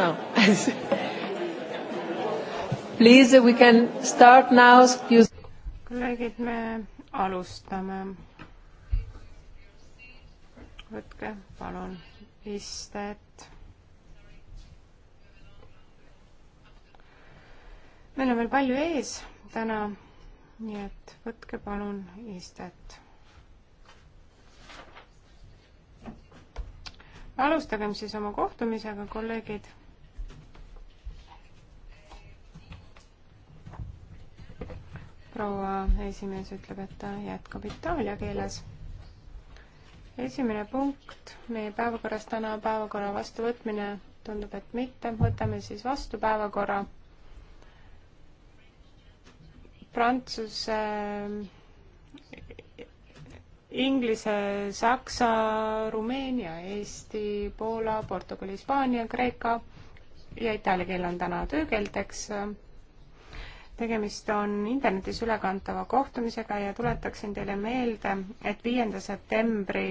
Oh. Please, we can start now. Excuse kolleegid, me alustame. võtke palun istet. meil on veel palju ees täna, nii et võtke palun istet. alustagem siis oma kohtumisega, kolleegid proua esimees ütleb, et ta jätkab itaalia keeles. esimene punkt meie päevakorras täna, päevakorra vastuvõtmine, tundub, et mitte, võtame siis vastu päevakorra. Prantsuse äh,, Inglise, Saksa, Rumeenia, Eesti, Poola, Portugal, Hispaania, Kreeka ja itaalia keel on täna töökeelteks äh, tegemist on internetis ülekantava kohtumisega ja tuletaksin teile meelde, et viienda septembri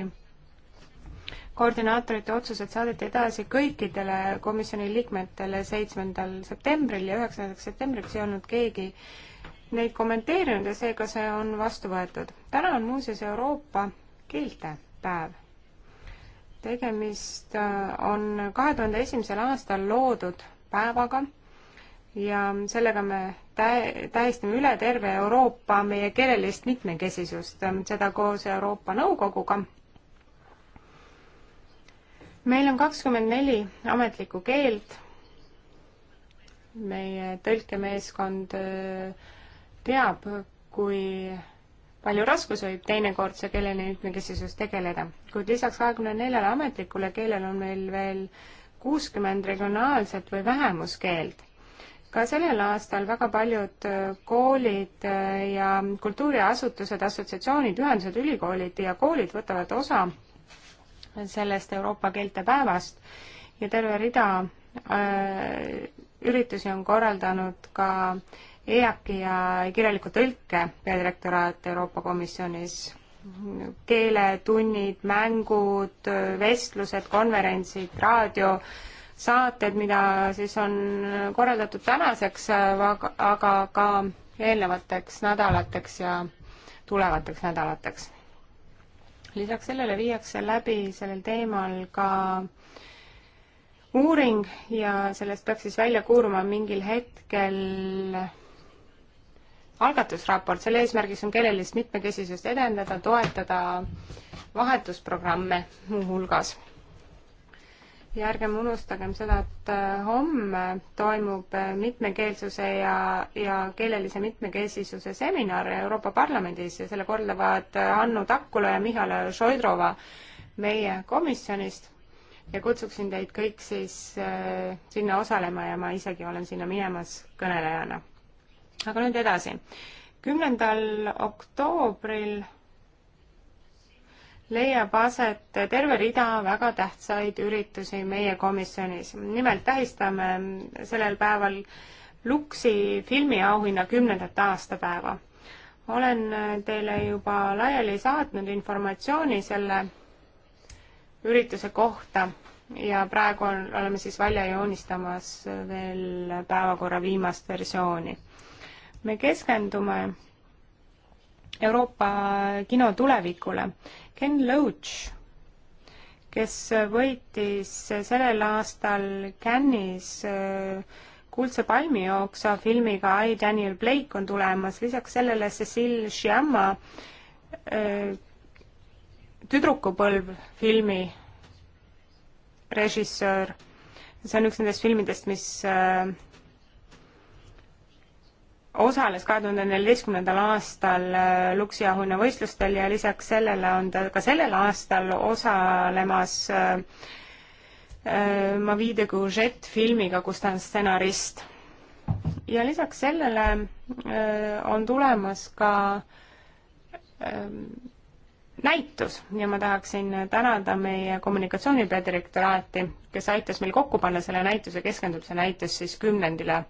koordinaatorite otsused saadeti edasi kõikidele komisjoni liikmetele seitsmendal septembril ja üheksandaks septembriks ei olnud keegi neid kommenteerinud ja seega see on vastu võetud. täna on muuseas Euroopa keeltepäev. tegemist äh, on kahe tuhande esimesel aastal loodud päevaga ja sellega me tähistame üle terve Euroopa meie keelelist mitmekesisust, seda koos Euroopa Nõukoguga. meil on kakskümmend neli ametlikku keelt. meie tõlkemeeskond äh, teab, kui palju raskus võib teinekord see keeleline mitmekesisus tegeleda, kuid lisaks kahekümne neljale ametlikule keelele on meil veel kuuskümmend regionaalset või vähemuskeelt ka sellel aastal väga paljud äh, koolid äh, ja kultuuriasutused, assotsiatsioonid, ühendused, ülikoolid ja koolid võtavad osa sellest Euroopa keelte päevast ja terve rida äh, üritusi on korraldanud ka EAK-i ja kirjaliku tõlke peadirektoraat Euroopa Komisjonis. keeletunnid, mängud, äh, vestlused, konverentsid, raadio äh,, saated, mida siis on korraldatud tänaseks, aga ka eelnevateks nädalateks ja tulevateks nädalateks. lisaks sellele viiakse läbi sellel teemal ka uuring ja sellest peaks siis välja kuuluma mingil hetkel algatusraport, selle eesmärgiks on keelelist mitmekesisust edendada, toetada vahetusprogramme muuhulgas ja ärgem unustagem seda, et äh, homme toimub äh, mitmekeelsuse ja, ja keelelise mitmekesisuse seminar Euroopa Parlamendis ja selle korraldavad äh, Hannu Takkula ja Mihhail Šoidrova meie komisjonist. ja kutsuksin teid kõik siis äh, sinna osalema ja ma isegi olen sinna minemas kõnelejana. aga nüüd edasi. kümnendal oktoobril leiab aset terve rida väga tähtsaid üritusi meie komisjonis. nimelt tähistame sellel päeval Luksi filmiauhinna kümnendat aastapäeva. olen teile juba laiali saatnud informatsiooni selle ürituse kohta ja praegu on, oleme siis välja joonistamas veel päevakorra viimast versiooni. me keskendume Euroopa kino tulevikule Ken Loach, kes võitis sellel aastal Cannes'is äh, Kuldse palmijooksa filmiga I, Daniel Blake on tulemas, lisaks sellele Cecil Sciamma äh, Tüdrukupõlv filmi režissöör. see on üks nendest filmidest, mis äh, osales kahe tuhande neljateistkümnendal aastal äh, Lux Yahoo võistlustel ja lisaks sellele on ta ka sellel aastal osalemas äh, äh, Mavi de Gourget filmiga, kus ta on stsenarist. ja lisaks sellele on tulemas ka ähm, näitus ja ma tahaksin tänada meie kommunikatsiooni peadirektoraati, kes aitas meil kokku panna selle näituse, keskendub see näitus siis kümnendile äh,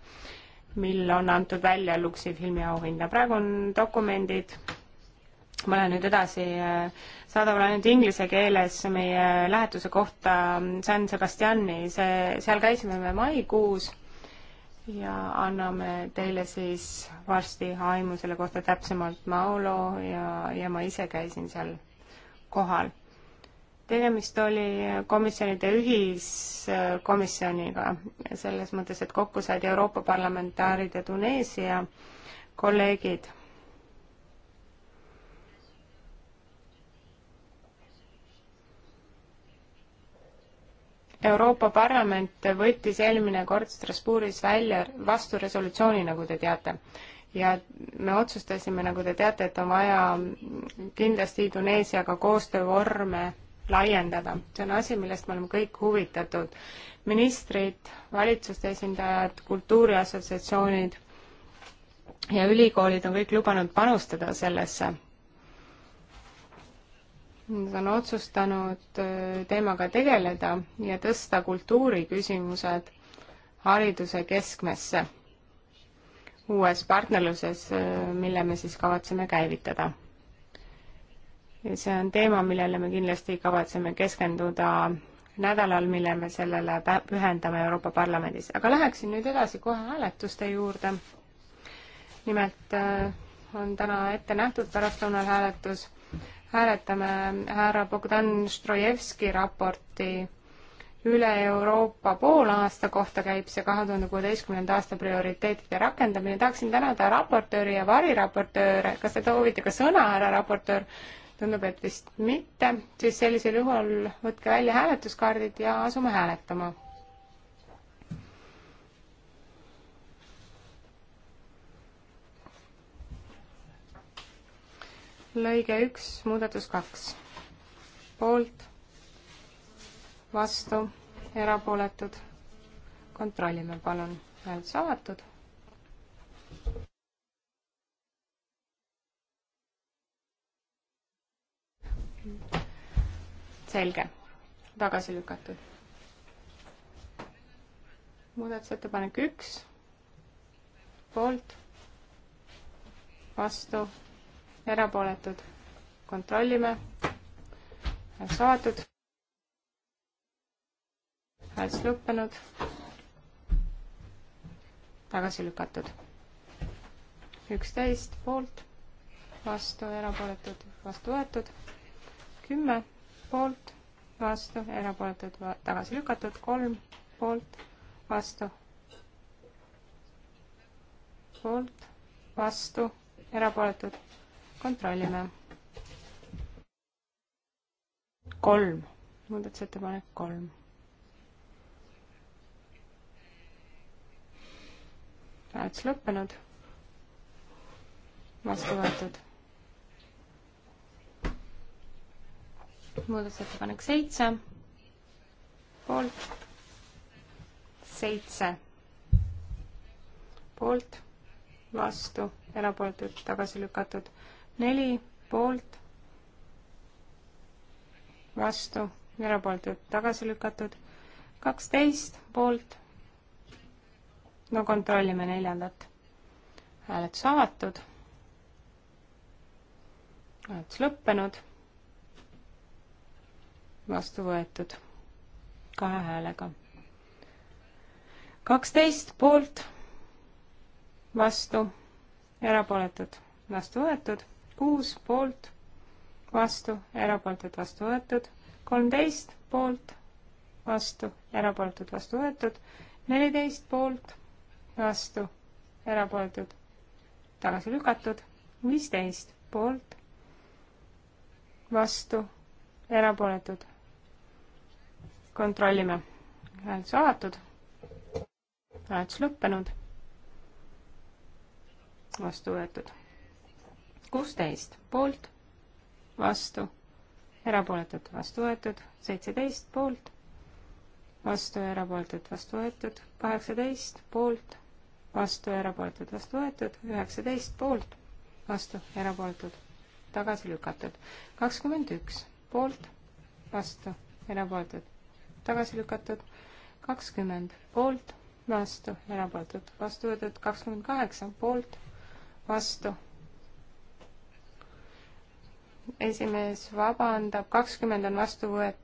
mil on antud välja Luksi filmiauhinda. praegu on dokumendid, ma lähen nüüd edasi, eh, saadaval ainult inglise keeles meie lähetuse kohta San Sebastiani, see, seal käisime me maikuus ja anname teile siis varsti aimu selle kohta täpsemalt, Maulo ja, ja ma ise käisin seal kohal tegemist oli komisjonide ühiskomisjoniga, selles mõttes, et kokku said Euroopa parlamentäärid ja Tuneesia kolleegid. Euroopa Parlament võttis eelmine kord Strasbourgis välja vastu resolutsiooni, nagu te teate ja me otsustasime, nagu te teate, et on vaja kindlasti Tuneesiaga koostöövorme laiendada. see on asi, millest me oleme kõik huvitatud. ministrid, valitsuste esindajad, kultuuriassotsiatsioonid ja ülikoolid on kõik lubanud panustada sellesse. Nad on otsustanud äh, teemaga tegeleda ja tõsta kultuuriküsimused hariduse keskmesse uues partnerluses, äh, mille me siis kavatseme käivitada see on teema, millele me kindlasti kavatseme keskenduda nädalal, mille me sellele pühendame Euroopa Parlamendis. aga läheksin nüüd edasi kohe hääletuste juurde. nimelt äh, on täna ette nähtud pärastlõunal hääletus. hääletame härra Bogdan Strojevski raporti üle Euroopa poolaasta kohta käib see kahe tuhande kuueteistkümnenda aasta prioriteetide rakendamine. tahaksin tänada raportööri ja variraportööre, kas te soovite ka sõna, härra raportöör? tundub, et vist mitte, siis sellisel juhul võtke välja hääletuskaardid ja asume hääletama. lõige üks, muudatus kaks. poolt, vastu, erapooletud. kontrollime palun, hääletus avatud selge, tagasi lükatud. muudatusettepanek üks, poolt, vastu, erapooletud, kontrollime, saadud, hääletus lõppenud, tagasi lükatud. üksteist poolt, vastu, erapooletud, vastu võetud, kümme poolt, vastu, erapooletud, tagasi lükatud, kolm poolt, vastu, poolt, vastu, erapooletud, kontrollime. kolm, muudatusettepanek kolm. hääletus lõppenud, vastu võetud muudatusettepanek seitse, poolt, seitse, poolt, vastu, erapooletud, tagasi lükatud, neli, poolt, vastu, erapooletud, tagasi lükatud, kaksteist, poolt, no kontrollime neljandat. hääletus avatud, hääletus lõppenud vastu võetud kahe häälega. kaksteist poolt, vastu, erapooletud, vastu võetud, kuus poolt, vastu, erapooletud, vastu võetud, kolmteist poolt, vastu, erapooletud, vastu võetud, neliteist poolt, vastu, erapooletud, tagasi lükatud, viisteist poolt, vastu, erapooletud kontrollime. hääletus avatud. hääletus lõppenud. vastu võetud. kuusteist poolt, vastu, erapooletud, vastu võetud, seitseteist poolt, vastu ja erapooletud, vastu võetud, kaheksateist poolt, vastu ja erapooletud, vastu võetud, üheksateist poolt, vastu, erapooletud, tagasi lükatud, kakskümmend üks poolt, vastu, erapooletud tagasi lükatud, kakskümmend poolt, vastu, erapooletud, vastu võetud kakskümmend kaheksa poolt, vastu. esimees vabandab, kakskümmend on vastu võetud.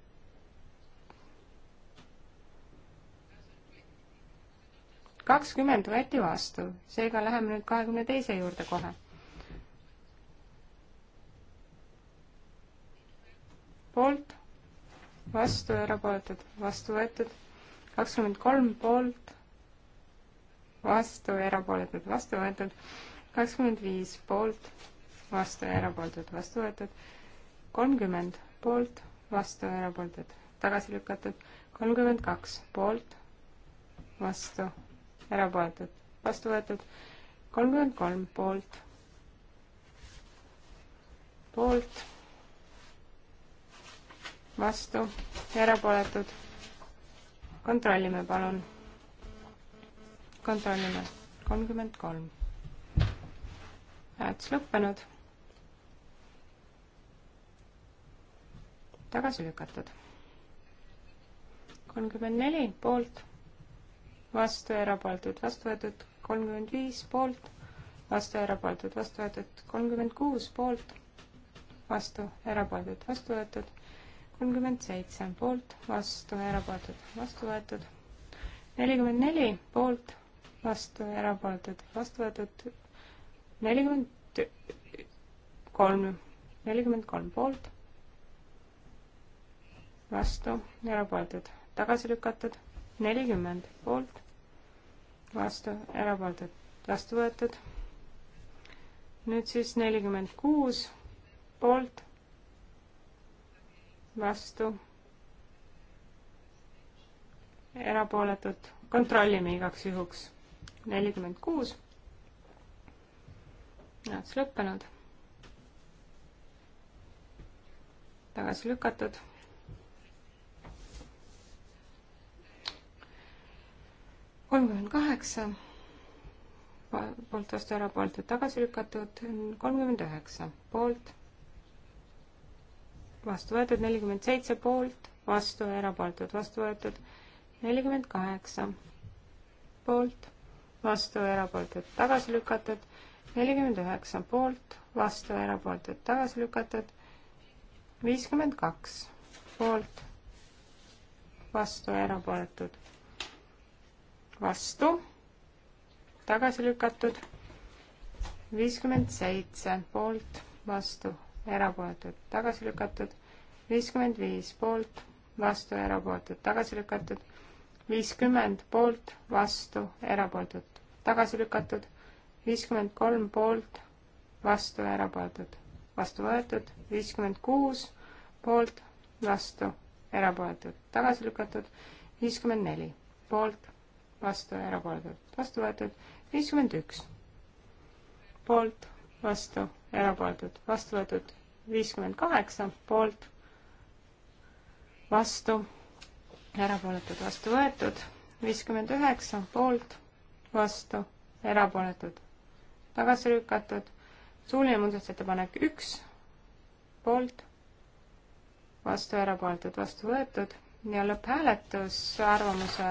kakskümmend võeti vastu, seega läheme nüüd kahekümne teise juurde kohe poolt, vastu, erapooletud, vastu võetud, kakskümmend kolm poolt, vastu, erapooletud, vastu võetud, kakskümmend viis poolt, vastu, erapooletud, vastu võetud, kolmkümmend poolt, vastu, erapooletud, tagasi lükatud, kolmkümmend kaks poolt, vastu, erapooletud, vastu võetud, kolmkümmend kolm poolt, poolt vastu, erapooletud. kontrollime, palun. kontrollime, kolmkümmend kolm. hääletus lõppenud. tagasi lükatud. kolmkümmend neli poolt, vastu, erapooletud, vastu võetud, kolmkümmend viis poolt, vastu, erapooletud, vastu võetud, kolmkümmend kuus poolt, vastu, erapooletud, vastu võetud kolmkümmend seitse poolt, vastu, erapooletud, vastu võetud. nelikümmend neli poolt, vastu, erapooletud, vastu võetud. nelikümmend kolm, nelikümmend kolm poolt, vastu, erapooletud, tagasi lükatud. nelikümmend poolt, vastu, erapooletud, vastu võetud. nüüd siis nelikümmend kuus poolt vastu, erapooletud, kontrollime igaks juhuks. nelikümmend kuus. näed, lõppenud. tagasi lükatud kolmkümmend kaheksa, poolt vastu ära, poolt tagasi lükatud, kolmkümmend üheksa, poolt vastu võetud, nelikümmend seitse poolt, vastu ja erapooletud, vastu võetud, nelikümmend kaheksa poolt, vastu ja erapooletud, tagasi lükatud, nelikümmend üheksa poolt, vastu ja erapooletud, tagasi lükatud, viiskümmend kaks poolt, vastu ja erapooletud, vastu, tagasi lükatud, viiskümmend seitse poolt, vastu erapooletud, tagasi lükatud, viiskümmend viis poolt, vastu, erapooletud, tagasi lükatud, viiskümmend poolt, vastu, erapooletud, tagasi lükatud, viiskümmend kolm poolt, vastu, erapooletud, vastu võetud, viiskümmend kuus poolt, vastu, erapooletud, tagasi lükatud, viiskümmend neli poolt, vastu, erapooletud, vastu võetud, viiskümmend üks poolt vastu, erapooletud, vastu võetud viiskümmend kaheksa, poolt, vastu, erapooletud, vastu võetud, viiskümmend üheksa, poolt, vastu, erapooletud, tagasi lükatud, suuline muudatusettepanek üks, poolt, vastu, erapooletud, vastu võetud ja lõpphääletus arvamuse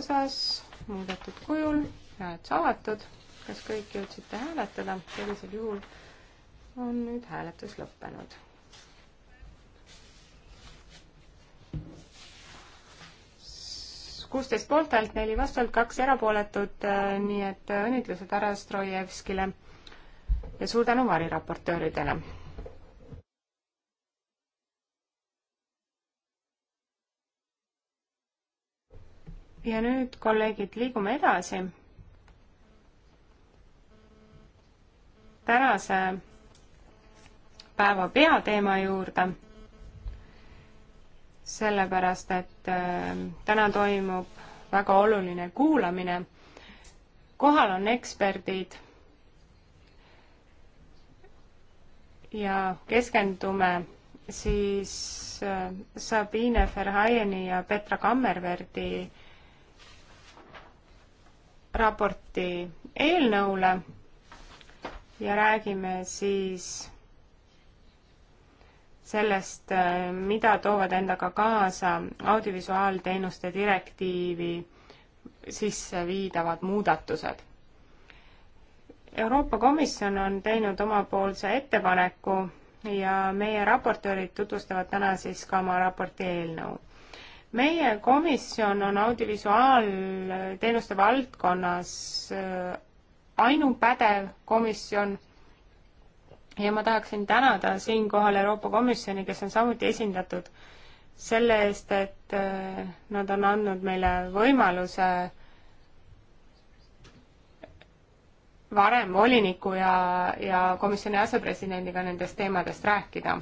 osas muudetud kujul, hääletus avatud kas kõik jõudsite hääletada, sellisel juhul on nüüd hääletus lõppenud. kuusteist poolthäält, neli vastuhäält, kaks erapooletut, nii et õnnitlused härra Strojevskile ja suur tänu variraportööridele. ja nüüd, kolleegid, liigume edasi tänase päeva peateema juurde, sellepärast et äh, täna toimub väga oluline kuulamine. kohal on eksperdid ja keskendume siis äh, Sabine Verhaieni ja Petra Kammerverdi raporti eelnõule ja räägime siis sellest, mida toovad endaga kaasa audiovisuaalteenuste direktiivi sisse viidavad muudatused. Euroopa Komisjon on teinud omapoolse ettepaneku ja meie raportöörid tutvustavad täna siis ka oma raporti eelnõu. meie komisjon on audiovisuaalteenuste valdkonnas ainupädev komisjon ja ma tahaksin tänada siinkohal Euroopa Komisjoni, kes on samuti esindatud, selle eest, et äh, nad on andnud meile võimaluse varem voliniku ja, ja komisjoni asepresidendiga nendest teemadest rääkida.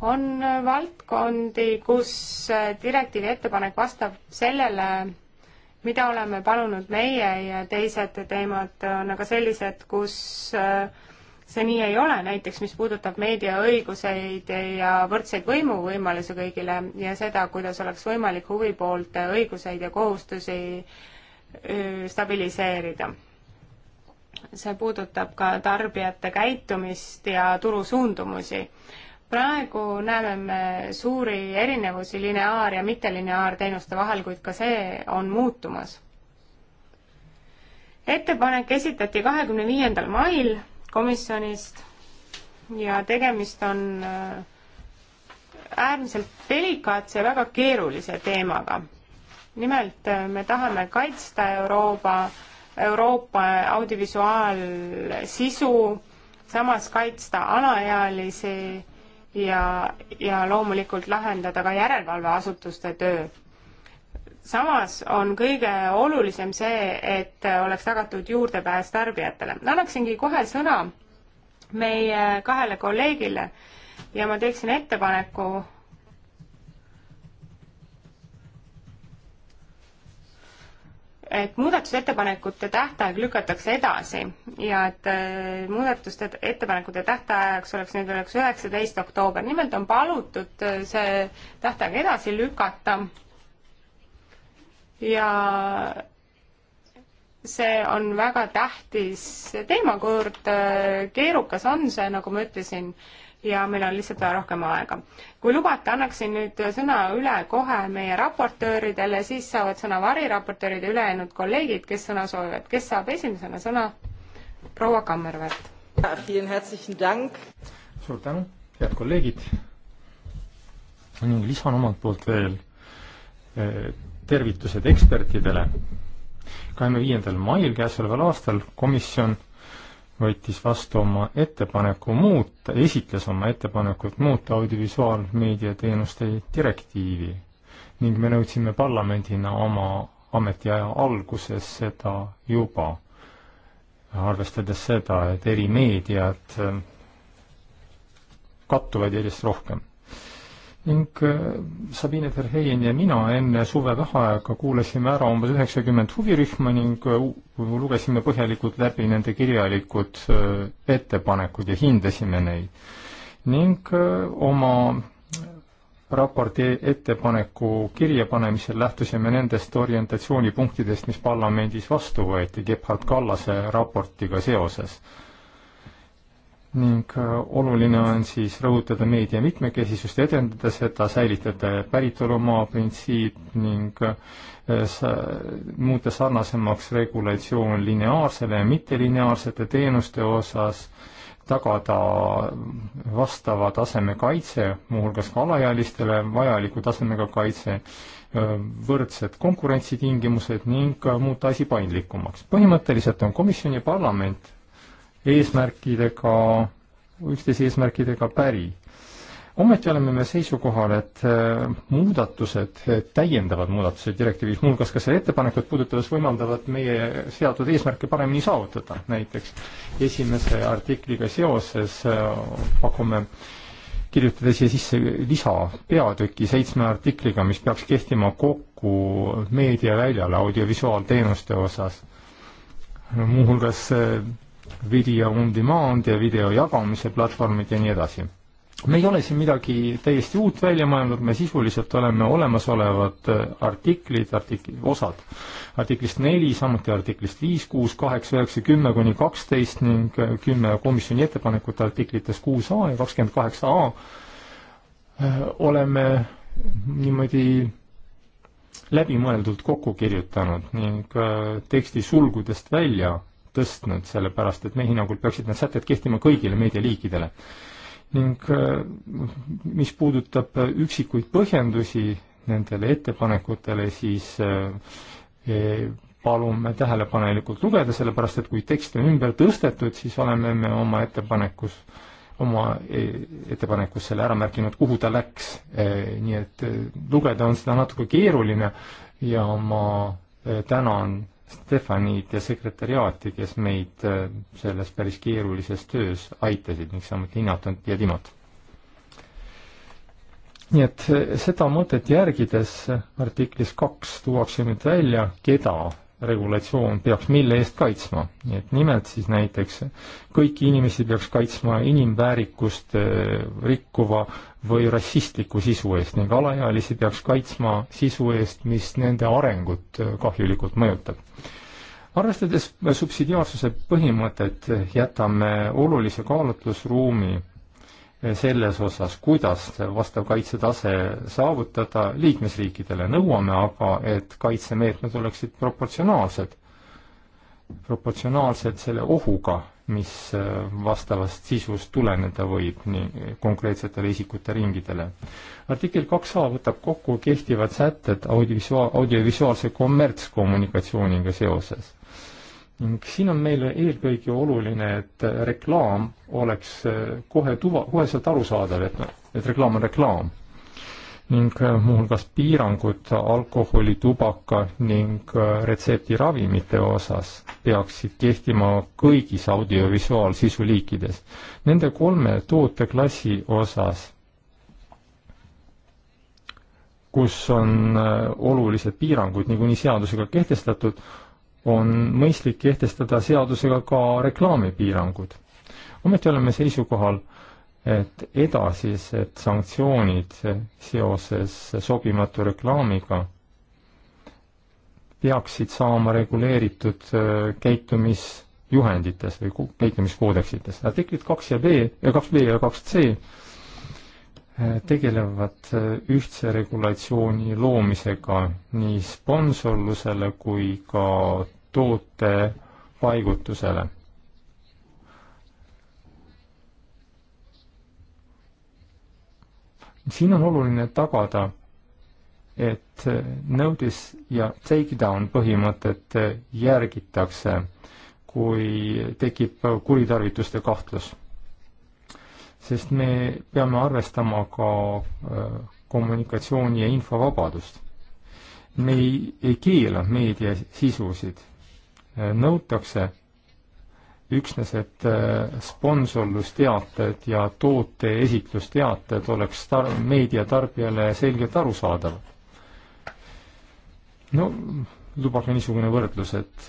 on valdkondi, kus äh, direktiivi ettepanek vastab sellele, mida oleme palunud meie ja teised teemad on aga sellised, kus äh, see nii ei ole, näiteks mis puudutab meediaõiguseid ja võrdseid võimuvõimalusi kõigile ja seda, kuidas oleks võimalik huvipoolte õiguseid ja kohustusi äh, stabiliseerida. see puudutab ka tarbijate käitumist ja turusuundumusi praegu näeme me suuri erinevusi lineaar- ja mittelineaarteenuste vahel, kuid ka see on muutumas. ettepanek esitati kahekümne viiendal mail komisjonist ja tegemist on äh, äärmiselt delikaatse ja väga keerulise teemaga. nimelt äh, me tahame kaitsta Euroopa, Euroopa audiovisuaalsisu, samas kaitsta alaealisi ja, ja loomulikult lahendada ka järelevalveasutuste töö. samas on kõige olulisem see, et oleks tagatud juurdepääs tarbijatele. annaksingi kohe sõna meie kahele kolleegile ja ma teeksin ettepaneku et muudatusettepanekute tähtaeg lükatakse edasi ja et äh, muudatuste ettepanekute tähtajaks oleks nüüd oleks üheksateist oktoober. nimelt on palutud äh, see tähtaeg edasi lükata ja see on väga tähtis teema, kuivõrd äh, keerukas on see, nagu ma ütlesin, ja meil on lihtsalt vaja rohkem aega kui lubate, annaksin nüüd sõna üle kohe meie raportööridele, siis saavad sõna variraportöörid ja ülejäänud kolleegid, kes sõna soovivad. kes saab esimesena sõna? proua Kammervärt. suur tänu, head kolleegid. lisan omalt poolt veel eh, tervitused ekspertidele. kahekümne viiendal mail käesoleval aastal komisjon võttis vastu oma ettepaneku muuta, esitles oma ettepanekut muuta audiovisuaalmeedia teenuste direktiivi ning me nõudsime parlamendina oma ametiaja alguses seda juba, arvestades seda, et erimeediad äh, kattuvad järjest rohkem ning äh, Sabine Verheyen ja mina enne suvevaheaega kuulasime ära umbes üheksakümmend huvirühma ning äh, lugesime põhjalikult läbi nende kirjalikud äh, ettepanekud ja hindasime neid. ning oma raporti ettepaneku kirjapanemisel lähtusime nendest orientatsioonipunktidest, mis parlamendis vastu võeti Gebhard Kallase raportiga seoses ning äh, oluline on siis rõhutada meedia mitmekesisust, edendada seda, säilitada päritolumaa printsiip ning äh, sa-, muuta sarnasemaks regulatsioon lineaarsele ja mittelineaarsete teenuste osas, tagada vastava taseme kaitse, muuhulgas ka alaealistele vajaliku tasemega kaitse, äh, võrdsed konkurentsitingimused ning muuta asi paindlikumaks. põhimõtteliselt on komisjon ja parlament eesmärkidega, üksteise eesmärkidega päri. ometi oleme me seisukohal, et äh, muudatused, täiendavad muudatused direktiivis, muuhulgas ka selle ettepanekut puudutavas, võimaldavad meie seatud eesmärke paremini saavutada. näiteks esimese artikliga seoses äh, pakume kirjutada siia sisse lisa peatüki seitsme artikliga, mis peaks kehtima kokku meediaväljale audiovisuaalteenuste osas. muuhulgas äh, video on demand ja video jagamise platvormid ja nii edasi. me ei ole siin midagi täiesti uut välja mõelnud, me sisuliselt oleme olemasolevad äh, artiklid, artik-, osad artiklist neli, samuti artiklist viis, kuus, kaheksa, üheksa, kümme kuni kaksteist ning äh, kümme komisjoni ettepanekut artiklites kuus A ja kakskümmend kaheksa A äh, oleme niimoodi läbimõeldult kokku kirjutanud ning teksti sulgudest välja tõstnud, sellepärast et meie hinnangul peaksid need sätted kehtima kõigile meedialiikidele. ning äh, mis puudutab äh, üksikuid põhjendusi nendele ettepanekutele, siis äh, eh, palume tähelepanelikult lugeda, sellepärast et kui tekst on ümber tõstetud, siis oleme me oma ettepanekus, oma eh, ettepanekus selle ära märkinud, kuhu ta läks. Eh, nii et lugeda on seda natuke keeruline ja ma tänan Stefanid ja sekretäriaati, kes meid äh, selles päris keerulises töös aitasid ning samuti Inatant ja Timot. nii et äh, seda mõtet järgides äh, artiklis kaks tuuakse nüüd välja, keda regulatsioon peaks mille eest kaitsma. nii et nimelt siis näiteks kõiki inimesi peaks kaitsma inimväärikust äh, rikkuva või rassistliku sisu eest ning alaealisi peaks kaitsma sisu eest, mis nende arengut äh, kahjulikult mõjutab. arvestades subsidiaarsuse põhimõtet, jätame olulise kaalutlusruumi selles osas, kuidas vastav kaitsetase saavutada, liikmesriikidele nõuame aga, et kaitsemeetmed oleksid proportsionaalsed, proportsionaalsed selle ohuga, mis äh, vastavast sisust tuleneda võib nii konkreetsetele isikute ringidele. artikkel kaks A võtab kokku kehtivad sätted audiovisuaal, audiovisuaalse kommertskommunikatsiooniga seoses ning siin on meile eelkõige oluline, et reklaam oleks eh, kohe tuva, koheselt arusaadav, et, et reklaam on reklaam. ning eh, muuhulgas piirangud alkoholi, tubaka ning eh, retseptiravimite osas peaksid kehtima kõigis audiovisuaalsisu liikides. Nende kolme tooteklassi osas kus on olulised piirangud niikuinii seadusega kehtestatud, on mõistlik kehtestada seadusega ka reklaamipiirangud. ometi oleme seisukohal, et edasised sanktsioonid seoses sobimatu reklaamiga peaksid saama reguleeritud äh, käitumisjuhendites või käitumiskoodeksites. artiklid kaks ja B ja kaks B ja kaks C äh, tegelevad äh, ühtse regulatsiooni loomisega nii sponsorlusele kui ka toote paigutusele. siin on oluline tagada, et notice ja take down põhimõtet järgitakse, kui tekib kuritarvituste kahtlus. sest me peame arvestama ka äh, kommunikatsiooni ja infovabadust me ei, ei keela meediasisusid, nõutakse üksnes, et äh, sponsorlusteated ja toote esitlusteated oleks tar-, meediatarbijale selgelt arusaadavad. no lubage niisugune võrdlus, et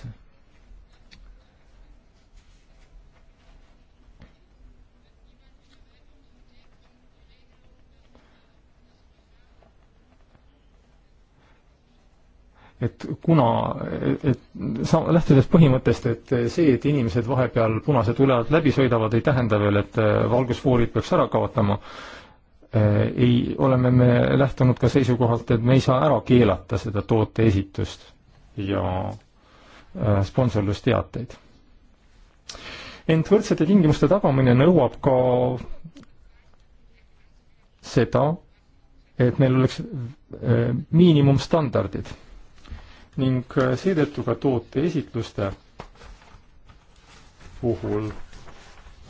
et kuna, et sa-, lähtudes põhimõttest, et see, et inimesed vahepeal punase tule alt läbi sõidavad, ei tähenda veel, et äh, valgusfoorid peaks ära kaotama, äh, ei, oleme me lähtunud ka seisukohalt, et me ei saa ära keelata seda toote esitust ja äh, sponsorlusteateid. ent võrdsete tingimuste tagamine nõuab ka seda, et meil oleks miinimumstandardid ning äh, seetõttu ka toote esitluste puhul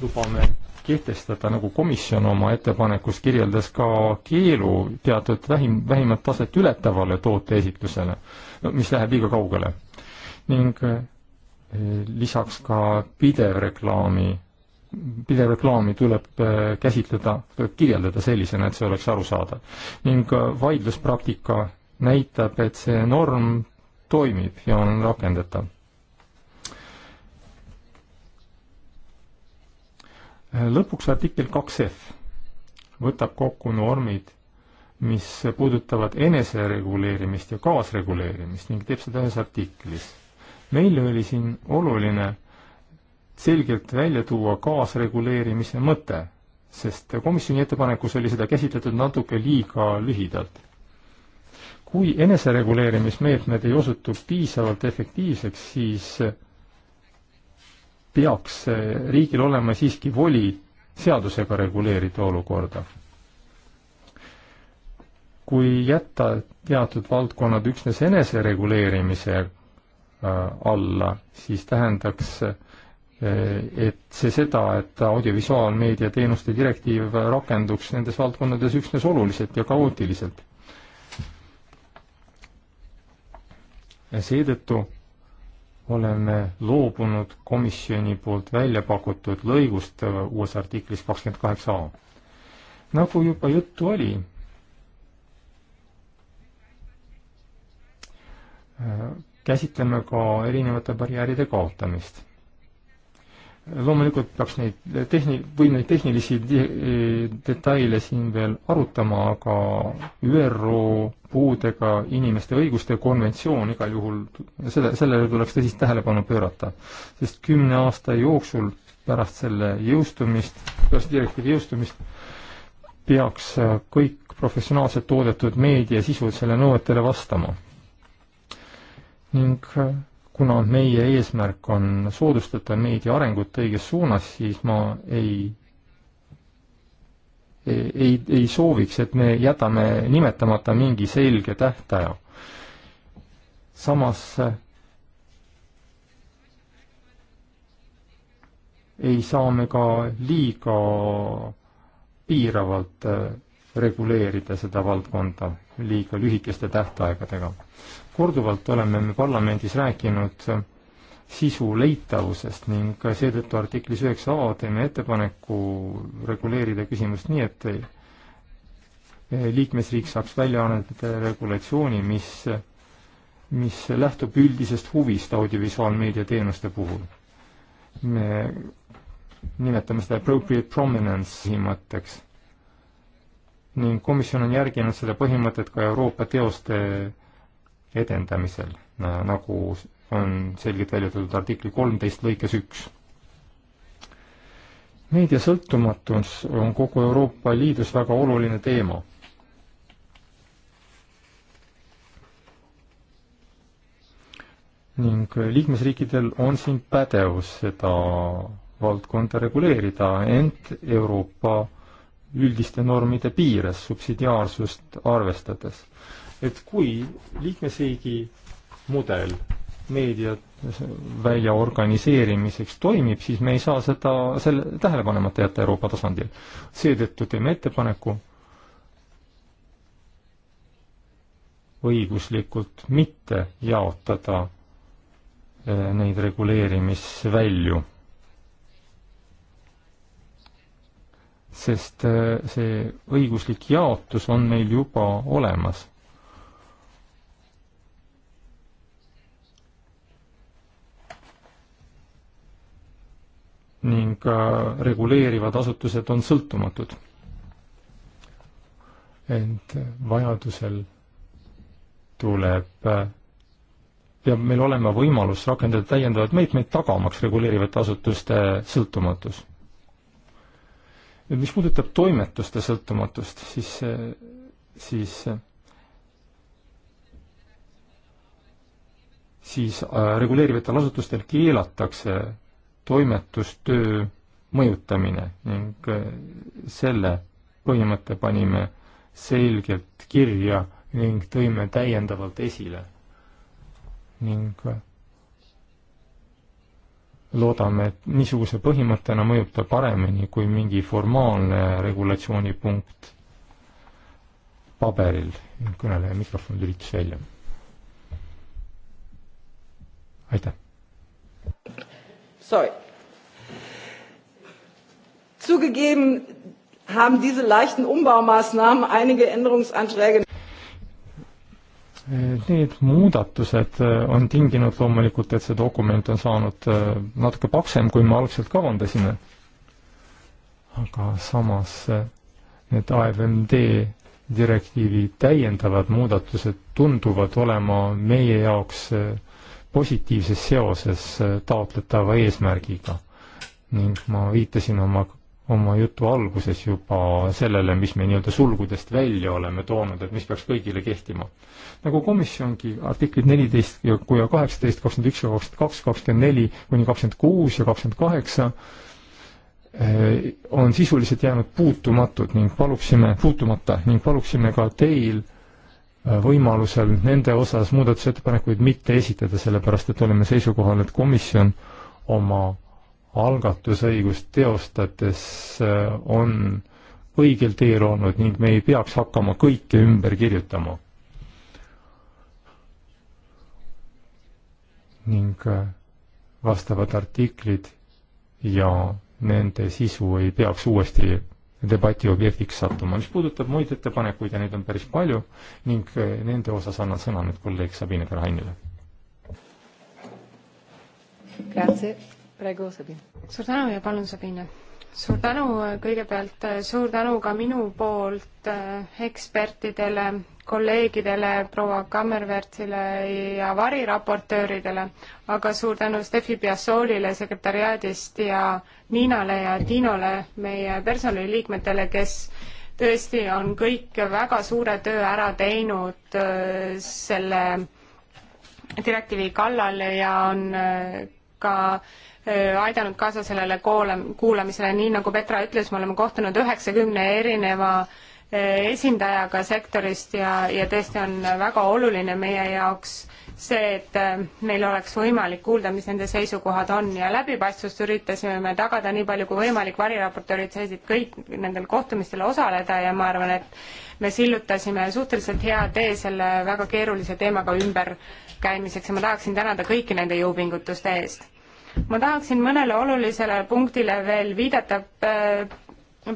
lubame kehtestada, nagu komisjon oma ettepanekus kirjeldas, ka keelu teatud vähim, vähimat taset ületavale tooteesitusele, mis läheb liiga kaugele. ning äh, lisaks ka pidev reklaami, pidev reklaami tuleb äh, käsitleda, tuleb kirjeldada sellisena, et see oleks arusaadav. ning vaidluspraktika näitab, et see norm toimib ja on rakendatav. lõpuks artikkel kaks F võtab kokku normid, mis puudutavad enesereguleerimist ja kaasreguleerimist ning teeb seda ühes artiklis. meile oli siin oluline selgelt välja tuua kaasreguleerimise mõte, sest komisjoni ettepanekus oli seda käsitletud natuke liiga lühidalt kui enesereguleerimismeetmed ei osutu piisavalt efektiivseks, siis peaks riigil olema siiski voli seadusega reguleerida olukorda. kui jätta teatud valdkonnad üksnes enesereguleerimise äh, alla, siis tähendaks äh, et see seda, et audiovisuaalmeedia teenuste direktiiv rakenduks nendes valdkondades üksnes oluliselt ja kaootiliselt ja seetõttu oleme loobunud komisjoni poolt välja pakutud lõigust uues artiklis kakskümmend kaheksa A. nagu juba juttu oli, äh, käsitleme ka erinevate barjääride kaotamist loomulikult peaks neid tehni-, võib neid tehnilisi de detaile siin veel arutama, aga ÜRO puudega inimeste õiguste konventsioon igal juhul, selle, sellele tuleks tõsist tähelepanu pöörata. sest kümne aasta jooksul pärast selle jõustumist, pärast direktiivi jõustumist, peaks kõik professionaalselt toodetud meediasisud selle nõuetele vastama. ning kuna meie eesmärk on soodustada meedia arengut õiges suunas, siis ma ei, ei, ei sooviks, et me jätame nimetamata mingi selge tähtaja. samas ei saa me ka liiga piiravalt eh, reguleerida seda valdkonda liiga lühikeste tähtaegadega korduvalt oleme me parlamendis rääkinud sisu leitavusest ning seetõttu artiklis üheksa A teeme ettepaneku reguleerida küsimust nii, et eh, liikmesriik saaks välja anneta regulatsiooni, mis, mis lähtub üldisest huvist audiovisuaalmeedia teenuste puhul. me nimetame seda appropriate prominence põhimõtteks ning komisjon on järginud seda põhimõtet ka Euroopa teoste edendamisel, nagu on selgelt välja toodud artikli kolmteist lõikes üks. meedia sõltumatus on kogu Euroopa Liidus väga oluline teema. ning liikmesriikidel on siin pädevus seda valdkonda reguleerida, ent Euroopa üldiste normide piires subsidiaarsust arvestades et kui liikmesriigi mudel meedia välja organiseerimiseks toimib, siis me ei saa seda, selle tähele panemata jätta Euroopa tasandil. seetõttu teeme ettepaneku õiguslikult mitte jaotada eh, neid reguleerimisvälju. sest eh, see õiguslik jaotus on meil juba olemas ning reguleerivad asutused on sõltumatud. ent vajadusel tuleb, peab meil olema võimalus rakendada täiendavaid meetmeid, tagamaks reguleerivate asutuste sõltumatus. nüüd mis puudutab toimetuste sõltumatust, siis, siis siis äh, reguleerivatel asutustel keelatakse toimetustöö mõjutamine ning äh, selle põhimõtte panime selgelt kirja ning tõime täiendavalt esile. ning äh, loodame, et niisuguse põhimõttena mõjub ta paremini kui mingi formaalne regulatsioonipunkt paberil. kõneleja mikrofon lülitus välja. aitäh! Sorry. Zugegeben haben diese leichten Umbaumaßnahmen einige Änderungsanträge. Äh, need muudatused äh, on tinginud loomulikult, et see dokument on saanud äh, natuke paksem, kui me algselt kavandasime. aga samas need AFMD direktiivi täiendavad muudatused tunduvad olema meie jaoks äh, positiivses seoses äh, taotletava eesmärgiga. ning ma viitasin oma, oma jutu alguses juba sellele, mis me nii-öelda sulgudest välja oleme toonud, et mis peaks kõigile kehtima. nagu komisjongi artiklid neliteist ja kui kaheksateist, kakskümmend üks ja kakskümmend kaks, kakskümmend neli kuni kakskümmend kuus ja kakskümmend kaheksa, äh, on sisuliselt jäänud puutumatud ning paluksime, puutumata ning paluksime ka teil äh, Äh, võimalusel nende osas muudatusettepanekuid mitte esitada, sellepärast et oleme seisukohal, et komisjon oma algatusõigust teostades äh, on õigel teel olnud ning me ei peaks hakkama kõike ümber kirjutama. ning äh, vastavad artiklid ja nende sisu ei peaks uuesti debati objektiks sattuma. mis puudutab muid ettepanekuid ja neid on päris palju ning eh, nende osas annan sõna nüüd kolleeg Sabine Ferhainile. suur tänu ja palun, Sabine suur tänu, kõigepealt äh, suur tänu ka minu poolt äh, ekspertidele, kolleegidele, proua Kammerwärtsile ja variraportööridele, aga suur tänu Steffi Piassoolile sekretäriaadist ja Niinale ja Tiinole, meie personaliliikmetele, kes tõesti on kõik väga suure töö ära teinud äh, selle direktiivi kallal ja on ka äh, Äh, aidanud kaasa sellele koole, kuulamisele, nii nagu Petra ütles, me oleme kohtunud üheksakümne erineva äh, esindajaga sektorist ja, ja tõesti on väga oluline meie jaoks see, et äh, meil oleks võimalik kuulda, mis nende seisukohad on ja läbipaistvust üritasime me tagada nii palju kui võimalik, variraportöörid said kõik nendel kohtumistel osaleda ja ma arvan, et me sillutasime suhteliselt hea tee selle väga keerulise teemaga ümberkäimiseks ja ma tahaksin tänada kõiki nende jõupingutuste eest ma tahaksin mõnele olulisele punktile veel viidata. Äh,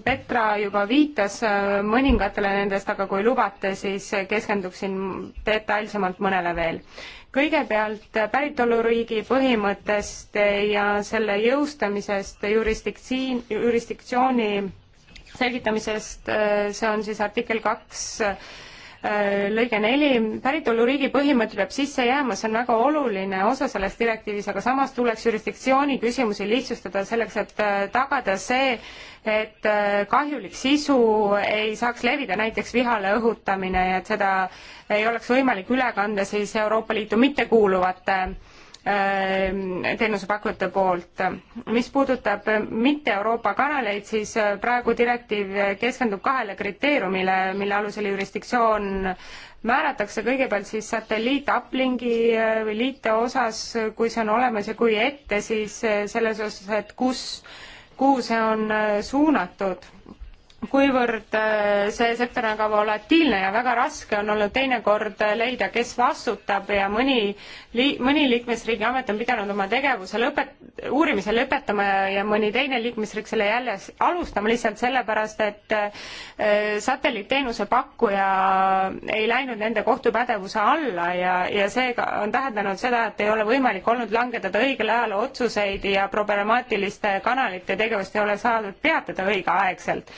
Petra juba viitas äh, mõningatele nendest, aga kui lubate, siis keskenduksin detailsemalt mõnele veel. kõigepealt äh, päritoluriigi põhimõttest ja selle jõustamisest jurisdiktsioon, jurisdiktsiooni selgitamisest, see on siis artikkel kaks 2 Äh, lõige neli, päritoluriigi põhimõte peab sisse jääma, see on väga oluline osa selles direktiivis, aga samas tuleks jurisdiktsiooni küsimusi lihtsustada selleks, et äh, tagada see, et äh, kahjulik sisu ei saaks levida, näiteks vihale õhutamine ja et seda ei oleks võimalik üle kanda siis Euroopa Liitu mittekuuluvate Ähm, teenusepakkujate poolt. mis puudutab mitte Euroopa kanaleid, siis äh, praegu direktiiv keskendub kahele kriteeriumile, mille alusel jurisdiktsioon määratakse kõigepealt siis satelliit uplingi äh, või liite osas, kui see on olemas ja kui ette, siis äh, selles osas, et kus, kuhu see on suunatud kuivõrd äh, see sektor on ka volatiilne ja väga raske on olnud teinekord äh, leida, kes vastutab ja mõni, mõni liikmesriigi amet on pidanud oma tegevuse lõpet-, uurimise lõpetama ja, ja mõni teine liikmesriik selle jälle alustama lihtsalt sellepärast, et äh, satelliitteenuse pakkuja ei läinud nende kohtupädevuse alla ja, ja seega on tähendanud seda, et ei ole võimalik olnud langetada õigel ajal otsuseid ja problemaatiliste kanalite tegevust ei ole saadud peatada õigeaegselt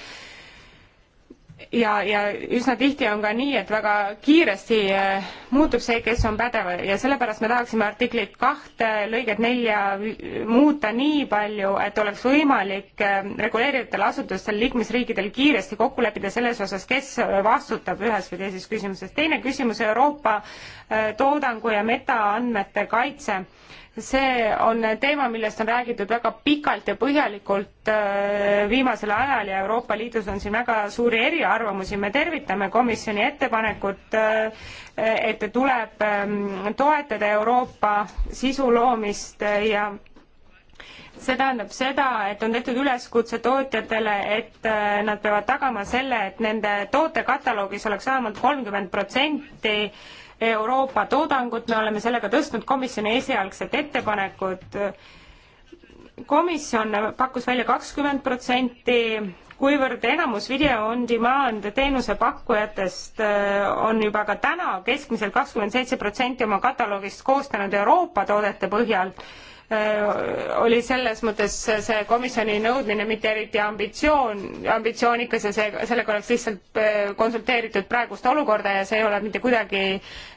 ja, ja üsna tihti on ka nii, et väga kiiresti eh, muutub see, kes on pädev ja sellepärast me tahaksime artiklit kahte, eh, lõiget nelja eh, muuta nii palju, et oleks võimalik reguleerivatel asutustel, liikmesriikidel kiiresti kokku leppida selles osas, kes vastutab ühes või teises küsimuses. teine küsimus, Euroopa toodangu ja metaandmete kaitse see on teema, millest on räägitud väga pikalt ja põhjalikult äh, viimasel ajal ja Euroopa Liidus on siin väga suuri eriarvamusi. me tervitame komisjoni ettepanekut, äh, et tuleb ähm, toetada Euroopa sisu loomist äh, ja see tähendab seda, et on tehtud üleskutse tootjatele, et nad peavad tagama selle, et nende tootekataloogis oleks vähemalt kolmkümmend protsenti Euroopa toodangut, me oleme sellega tõstnud komisjoni esialgset ettepanekut. komisjon pakkus välja kakskümmend protsenti, kuivõrd enamus video on demand teenusepakkujatest äh, on juba ka täna keskmiselt kakskümmend seitse protsenti oma kataloogist koostanud Euroopa toodete põhjal Äh, oli selles mõttes see komisjoni nõudmine mitte eriti ambitsioon, ambitsioonikas ja see, sellega oleks lihtsalt äh, konsulteeritud praegust olukorda ja see ei ole mitte kuidagi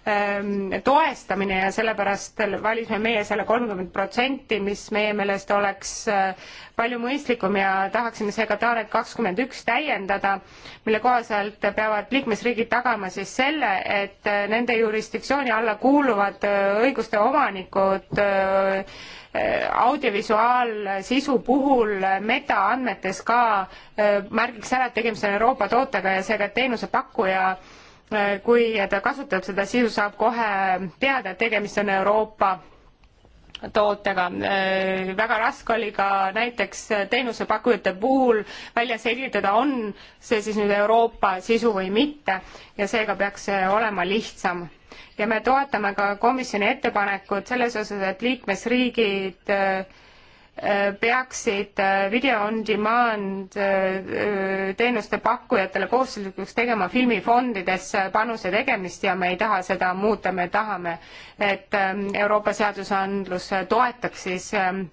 ähm, toestamine ja sellepärast valisime meie selle kolmkümmend protsenti, mis meie meelest oleks äh, palju mõistlikum ja tahaksime seega Taaret kakskümmend üks täiendada, mille kohaselt peavad liikmesriigid tagama siis selle, et nende jurisdiktsiooni alla kuuluvad õiguste omanikud öö, Äh, audiovisuaalsisu puhul metaandmetes ka äh, märgiks ära, et tegemist on Euroopa tootega ja seega teenusepakkuja äh, kui ta kasutab seda sisu, saab kohe teada, et tegemist on Euroopa tootega. väga raske oli ka näiteks teenusepakkujate puhul välja selgitada, on see siis nüüd Euroopa sisu või mitte ja seega peaks see olema lihtsam ja me toetame ka komisjoni ettepanekut selles osas, et liikmesriigid äh, äh, peaksid äh, video on demand teenuste pakkujatele kohustuslikuks tegema filmifondides panuse tegemist ja me ei taha seda muuta, me tahame, et ähm, Euroopa seadusandlus toetaks siis ähm,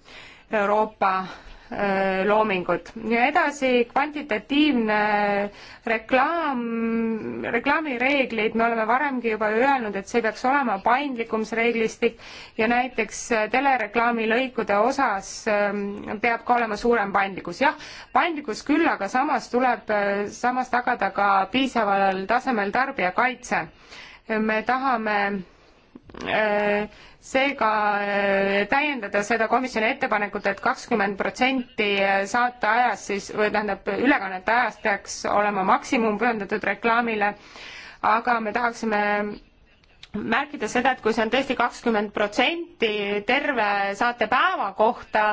Euroopa Äh, loomingut. ja edasi kvantitatiivne reklaam, reklaamireeglid, me oleme varemgi juba öelnud, et see peaks olema paindlikum, see reeglistik, ja näiteks äh, telereklaamilõikude osas ähm, peab ka olema suurem paindlikkus. jah, paindlikkus küll, aga samas tuleb, äh, samas tagada ka piisaval tasemel tarbijakaitse. me tahame Äh, seega äh, täiendada seda komisjoni ettepanekut, et kakskümmend protsenti äh, saate ajast siis või tähendab ülekannete ajast peaks olema maksimum pühendatud reklaamile, aga me tahaksime märkida seda, et kui see on tõesti kakskümmend protsenti terve saatepäeva kohta,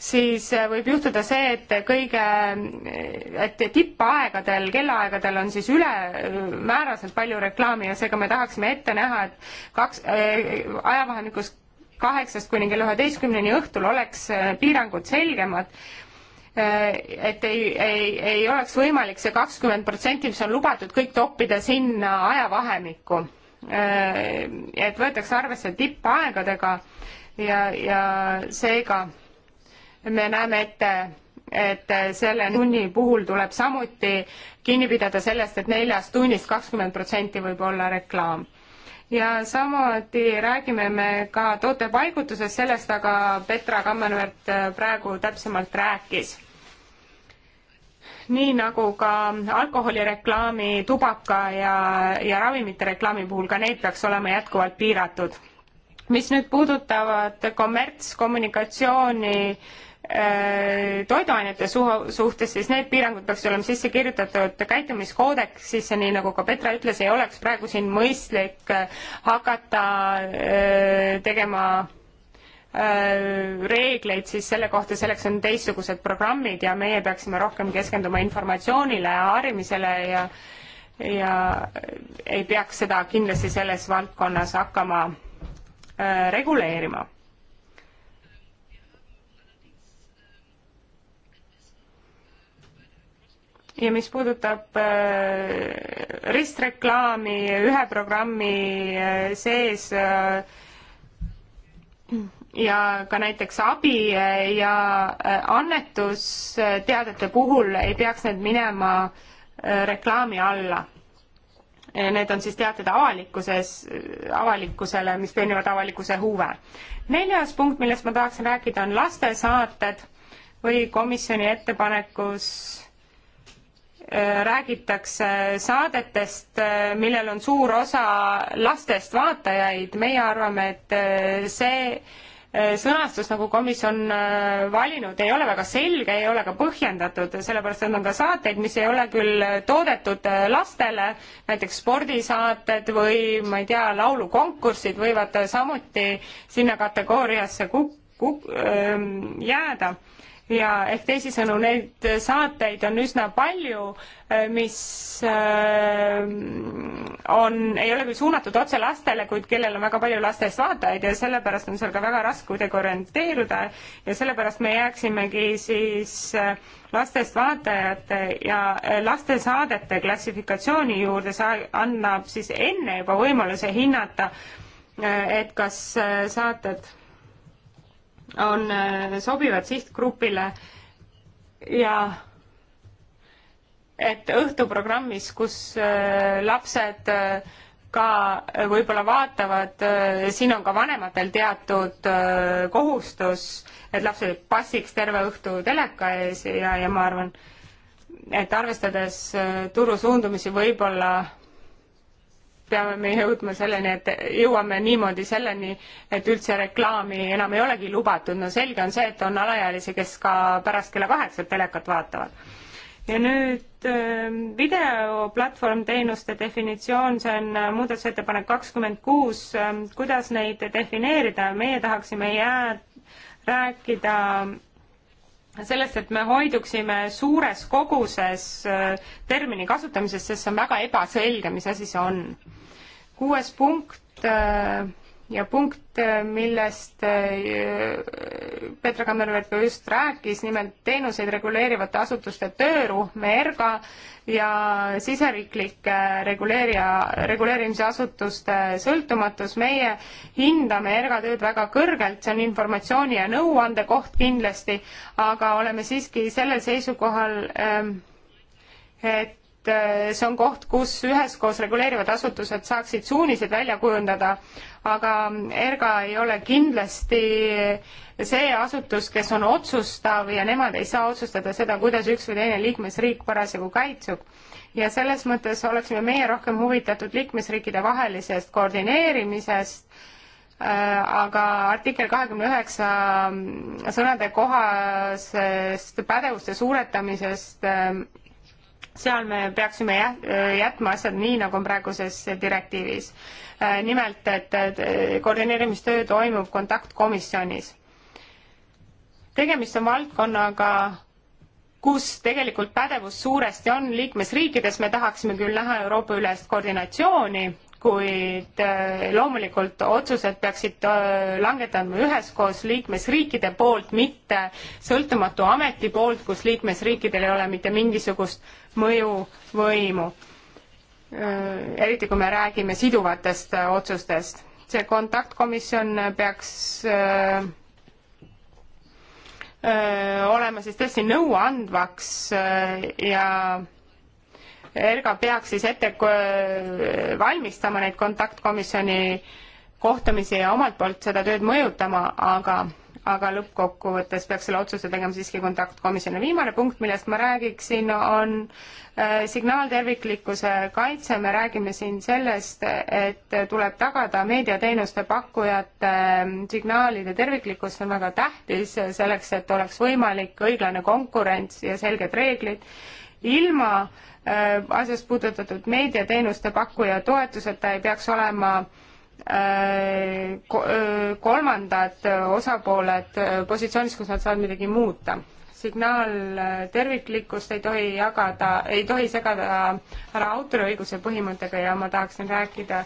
siis võib juhtuda see, et kõige, et tippaegadel, kellaaegadel on siis ülemääraselt palju reklaami ja seega me tahaksime ette näha, et kaks äh,, ajavahemikus kaheksast kuni kella üheteistkümneni õhtul oleks eh, piirangud selgemad eh, et ei, ei, ei oleks võimalik see kakskümmend protsenti, mis on lubatud, kõik toppida sinna ajavahemikku Äh, et võetakse arvesse tippaegadega ja, ja seega me näeme ette, et selle tunni puhul tuleb samuti kinni pidada sellest et, et neljast tunnist kakskümmend protsenti võib olla reklaam ja samuti räägime me ka toote paigutusest, sellest aga Petra Kammervert äh, praegu täpsemalt rääkis nii nagu ka alkoholireklaami, tubaka ja, ja ravimite reklaami puhul, ka need peaks olema jätkuvalt piiratud. mis nüüd puudutavad kommertskommunikatsiooni äh, toiduainete suh-, suhtes, siis need piirangud peaks olema sisse kirjutatud käitumiskoodeksisse, nii nagu ka Petra ütles, ei oleks praegu siin mõistlik äh, hakata äh, tegema Äh, reegleid siis selle kohta, selleks on teistsugused programmid ja meie peaksime rohkem keskenduma informatsioonile ja harimisele ja ja ei peaks seda kindlasti selles valdkonnas hakkama äh, reguleerima. ja mis puudutab äh, ristreklaami ühe programmi sees ja ka näiteks abi eh, ja eh, annetusteadete puhul ei peaks need minema eh, reklaami alla. Need on siis teated avalikkuses, avalikkusele, mis teenivad avalikkuse huve. neljas punkt, millest ma tahaksin rääkida, on lastesaated või komisjoni ettepanekus räägitakse saadetest, millel on suur osa lastest vaatajaid, meie arvame, et see sõnastus, nagu komisjon äh, valinud, ei ole väga selge, ei ole ka põhjendatud, sellepärast et on ka saateid, mis ei ole küll toodetud äh, lastele, näiteks spordisaated või ma ei tea, laulukonkursid võivad samuti sinna kategooriasse kuk-, kuk-, äh, jääda ja ehk teisisõnu, neid saateid on üsna palju, äh, mis äh, on, ei ole küll suunatud otse lastele, kuid kellel on väga palju lastest vaatajaid ja sellepärast on seal ka väga raske kuidagi orienteeruda ja sellepärast me jääksimegi siis äh, lastest vaatajate ja lastesaadete klassifikatsiooni juurde, see annab siis enne juba võimaluse hinnata, et kas saated on, äh, sobivad sihtgrupile ja et õhtuprogrammis, kus äh, lapsed äh, ka võib-olla vaatavad, siin on ka vanematel teatud kohustus, et lapsed passiks terve õhtu teleka ees ja, ja ma arvan, et arvestades turu suundumisi, võib-olla peame me jõudma selleni, et jõuame niimoodi selleni, et üldse reklaami enam ei olegi lubatud. no selge on see, et on alaealisi, kes ka pärast kella kaheksat telekat vaatavad. ja nüüd ähm, videoplatvormteenuste definitsioon, see on äh, muudatusettepanek kakskümmend kuus, ähm, kuidas neid defineerida, meie tahaksime jääda rääkida sellest, et me hoiduksime suures koguses äh, termini kasutamisest, sest see on väga ebaselge, mis asi see on. kuues punkt äh, ja punkt, äh, millest äh, Petra Kammervert ka just rääkis, nimelt teenuseid reguleerivate asutuste töörühm ERGA ja siseriiklike reguleerija, reguleerimise asutuste sõltumatus, meie hindame ERGA tööd väga kõrgelt, see on informatsiooni ja nõuande koht kindlasti, aga oleme siiski sellel seisukohal, ähm, et Äh, see on koht, kus üheskoos reguleerivad asutused saaksid suunised välja kujundada, aga ERGA ei ole kindlasti see asutus, kes on otsustav ja nemad ei saa otsustada seda, kuidas üks või teine liikmesriik parasjagu käitsub. ja selles mõttes oleksime meie rohkem huvitatud liikmesriikide vahelisest koordineerimisest, äh, aga artikkel kahekümne üheksa sõnade kohasest pädevuste suuretamisest äh, seal me peaksime jätma asjad nii, nagu on praeguses direktiivis. Äh, nimelt, et koordineerimistöö toimub kontaktkomisjonis. tegemist on valdkonnaga, kus tegelikult pädevus suuresti on liikmesriikides, me tahaksime küll näha Euroopa ülest koordinatsiooni, kuid äh, loomulikult otsused peaksid äh, langetama üheskoos liikmesriikide poolt, mitte sõltumatu ameti poolt, kus liikmesriikidel ei ole mitte mingisugust mõjuvõimu. Äh, eriti kui me räägime siduvatest otsustest. see kontaktkomisjon peaks öö, olema siis tõesti nõuandvaks ja ERGA peaks siis ette äh, valmistama neid kontaktkomisjoni kohtumisi ja omalt poolt seda tööd mõjutama, aga aga lõppkokkuvõttes peaks selle otsuse tegema siiski kontaktkomisjon. ja viimane punkt, millest ma räägiksin, on äh, signaalterviklikkuse kaitse, me räägime siin sellest, et tuleb tagada meediateenuste pakkujate äh, signaalide terviklikkus, see on väga tähtis selleks, et oleks võimalik õiglane konkurents ja selged reeglid ilma äh, asjast puudutatud meediateenuste pakkuja toetuseta ei peaks olema äh, ko, äh, kolmandad osapooled äh, positsioonis, kus nad saavad midagi muuta. signaal äh, terviklikkust ei tohi jagada, ei tohi segada ära autoriõiguse põhimõttega ja ma tahaksin rääkida,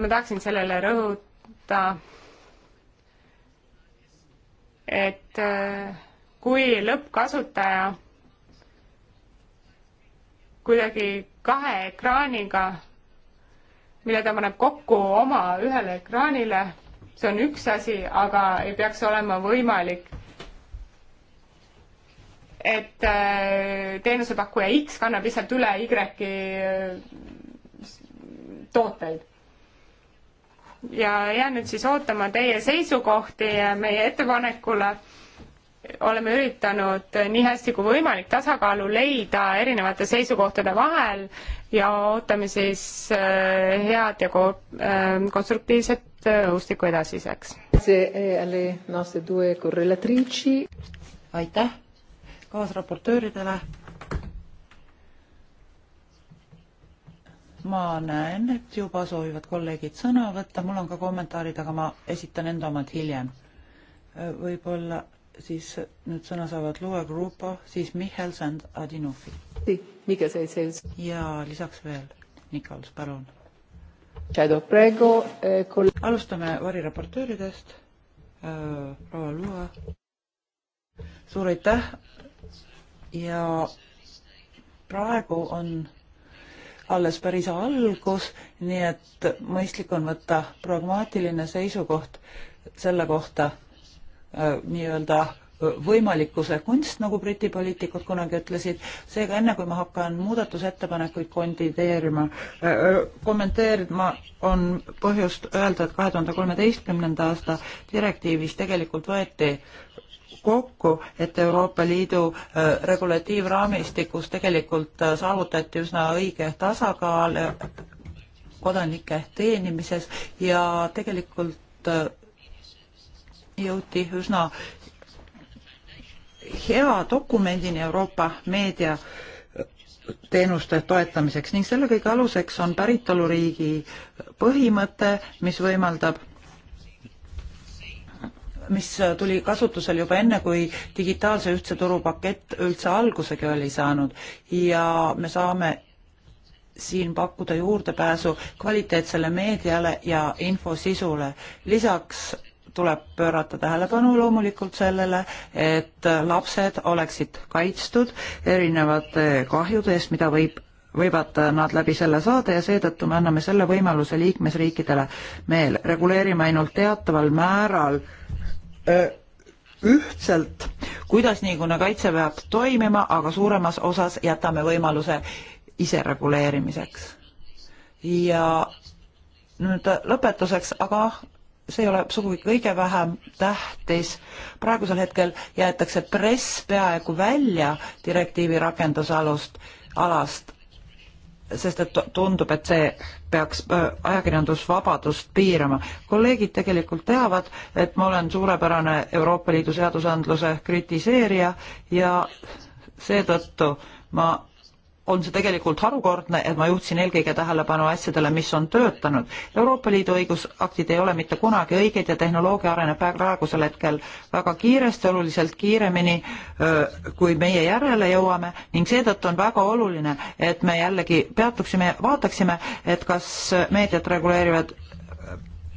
ma tahaksin sellele rõhuda, et äh, kui lõppkasutaja kuidagi kahe ekraaniga, mille ta paneb kokku oma ühele ekraanile, see on üks asi, aga ei peaks olema võimalik, et äh, teenusepakkuja X kannab lihtsalt üle Y-i äh, tooteid ja jään nüüd siis ootama teie seisukohti meie ettepanekule oleme üritanud nii hästi kui võimalik tasakaalu leida erinevate seisukohtade vahel ja ootame siis äh, head ja ko-, äh, konstruktiivset äh, õhustikku edasiseks. Eh, aitäh kaasraportööridele. ma näen, et juba soovivad kolleegid sõna võtta, mul on ka kommentaarid, aga ma esitan enda omad hiljem. võib-olla siis nüüd sõna saavad Lua Grupo, siis Michelson, Adinufi. ja lisaks veel Nikols, palun. Eh, alustame variraportööridest. Eh, proua Lua. suur aitäh ja praegu on alles päris algus, nii et mõistlik on võtta pragmaatiline seisukoht selle kohta Äh, nii-öelda äh, võimalikkuse kunst, nagu Briti poliitikud kunagi ütlesid, seega enne kui ma hakkan muudatusettepanekuid kondideerima, äh, kommenteerima, on põhjust öelda, et kahe tuhande kolmeteistkümnenda aasta direktiivis tegelikult võeti kokku, et Euroopa Liidu regulatiivraamistikus tegelikult saavutati üsna õige tasakaal kodanike teenimises ja tegelikult jõuti üsna hea dokumendini Euroopa meedia teenuste toetamiseks ning selle kõige aluseks on päritoluriigi põhimõte, mis võimaldab mis tuli kasutusele juba enne, kui digitaalse ühtse turu pakett üldse algusegi oli saanud ja me saame siin pakkuda juurdepääsu kvaliteetsele meediale ja infosisule. lisaks tuleb pöörata tähelepanu loomulikult sellele, et lapsed oleksid kaitstud erinevate kahjude eest, mida võib, võivad nad läbi selle saada ja seetõttu me anname selle võimaluse liikmesriikidele. me reguleerime ainult teataval määral öö, ühtselt, kuidas niisugune kaitse peab toimima, aga suuremas osas jätame võimaluse isereguleerimiseks. ja nüüd lõpetuseks aga see ei ole sugugi kõige vähem tähtis. praegusel hetkel jäetakse press peaaegu välja direktiivi rakendusalust, alast, sest et tundub, et see peaks ajakirjandusvabadust piirama. kolleegid tegelikult teavad, et ma olen suurepärane Euroopa Liidu seadusandluse kritiseerija ja seetõttu ma on see tegelikult harukordne, et ma juhtisin eelkõige tähelepanu asjadele, mis on töötanud. Euroopa Liidu õigusaktid ei ole mitte kunagi õiged ja tehnoloogia areneb praegusel hetkel väga kiiresti, oluliselt kiiremini, kui meie järele jõuame ning seetõttu on väga oluline, et me jällegi peatuksime, vaataksime, et kas meediat reguleerivad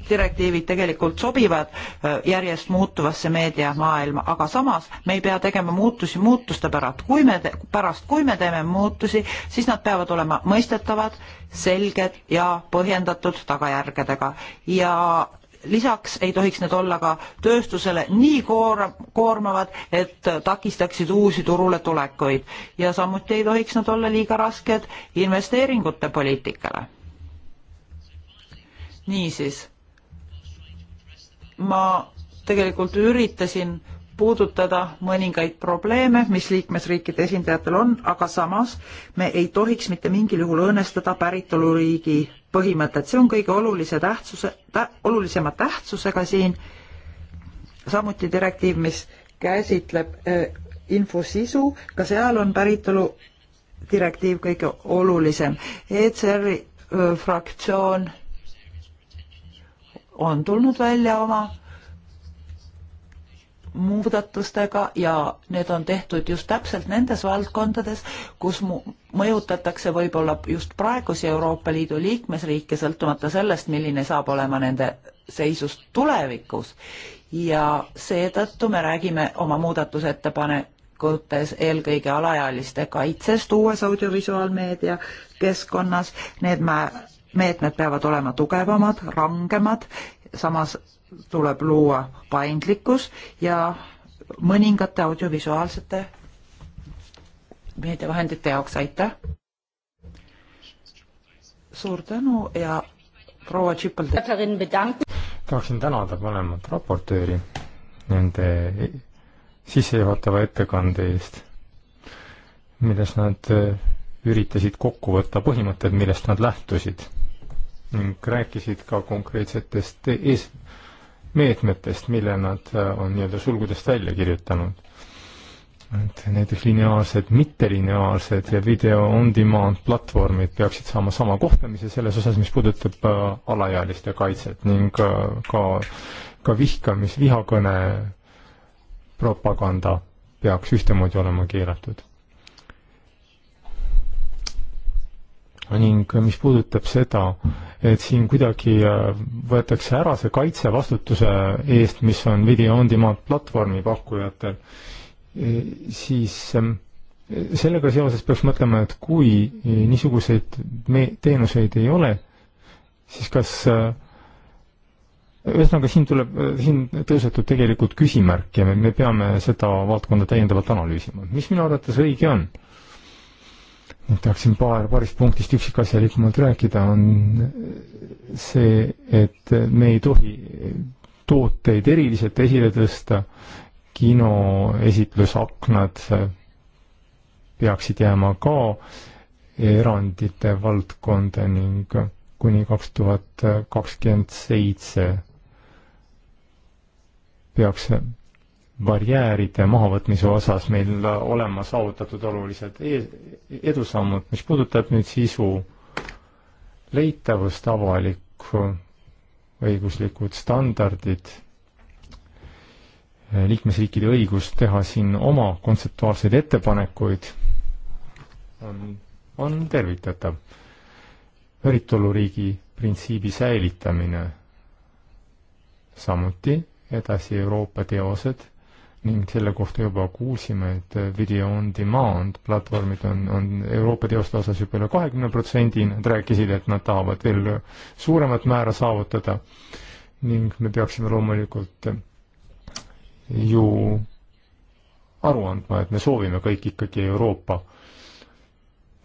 direktiivid tegelikult sobivad äh, järjest muutuvasse meediamaailma, aga samas me ei pea tegema muutusi muutuste pärast. kui me, pärast, kui me teeme muutusi, siis nad peavad olema mõistetavad, selged ja põhjendatud tagajärgedega ja lisaks ei tohiks need olla ka tööstusele nii koor-, koormavad, et takistaksid uusi turule tulekuid ja samuti ei tohiks nad olla liiga rasked investeeringute poliitikale. niisiis ma tegelikult üritasin puudutada mõningaid probleeme, mis liikmesriikide esindajatel on, aga samas me ei tohiks mitte mingil juhul õõnestada päritoluriigi põhimõtet, see on kõige olulise tähtsuse tä,, olulisema tähtsusega siin. samuti direktiiv, mis käsitleb äh, eh, info sisu, ka seal on päritolu direktiiv kõige olulisem. ECR-i äh, fraktsioon on tulnud välja oma muudatustega ja need on tehtud just täpselt nendes valdkondades, kus mõjutatakse võib-olla just praegusi Euroopa Liidu liikmesriike, sõltumata sellest, milline saab olema nende seisus tulevikus. ja seetõttu me räägime oma muudatusettepanekutes eelkõige alaealiste kaitsest uues audiovisuaalmeedia keskkonnas, need mä-, meetmed peavad olema tugevamad, rangemad, samas tuleb luua paindlikkus ja mõningate audiovisuaalsete meediavahendite jaoks, aitäh! suur tänu ja proua Tšipel. tahaksin tänada mõlemat raportööri nende sissejuhatava ettekande eest, milles nad äh, üritasid kokku võtta põhimõtted, millest nad lähtusid ning rääkisid ka konkreetsetest ees-, meetmetest, mille nad äh, on nii-öelda sulgudest välja kirjutanud. et näiteks lineaarsed, mittelineaarsed ja video on demand platvormid peaksid saama sama kohtlemise selles osas, mis puudutab äh, alaealiste kaitset ning ka, äh, ka, ka vihkamis, vihakõne propaganda peaks ühtemoodi olema keelatud ning mis puudutab seda, et siin kuidagi äh, võetakse ära see kaitsevastutuse eest, mis on video on demand platvormi pakkujatel, e, siis ähm, sellega seoses peaks mõtlema, et kui e, niisuguseid me-, teenuseid ei ole, siis kas äh, ühesõnaga, siin tuleb, äh, siin tõusetub tegelikult küsimärk ja me, me peame seda valdkonda täiendavalt analüüsima. mis minu arvates õige on tahaksin paar, paarist punktist üksikasjalikumalt rääkida, on see, et me ei tohi tooteid eriliselt esile tõsta, kinoesitlusaknad peaksid jääma ka erandite valdkonda ning kuni kaks tuhat kakskümmend seitse peaks barjääride mahavõtmise osas meil olema saavutatud olulised e-, edusammud, mis puudutab nüüd sisu leitavust, avalikku õiguslikud standardid, eh, liikmesriikide õigus teha siin oma kontseptuaalseid ettepanekuid on, on tervitatav. päritoluriigi printsiibi säilitamine samuti edasi Euroopa teosed ning selle kohta juba kuulsime, et video on demand platvormid on, on Euroopa teoste osas juba üle kahekümne protsendi, nad rääkisid, et nad tahavad veel suuremat määra saavutada. ning me peaksime loomulikult ju aru andma, et me soovime kõik ikkagi Euroopa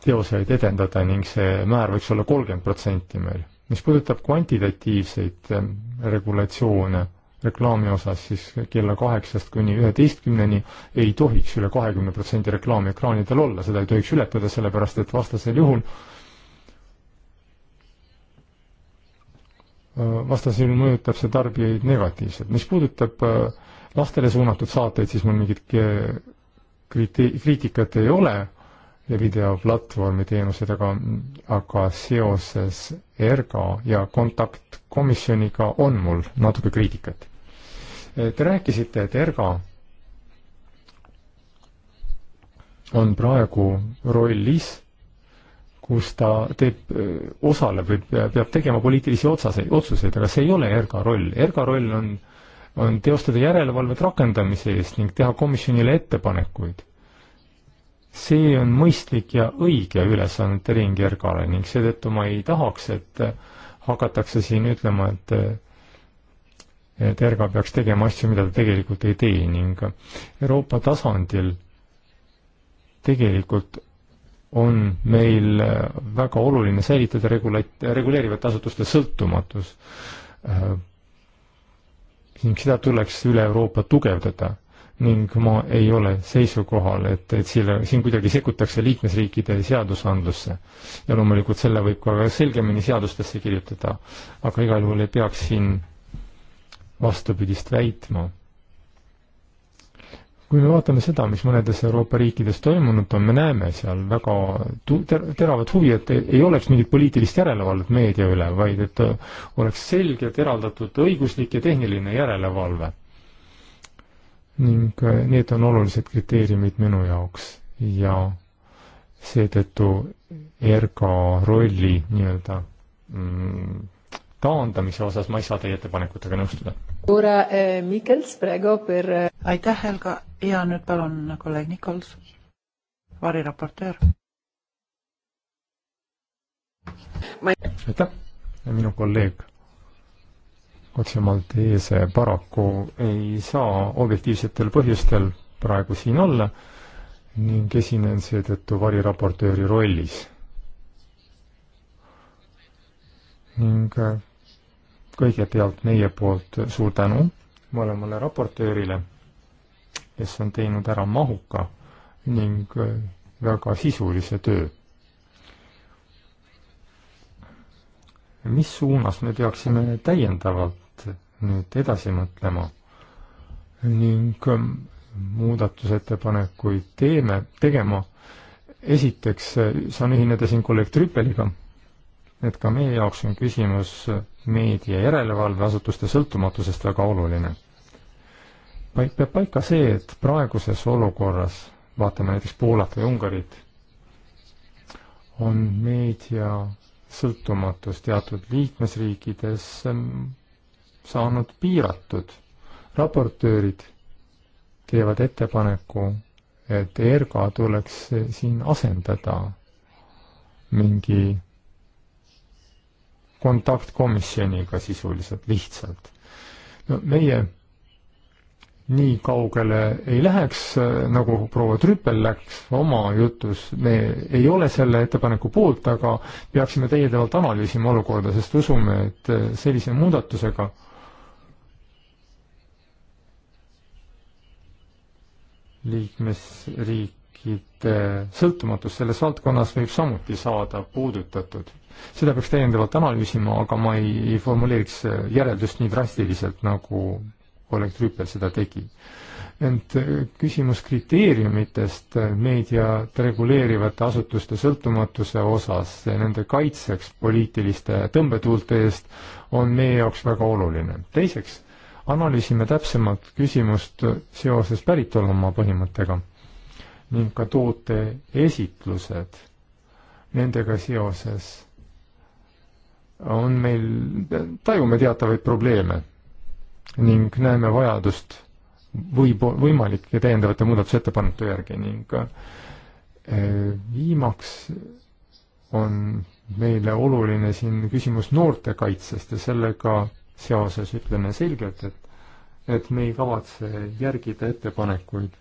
teoseid edendada ning see määr võiks olla kolmkümmend protsenti meil. mis puudutab kvantitatiivseid eh, regulatsioone reklaami osas siis kella kaheksast kuni üheteistkümneni ei tohiks üle kahekümne protsendi reklaami ekraanidel olla, seda ei tohiks ületada, sellepärast et vastasel juhul äh, vastasel juhul mõjutab see tarbijaid negatiivselt. mis puudutab äh, lastele suunatud saateid, siis mul mingit äh, kriti-, kriitikat ei ole ja videoplatvormi teenused, aga, aga seoses ERGA ja kontaktkomisjoniga on mul natuke kriitikat. Te rääkisite, et ERGA on praegu rollis, kus ta teeb, osaleb või peab tegema poliitilisi otsaseid, otsuseid, aga see ei ole ERGA roll. ERGA roll on, on teostada järelevalvet rakendamise eest ning teha komisjonile ettepanekuid see on mõistlik ja õige ülesannete ringjärgale ning seetõttu ma ei tahaks, et hakatakse siin ütlema, et et ERGA peaks tegema asju, mida ta tegelikult ei tee ning Euroopa tasandil tegelikult on meil väga oluline säilitada regula-, reguleerivate asutuste sõltumatus äh, ning seda tuleks üle Euroopa tugevdada ning ma ei ole seisukohal, et, et siile, siin kuidagi sekkutakse liikmesriikide seadusandlusse. ja loomulikult selle võib ka selgemini seadustesse kirjutada, aga igal juhul ei peaks siin vastupidist väitma. kui me vaatame seda, mis mõnedes Euroopa riikides toimunud on, me näeme seal väga tu-, ter-, teravat huvi, et ei oleks mingit poliitilist järelevalvet meedia üle, vaid et oleks selgelt eraldatud õiguslik ja tehniline järelevalve ning äh, need on olulised kriteeriumid minu jaoks ja seetõttu ERGO rolli nii-öelda mm, taandamise osas ma ei saa teie ettepanekutega nõustuda. Laura eh, äh, Mikkels, praegu per... Äh, aitäh, Helga, ja nüüd palun kolleeg Nikols, variraportöör. aitäh, minu kolleeg otse Maltese paraku ei saa objektiivsetel põhjustel praegu siin olla ning esinen seetõttu variraportööri rollis. ning äh, kõigepealt meie poolt suur tänu mõlemale raportöörile, kes on teinud ära mahuka ning äh, väga sisulise töö. mis suunas me peaksime täiendavalt nüüd edasi mõtlema ning ähm, muudatusettepanekuid teeme, tegema. esiteks äh, saan ühineda siin kolleeg Trüppeliga, et ka meie jaoks on küsimus äh, meedia järelevalveasutuste sõltumatusest väga oluline. vaid peab paika see, et praeguses olukorras, vaatame näiteks Poolat või Ungarit, on meedia sõltumatus teatud liikmesriikides ähm, saanud piiratud. raportöörid teevad ettepaneku, et ERGA tuleks siin asendada mingi kontaktkomisjoniga sisuliselt, lihtsalt. no meie nii kaugele ei läheks, nagu proua Trüppel läks oma jutus, me ei ole selle ettepaneku poolt, aga peaksime täiendavalt analüüsima olukorda, sest usume, et sellise muudatusega äh, liikmesriikide sõltumatus selles valdkonnas võib samuti saada puudutatud. seda peaks täiendavalt analüüsima, aga ma ei, ei formuleeriks järeldust nii drastiliselt, nagu kolleeg Trüüpel seda tegi. ent küsimus kriteeriumitest meediat reguleerivate asutuste sõltumatuse osas, nende kaitseks poliitiliste tõmbetuulte eest, on meie jaoks väga oluline. teiseks, analüüsime täpsemalt küsimust seoses päritolumaa põhimõttega ning ka toote esitlused, nendega seoses on meil, tajume teatavaid probleeme ning näeme vajadust võib, võimalike täiendavate muudatusettepanekute järgi ning eh, viimaks on meile oluline siin küsimus noortekaitsest ja sellega seoses ütleme selgelt, et et me ei kavatse järgida ettepanekuid,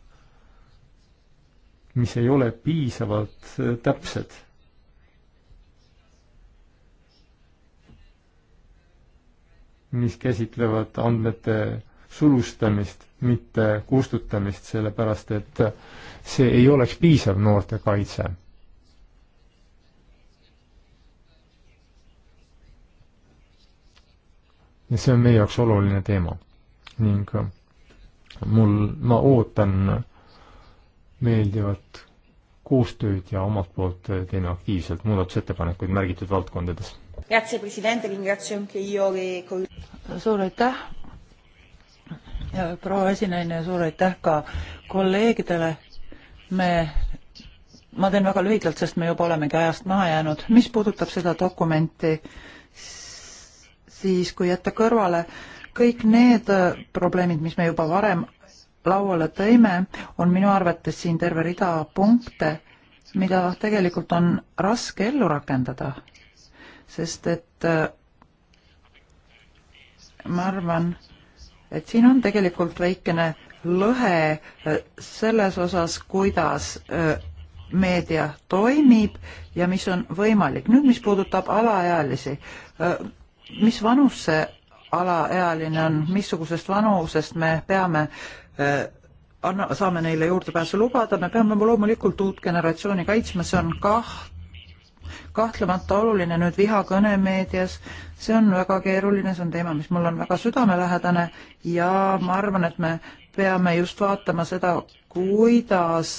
mis ei ole piisavalt äh, täpsed. mis käsitlevad andmete sulustamist, mitte kustutamist, sellepärast et äh, see ei oleks piisav noorte kaitse ja see on meie jaoks oluline teema. ning äh, mul, ma ootan meeldivat koostööd ja omalt poolt teen aktiivselt muudatusettepanekuid märgitud valdkondades. suur aitäh, proua esinaine, suur aitäh ka kolleegidele. me, ma teen väga lühidalt, sest me juba olemegi ajast maha jäänud. mis puudutab seda dokumenti, siis kui jätta kõrvale kõik need äh, probleemid, mis me juba varem lauale tõime, on minu arvates siin terve rida punkte, mida tegelikult on raske ellu rakendada, sest et äh, ma arvan, et siin on tegelikult väikene lõhe äh, selles osas, kuidas meedia toimib ja mis on võimalik. nüüd, mis puudutab alaealisi, mis vanus see alaealine on, missugusest vanusest me peame eh, anna, saame neile juurdepääsu lubada, me peame loomulikult uut generatsiooni kaitsma, see on kaht-, kahtlemata oluline nüüd vihakõne meedias, see on väga keeruline, see on teema, mis mul on väga südamelähedane ja ma arvan, et me peame just vaatama seda, kuidas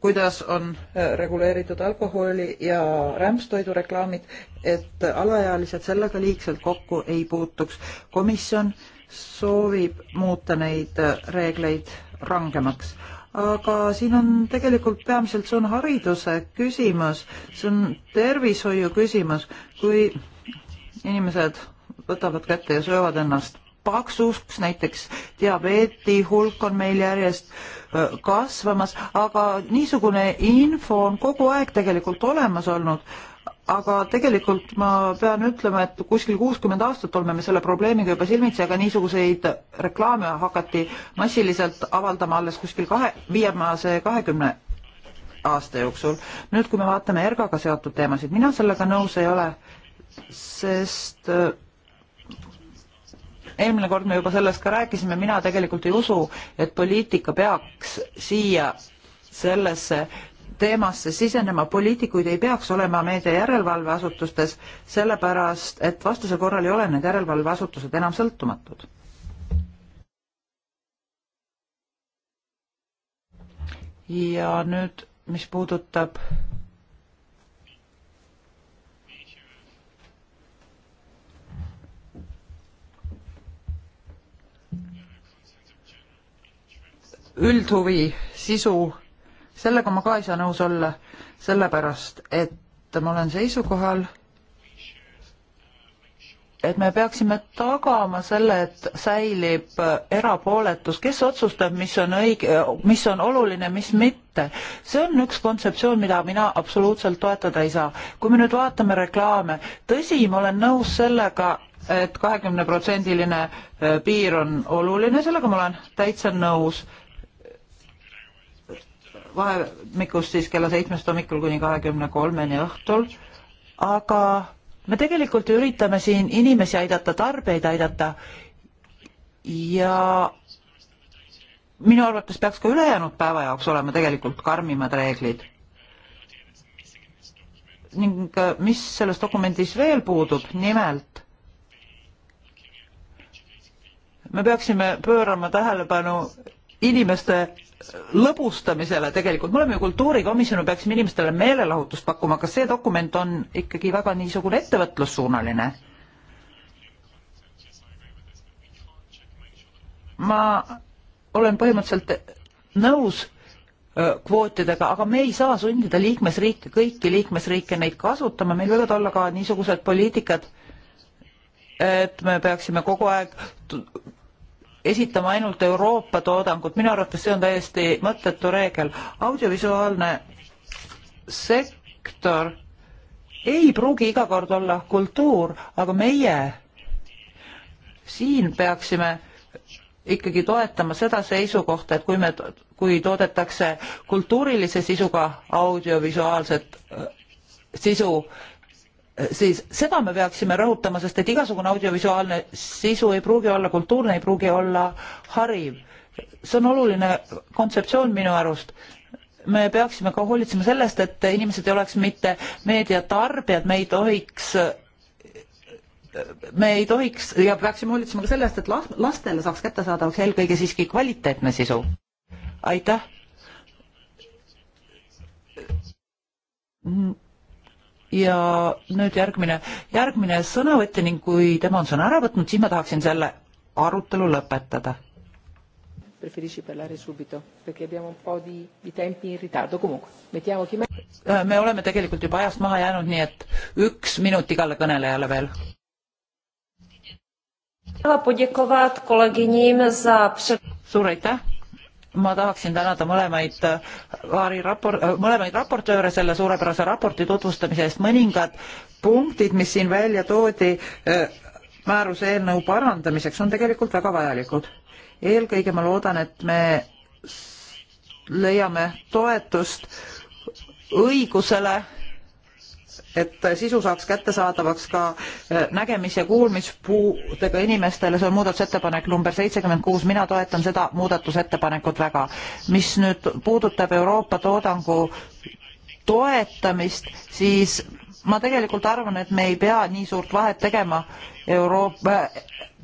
kuidas on äh, reguleeritud alkoholi ja rämpstoidu reklaamid, et alaealised sellega liigselt kokku ei puutuks. komisjon soovib muuta neid äh, reegleid rangemaks aga siin on tegelikult peamiselt, see on hariduse küsimus, see on tervishoiu küsimus, kui inimesed võtavad kätte ja söövad ennast paksuks, näiteks diabeeti hulk on meil järjest äh, kasvamas, aga niisugune info on kogu aeg tegelikult olemas olnud. aga tegelikult ma pean ütlema, et kuskil kuuskümmend aastat oleme me selle probleemiga juba silmitsi, aga niisuguseid reklaame hakati massiliselt avaldama alles kuskil kahe, viimase kahekümne aasta jooksul. nüüd, kui me vaatame ERGAga seotud teemasid, mina sellega nõus ei ole, sest äh, eelmine kord me juba sellest ka rääkisime, mina tegelikult ei usu, et poliitika peaks siia sellesse teemasse sisenema, poliitikuid ei peaks olema meedia järelevalveasutustes, sellepärast et vastuse korral ei ole need järelevalveasutused enam sõltumatud. ja nüüd, mis puudutab üldhuvi sisu, sellega ma ka ei saa nõus olla, sellepärast et ma olen seisukohal, et me peaksime tagama selle, et säilib erapooletus, kes otsustab, mis on õige, mis on oluline, mis mitte. see on üks kontseptsioon, mida mina absoluutselt toetada ei saa. kui me nüüd vaatame reklaame, tõsi, ma olen nõus sellega, et kahekümneprotsendiline eh, piir on oluline, sellega ma olen täitsa nõus vahemikus siis kella seitsmest hommikul kuni kahekümne kolmeni õhtul, aga me tegelikult üritame siin inimesi aidata, tarbijaid aidata ja minu arvates peaks ka ülejäänud päeva jaoks olema tegelikult karmimad reeglid. ning äh, mis selles dokumendis veel puudub, nimelt me peaksime pöörama tähelepanu inimeste lõbustamisele tegelikult, me oleme ju kultuurikomisjon, me peaksime inimestele meelelahutust pakkuma, kas see dokument on ikkagi väga niisugune ettevõtlussuunaline? ma olen põhimõtteliselt nõus äh, kvootidega, aga me ei saa sundida liikmesriike, kõiki liikmesriike neid kasutama, meil võivad olla ka niisugused poliitikad, et me peaksime kogu aeg esitama ainult Euroopa toodangut, minu arvates see on täiesti mõttetu reegel. audiovisuaalne sektor ei pruugi iga kord olla kultuur, aga meie siin peaksime ikkagi toetama seda seisukohta, et kui me, kui toodetakse kultuurilise sisuga audiovisuaalset äh, sisu, siis seda me peaksime rõhutama, sest et igasugune audiovisuaalne sisu ei pruugi olla kultuurne, ei pruugi olla hariv. see on oluline kontseptsioon minu arust. me peaksime ka hoolitsema sellest, et inimesed ei oleks mitte meediatarbijad, me ei tohiks me ei tohiks ja peaksime hoolitsema ka sellest, et lastele saaks kättesaadavaks eelkõige siiski kvaliteetne sisu. aitäh ja nüüd järgmine, järgmine sõnavõtja ning kui tema on sõna ära võtnud, siis ma tahaksin selle arutelu lõpetada. Äh, me oleme tegelikult juba ajast maha jäänud, nii et üks minut igale kõnelejale veel. suur aitäh ma tahaksin tänada mõlemaid Vaari äh, rapor-, äh, mõlemaid raportööre selle suurepärase raporti tutvustamise eest. mõningad punktid, mis siin välja toodi äh, määruse eelnõu parandamiseks, on tegelikult väga vajalikud. eelkõige ma loodan, et me leiame toetust õigusele et sisu saaks kättesaadavaks ka äh, nägemis- ja kuulmispuudega inimestele, see on muudatusettepanek number seitsekümmend kuus, mina toetan seda muudatusettepanekut väga. mis nüüd puudutab Euroopa toodangu toetamist, siis ma tegelikult arvan, et me ei pea nii suurt vahet tegema Euroopa äh,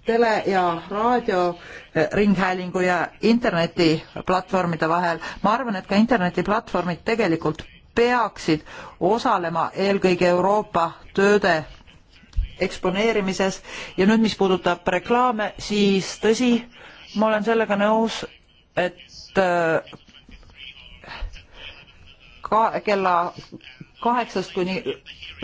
tele- ja raadioringhäälingu äh, ja internetiplatvormide vahel. ma arvan, et ka internetiplatvormid tegelikult peaksid osalema eelkõige Euroopa tööde eksponeerimises ja nüüd, mis puudutab reklaame, siis tõsi, ma olen sellega nõus, et äh, ka kella kaheksast kuni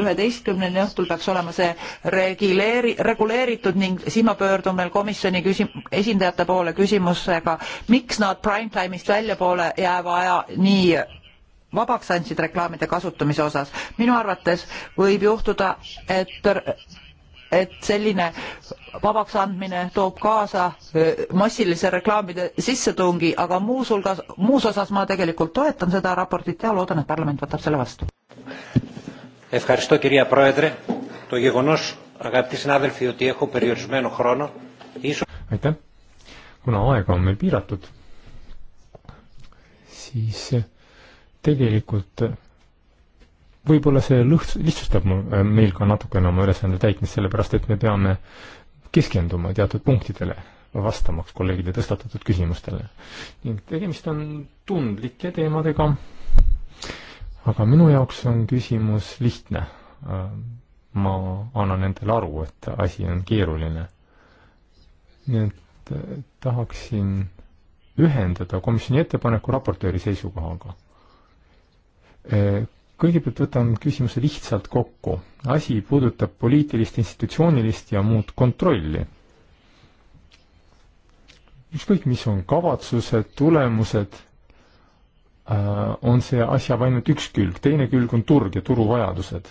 üheteistkümneni õhtul peaks olema see reguleeri-, reguleeritud ning siin ma pöördun veel komisjoni küsim-, esindajate poole küsimusega, miks nad prime time'ist väljapoole jääva aja nii vabaks andsid reklaamide kasutamise osas. minu arvates võib juhtuda, et et selline vabaks andmine toob kaasa äh, massilise reklaamide sissetungi, aga muus hulgas, muus osas ma tegelikult toetan seda raportit ja loodan, et parlament võtab selle vastu. Ευχαριστώ κυρία Πρόεδρε. Το γεγονός, αγαπητοί συνάδελφοι, ότι έχω περιορισμένο χρόνο, ίσως... Aitäh. Kuna aega on meil piiratud, siis tegelikult võib-olla see lõht-, lihtsustab mu, äh, meil ka natukene oma ülesande täitmist, sellepärast et me peame keskenduma teatud punktidele, vastamaks kolleegide tõstatatud küsimustele. ning tegemist on tundlike teemadega, aga minu jaoks on küsimus lihtne. Äh, ma annan endale aru, et asi on keeruline. nii et äh, tahaksin ühendada komisjoni ettepaneku raportööri seisukohaga kõigepealt võtan küsimuse lihtsalt kokku. asi puudutab poliitilist, institutsioonilist ja muud kontrolli. ükskõik, mis on kavatsused, tulemused, äh, on see asjab ainult üks külg, teine külg on turg ja turuvajadused.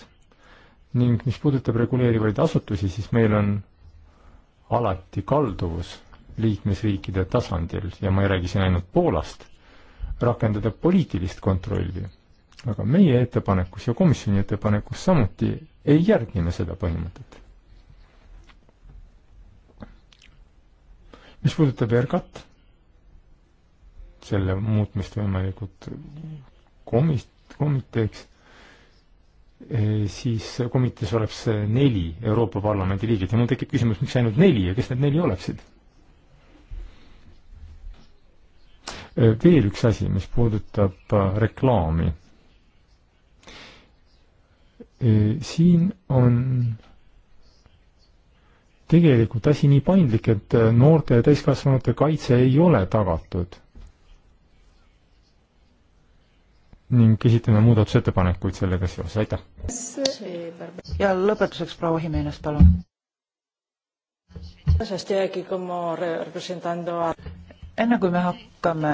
ning mis puudutab reguleerivaid asutusi, siis meil on alati kalduvus liikmesriikide tasandil ja ma ei räägi siin ainult Poolast, rakendada poliitilist kontrolli aga meie ettepanekus ja komisjoni ettepanekus samuti ei järgi me seda põhimõtet. mis puudutab ERKAT, selle muutmist võimalikult komis-, komiteeks, eh, siis komitees oleks neli Euroopa Parlamendi liiget ja mul tekib küsimus, miks ainult neli ja kes need neli oleksid? Eh, veel üks asi, mis puudutab eh, reklaami siin on tegelikult asi nii paindlik, et äh, noorte ja täiskasvanute kaitse ei ole tagatud. ning esitame muudatusettepanekuid sellega seoses, aitäh! ja lõpetuseks proua Jimenez, palun. enne kui me hakkame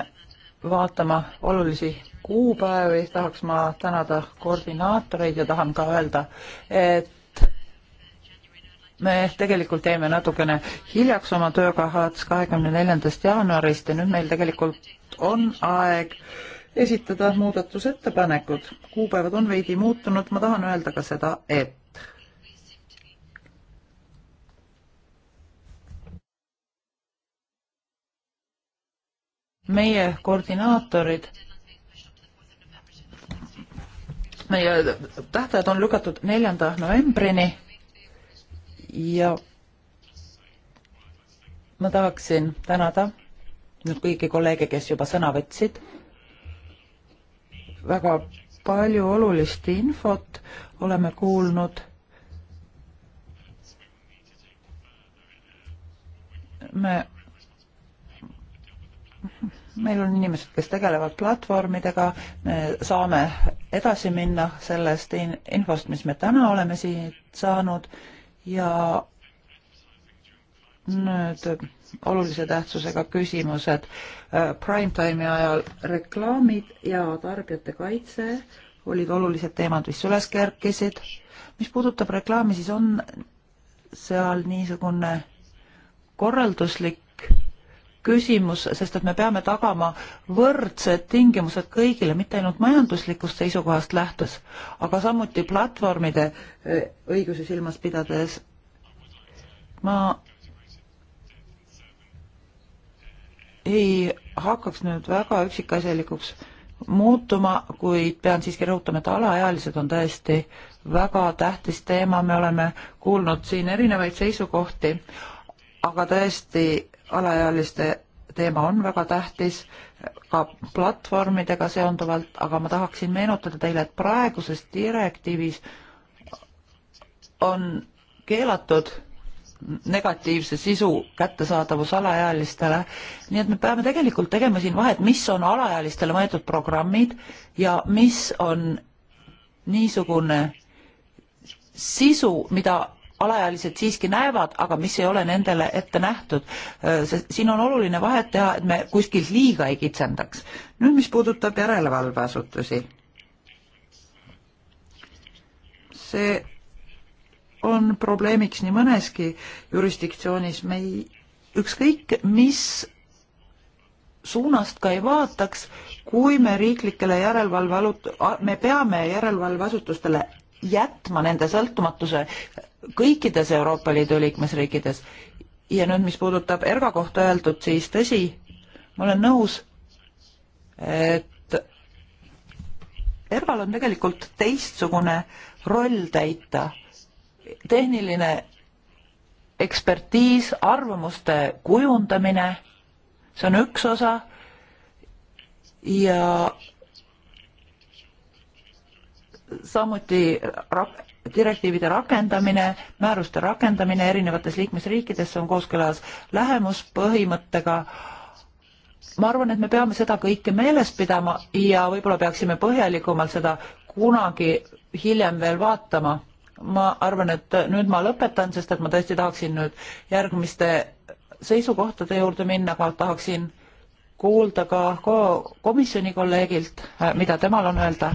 vaatama olulisi kuupäevi, tahaks ma tänada koordinaatoreid ja tahan ka öelda, et me tegelikult jäime natukene hiljaks oma tööga alates kahekümne neljandast jaanuarist ja nüüd meil tegelikult on aeg esitada muudatusettepanekud. kuupäevad on veidi muutunud, ma tahan öelda ka seda, et meie koordinaatorid meie tähtajad on lükatud neljanda novembrini ja ma tahaksin tänada nüüd kõiki kolleege, kes juba sõna võtsid. väga palju olulist infot oleme kuulnud. me meil on inimesed, kes tegelevad platvormidega, me saame edasi minna sellest infost, mis me täna oleme siit saanud ja nüüd olulise tähtsusega küsimused. Äh, Primetime'i ajal reklaamid ja tarbijate kaitse olid olulised teemad, mis üles kerkisid. mis puudutab reklaami, siis on seal niisugune korralduslik küsimus, sest et me peame tagama võrdsed tingimused kõigile, mitte ainult majanduslikust seisukohast lähtes, aga samuti platvormide eh, õigusi silmas pidades. ma ei hakkaks nüüd väga üksikasjalikuks muutuma, kuid pean siiski rõhutama, et alaealised on tõesti väga tähtis teema, me oleme kuulnud siin erinevaid seisukohti, aga tõesti alaealiste teema on väga tähtis ka platvormidega seonduvalt, aga ma tahaksin meenutada teile, et praeguses direktiivis on keelatud negatiivse sisu kättesaadavus alaealistele, nii et me peame tegelikult tegema siin vahet, mis on alaealistele mõeldud programmid ja mis on niisugune sisu, mida alaealised siiski näevad, aga mis ei ole nendele ette nähtud. Äh, siin on oluline vahet teha, et me kuskilt liiga ei kitsendaks. nüüd, mis puudutab järelevalveasutusi. see on probleemiks nii mõneski jurisdiktsioonis, me ei, ükskõik mis suunast ka ei vaataks, kui me riiklikele järelevalve, me peame järelevalveasutustele jätma nende sõltumatuse kõikides Euroopa Liidu liikmesriikides. ja nüüd, mis puudutab ERGA kohta öeldud, siis tõsi, ma olen nõus, et ERGA-l on tegelikult teistsugune roll täita, tehniline ekspertiis, arvamuste kujundamine, see on üks osa ja samuti direktiivide rakendamine, määruste rakendamine erinevates liikmesriikides on kooskõlas lähemuspõhimõttega. ma arvan, et me peame seda kõike meeles pidama ja võib-olla peaksime põhjalikumalt seda kunagi hiljem veel vaatama. ma arvan, et nüüd ma lõpetan, sest et ma tõesti tahaksin nüüd järgmiste seisukohtade juurde minna, aga tahaksin kuulda ka ko komisjoni kolleegilt, äh, mida temal on öelda.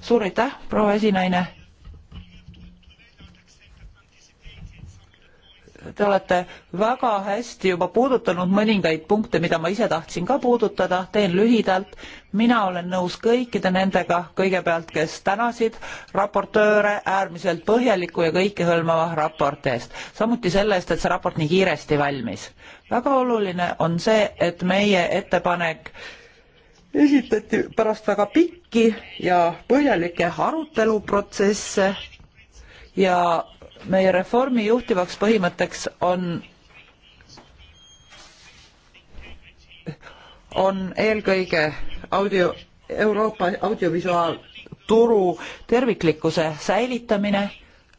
suur aitäh, proua esinaine te olete väga hästi juba puudutanud mõningaid punkte, mida ma ise tahtsin ka puudutada, teen lühidalt. mina olen nõus kõikide nendega, kõigepealt, kes tänasid raportööre äärmiselt põhjaliku ja kõikehõlmava raporti eest, samuti selle eest, et see raport nii kiiresti valmis. väga oluline on see, et meie ettepanek esitati pärast väga pikki ja põhjalikke aruteluprotsesse ja meie reformi juhtivaks põhimõtteks on, on eelkõige audio, Euroopa audiovisuaalturu terviklikkuse säilitamine,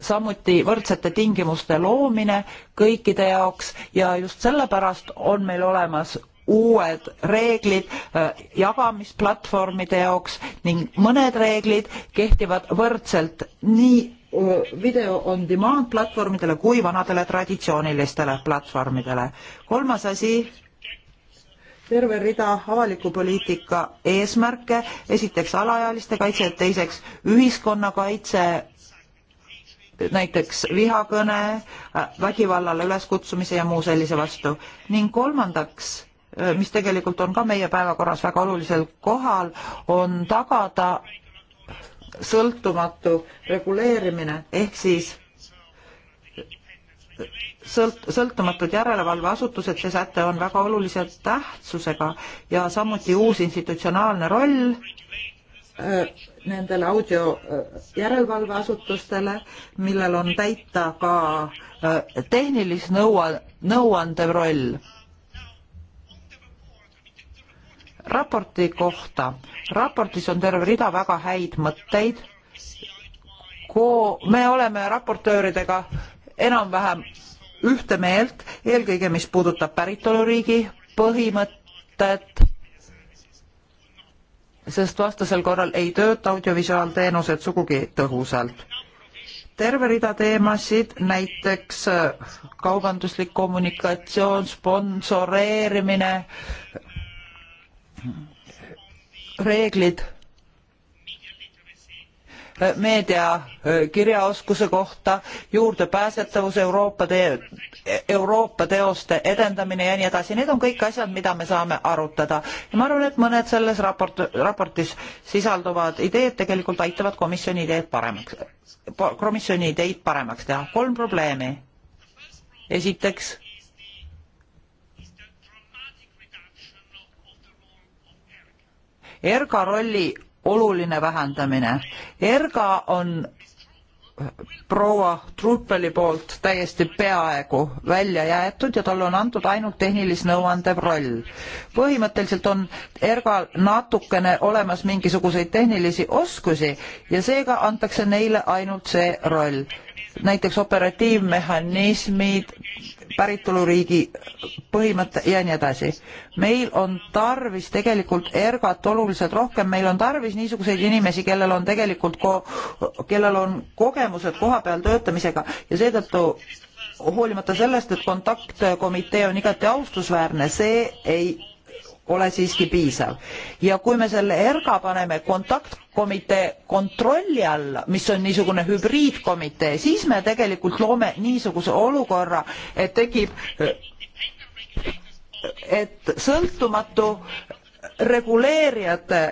samuti võrdsete tingimuste loomine kõikide jaoks ja just sellepärast on meil olemas uued reeglid äh, jagamisplatvormide jaoks ning mõned reeglid kehtivad võrdselt nii video on demand platvormidele kui vanadele traditsioonilistele platvormidele. kolmas asi, terve rida avaliku poliitika eesmärke, esiteks alaealiste kaitse, teiseks ühiskonnakaitse, näiteks vihakõne, äh, vägivallale üleskutsumise ja muu sellise vastu ning kolmandaks mis tegelikult on ka meie päevakorras väga olulisel kohal, on tagada sõltumatu reguleerimine ehk siis sõlt, sõltumatud järelevalveasutused, see säte on väga olulise tähtsusega ja samuti uus institutsionaalne roll äh, nendele audio äh, järelevalveasutustele, millel on täita ka äh, tehnilist nõua, nõuandev roll raporti kohta. raportis on terve rida väga häid mõtteid. me oleme raportööridega enam-vähem ühte meelt, eelkõige mis puudutab päritoluriigi põhimõtet, sest vastasel korral ei tööta audiovisuaalteenused sugugi tõhusalt. terve rida teemasid, näiteks äh, kaubanduslik kommunikatsioon, sponsoreerimine, reeglid meedia kirjaoskuse kohta, juurdepääsetavus Euroopa te-, e-, Euroopa teoste edendamine ja nii edasi, need on kõik asjad, mida me saame arutada. ja ma arvan, et mõned selles raport, raportis sisalduvad ideed tegelikult aitavad komisjoni ideed paremaks, komisjoni ideid paremaks teha. kolm probleemi. esiteks erga rolli oluline vähendamine. erga on proua Truppeli poolt täiesti peaaegu välja jäetud ja talle on antud ainult tehnilis-nõuandev roll. põhimõtteliselt on ERGA-l natukene olemas mingisuguseid tehnilisi oskusi ja seega antakse neile ainult see roll näiteks operatiivmehhanismid, päritoluriigi põhimõte ja nii edasi. meil on tarvis tegelikult ergat oluliselt rohkem, meil on tarvis niisuguseid inimesi, kellel on tegelikult ko-, kellel on kogemused kohapeal töötamisega ja seetõttu hoolimata sellest, et kontaktkomitee on igati austusväärne, see ei ole siiski piisav. ja kui me selle ERGA paneme kontaktkomitee kontrolli alla, mis on niisugune hübriidkomitee, siis me tegelikult loome niisuguse olukorra, et tekib, et sõltumatu reguleerijate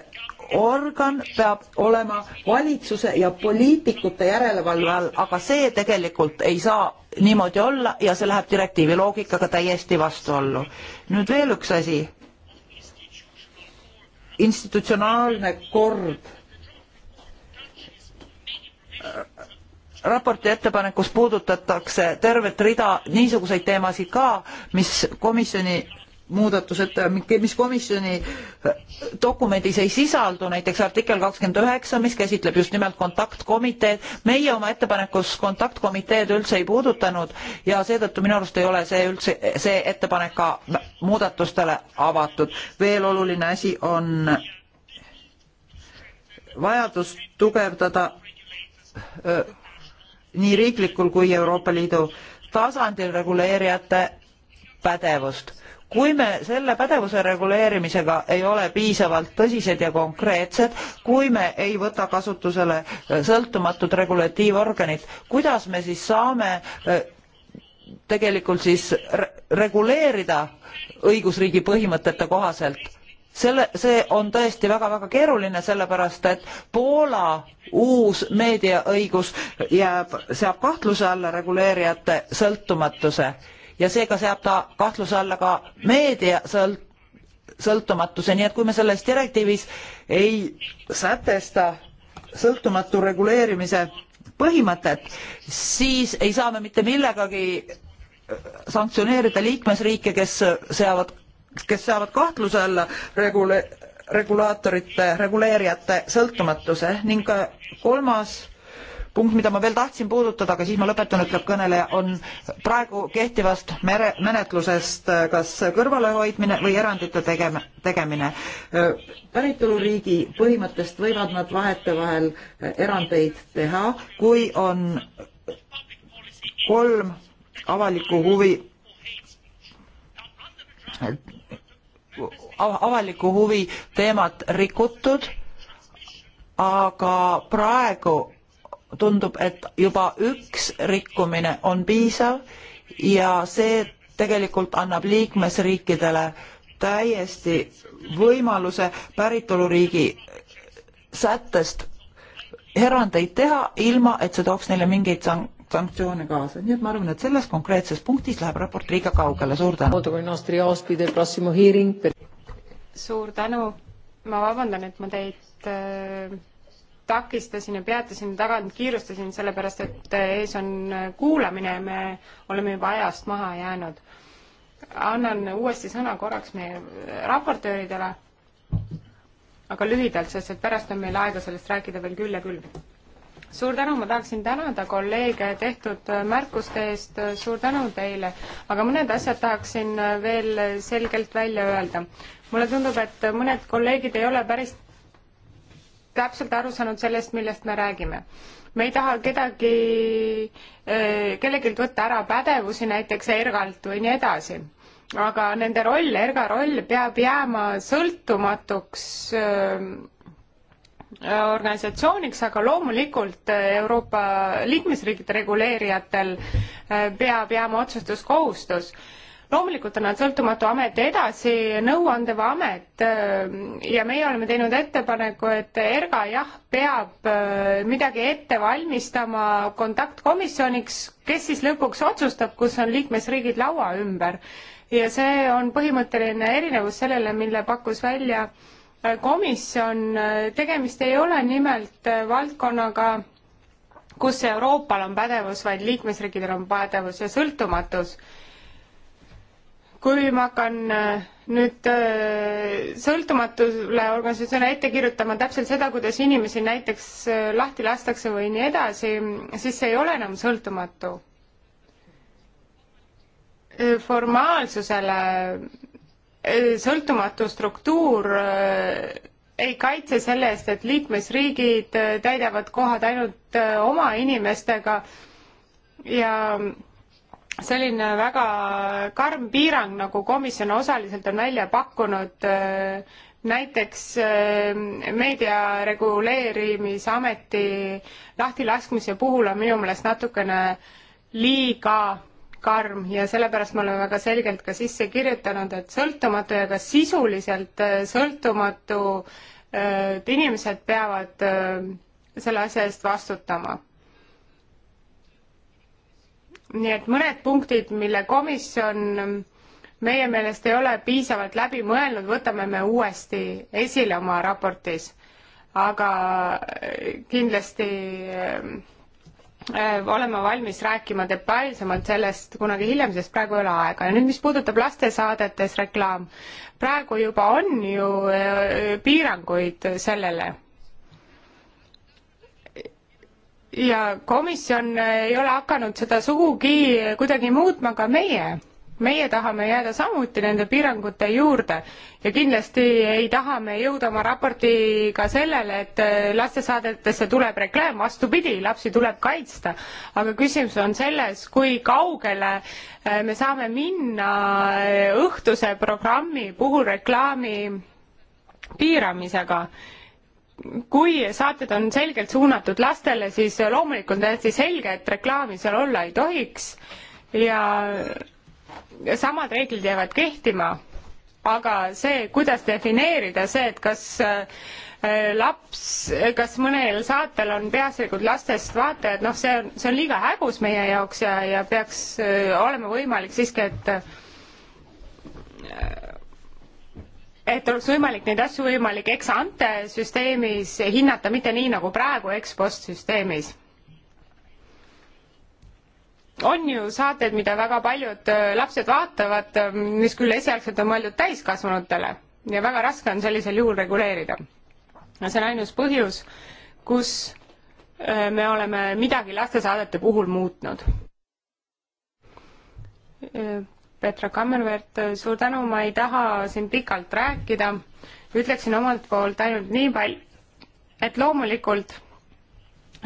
organ peab olema valitsuse ja poliitikute järelevalve all, aga see tegelikult ei saa niimoodi olla ja see läheb direktiivi loogikaga täiesti vastuollu. nüüd veel üks asi institutsionaalne kord raporti ettepanekus puudutatakse tervet rida niisuguseid teemasid ka, mis komisjoni muudatused, mis komisjoni dokumendis ei sisaldu, näiteks artikkel kakskümmend üheksa, mis käsitleb just nimelt kontaktkomiteed. meie oma ettepanekus kontaktkomiteed üldse ei puudutanud ja seetõttu minu arust ei ole see üldse, see ettepanek ka muudatustele avatud. veel oluline asi on vajadus tugevdada öö, nii riiklikul kui Euroopa Liidu tasandil reguleerijate pädevust kui me selle pädevuse reguleerimisega ei ole piisavalt tõsised ja konkreetsed, kui me ei võta kasutusele äh, sõltumatut regulatiivorganit, kuidas me siis saame äh, tegelikult siis reguleerida õigusriigi põhimõtete kohaselt? selle, see on tõesti väga-väga keeruline, sellepärast et Poola uus meediaõigus jääb, seab kahtluse alla reguleerijate sõltumatuse ja seega seab ta kahtluse alla ka meedia sõlt-, sõltumatuse, nii et kui me selles direktiivis ei sätesta sõltumatu reguleerimise põhimõtet, siis ei saa me mitte millegagi äh, sanktsioneerida liikmesriike, kes äh, seavad, kes seavad kahtluse alla regule-, regulaatorite, reguleerijate sõltumatuse ning kolmas punkt, mida ma veel tahtsin puudutada, aga siis ma lõpetan, ütleb kõneleja, on praegu kehtivast mere, menetlusest äh, kas kõrvalehoidmine või erandite tegema, tegemine. Äh, päritoluriigi põhimõttest võivad nad vahetevahel äh, erandeid teha, kui on kolm avalikku huvi avaliku huvi teemat rikutud, aga praegu tundub, et juba üks rikkumine on piisav ja see tegelikult annab liikmesriikidele täiesti võimaluse päritoluriigi sättest erandeid teha, ilma et see tooks neile mingeid sanktsioone kaasa, nii et ma arvan, et selles konkreetses punktis läheb raport liiga kaugele, suur tänu. suur tänu, ma vabandan, et ma teid äh, takistasin ja peatasin tagant, kiirustasin, sellepärast et ees on kuulamine ja me oleme juba ajast maha jäänud. annan uuesti sõna korraks meie raportööridele, aga lühidalt, sest et pärast on meil aega sellest rääkida veel küll ja küll. suur tänu, ma tahaksin tänada kolleege tehtud märkuste eest, suur tänu teile, aga mõned asjad tahaksin veel selgelt välja öelda. mulle tundub, et mõned kolleegid ei ole päris täpselt aru saanud sellest, millest me räägime. me ei taha kedagi, eh, kellelgi võtta ära pädevusi näiteks ergalt või nii edasi. aga nende roll, erga roll peab jääma sõltumatuks eh, organisatsiooniks, aga loomulikult eh, Euroopa liikmesriikide reguleerijatel peab jääma otsustuskohustus loomulikult on nad sõltumatu amet edasi, nõuandeva amet äh, ja meie oleme teinud ettepaneku, et ERGA jah, peab äh, midagi ette valmistama kontaktkomisjoniks, kes siis lõpuks otsustab, kus on liikmesriigid laua ümber. ja see on põhimõtteline erinevus sellele, mille pakkus välja äh, komisjon, tegemist ei ole nimelt valdkonnaga, kus Euroopal on pädevus, vaid liikmesriikidel on pädevus ja sõltumatus kui ma hakkan äh, nüüd äh, sõltumatule organisatsioonile ette kirjutama täpselt seda, kuidas inimesi näiteks äh, lahti lastakse või nii edasi, siis see ei ole enam sõltumatu. formaalsusele sõltumatu struktuur ei kaitse selle eest, et liikmesriigid täidavad kohad ainult oma inimestega ja selline väga karm piirang, nagu komisjon osaliselt on välja pakkunud, äh, näiteks äh, meedia reguleerimisameti lahtilaskmise puhul on minu meelest natukene liiga karm ja sellepärast me oleme väga selgelt ka sisse kirjutanud, et sõltumatu ja ka sisuliselt äh, sõltumatu inimesed peavad selle asja eest vastutama nii et mõned punktid, mille komisjon meie meelest ei ole piisavalt läbi mõelnud, võtame me uuesti esile oma raportis. aga äh, kindlasti äh, äh, olema valmis rääkima detailsemalt sellest kunagi hiljem, sest praegu ei ole aega. ja nüüd, mis puudutab lastesaadetes reklaam, praegu juba on ju piiranguid sellele ja komisjon ei ole hakanud seda sugugi kuidagi muutma ka meie. meie tahame jääda samuti nende piirangute juurde ja kindlasti ei taha me jõuda oma raportiga sellele, et äh, lastesaadetesse tuleb reklaam, vastupidi, lapsi tuleb kaitsta. aga küsimus on selles, kui kaugele äh, me saame minna äh, õhtuse programmi puhul reklaami piiramisega kui saated on selgelt suunatud lastele, siis loomulikult on täiesti selge, et reklaami seal olla ei tohiks ja, ja samad reeglid jäävad kehtima. aga see, kuidas defineerida see, et kas äh, laps, kas mõnel saatel on peaasjalikult lastest vaatajad, noh, see on, see on liiga hägus meie jaoks ja, ja peaks äh, olema võimalik siiski, et äh, et oleks võimalik neid asju võimalik ex-ante süsteemis hinnata, mitte nii nagu praegu ex-post süsteemis. on ju saated, mida väga paljud äh, lapsed vaatavad, äh, mis küll esialgselt on mõeldud täiskasvanutele ja väga raske on sellisel juhul reguleerida. see on ainus põhjus, kus äh, me oleme midagi lastesaadete puhul muutnud Petra Kammervert, suur tänu, ma ei taha siin pikalt rääkida, ütleksin omalt poolt ainult nii palju, et loomulikult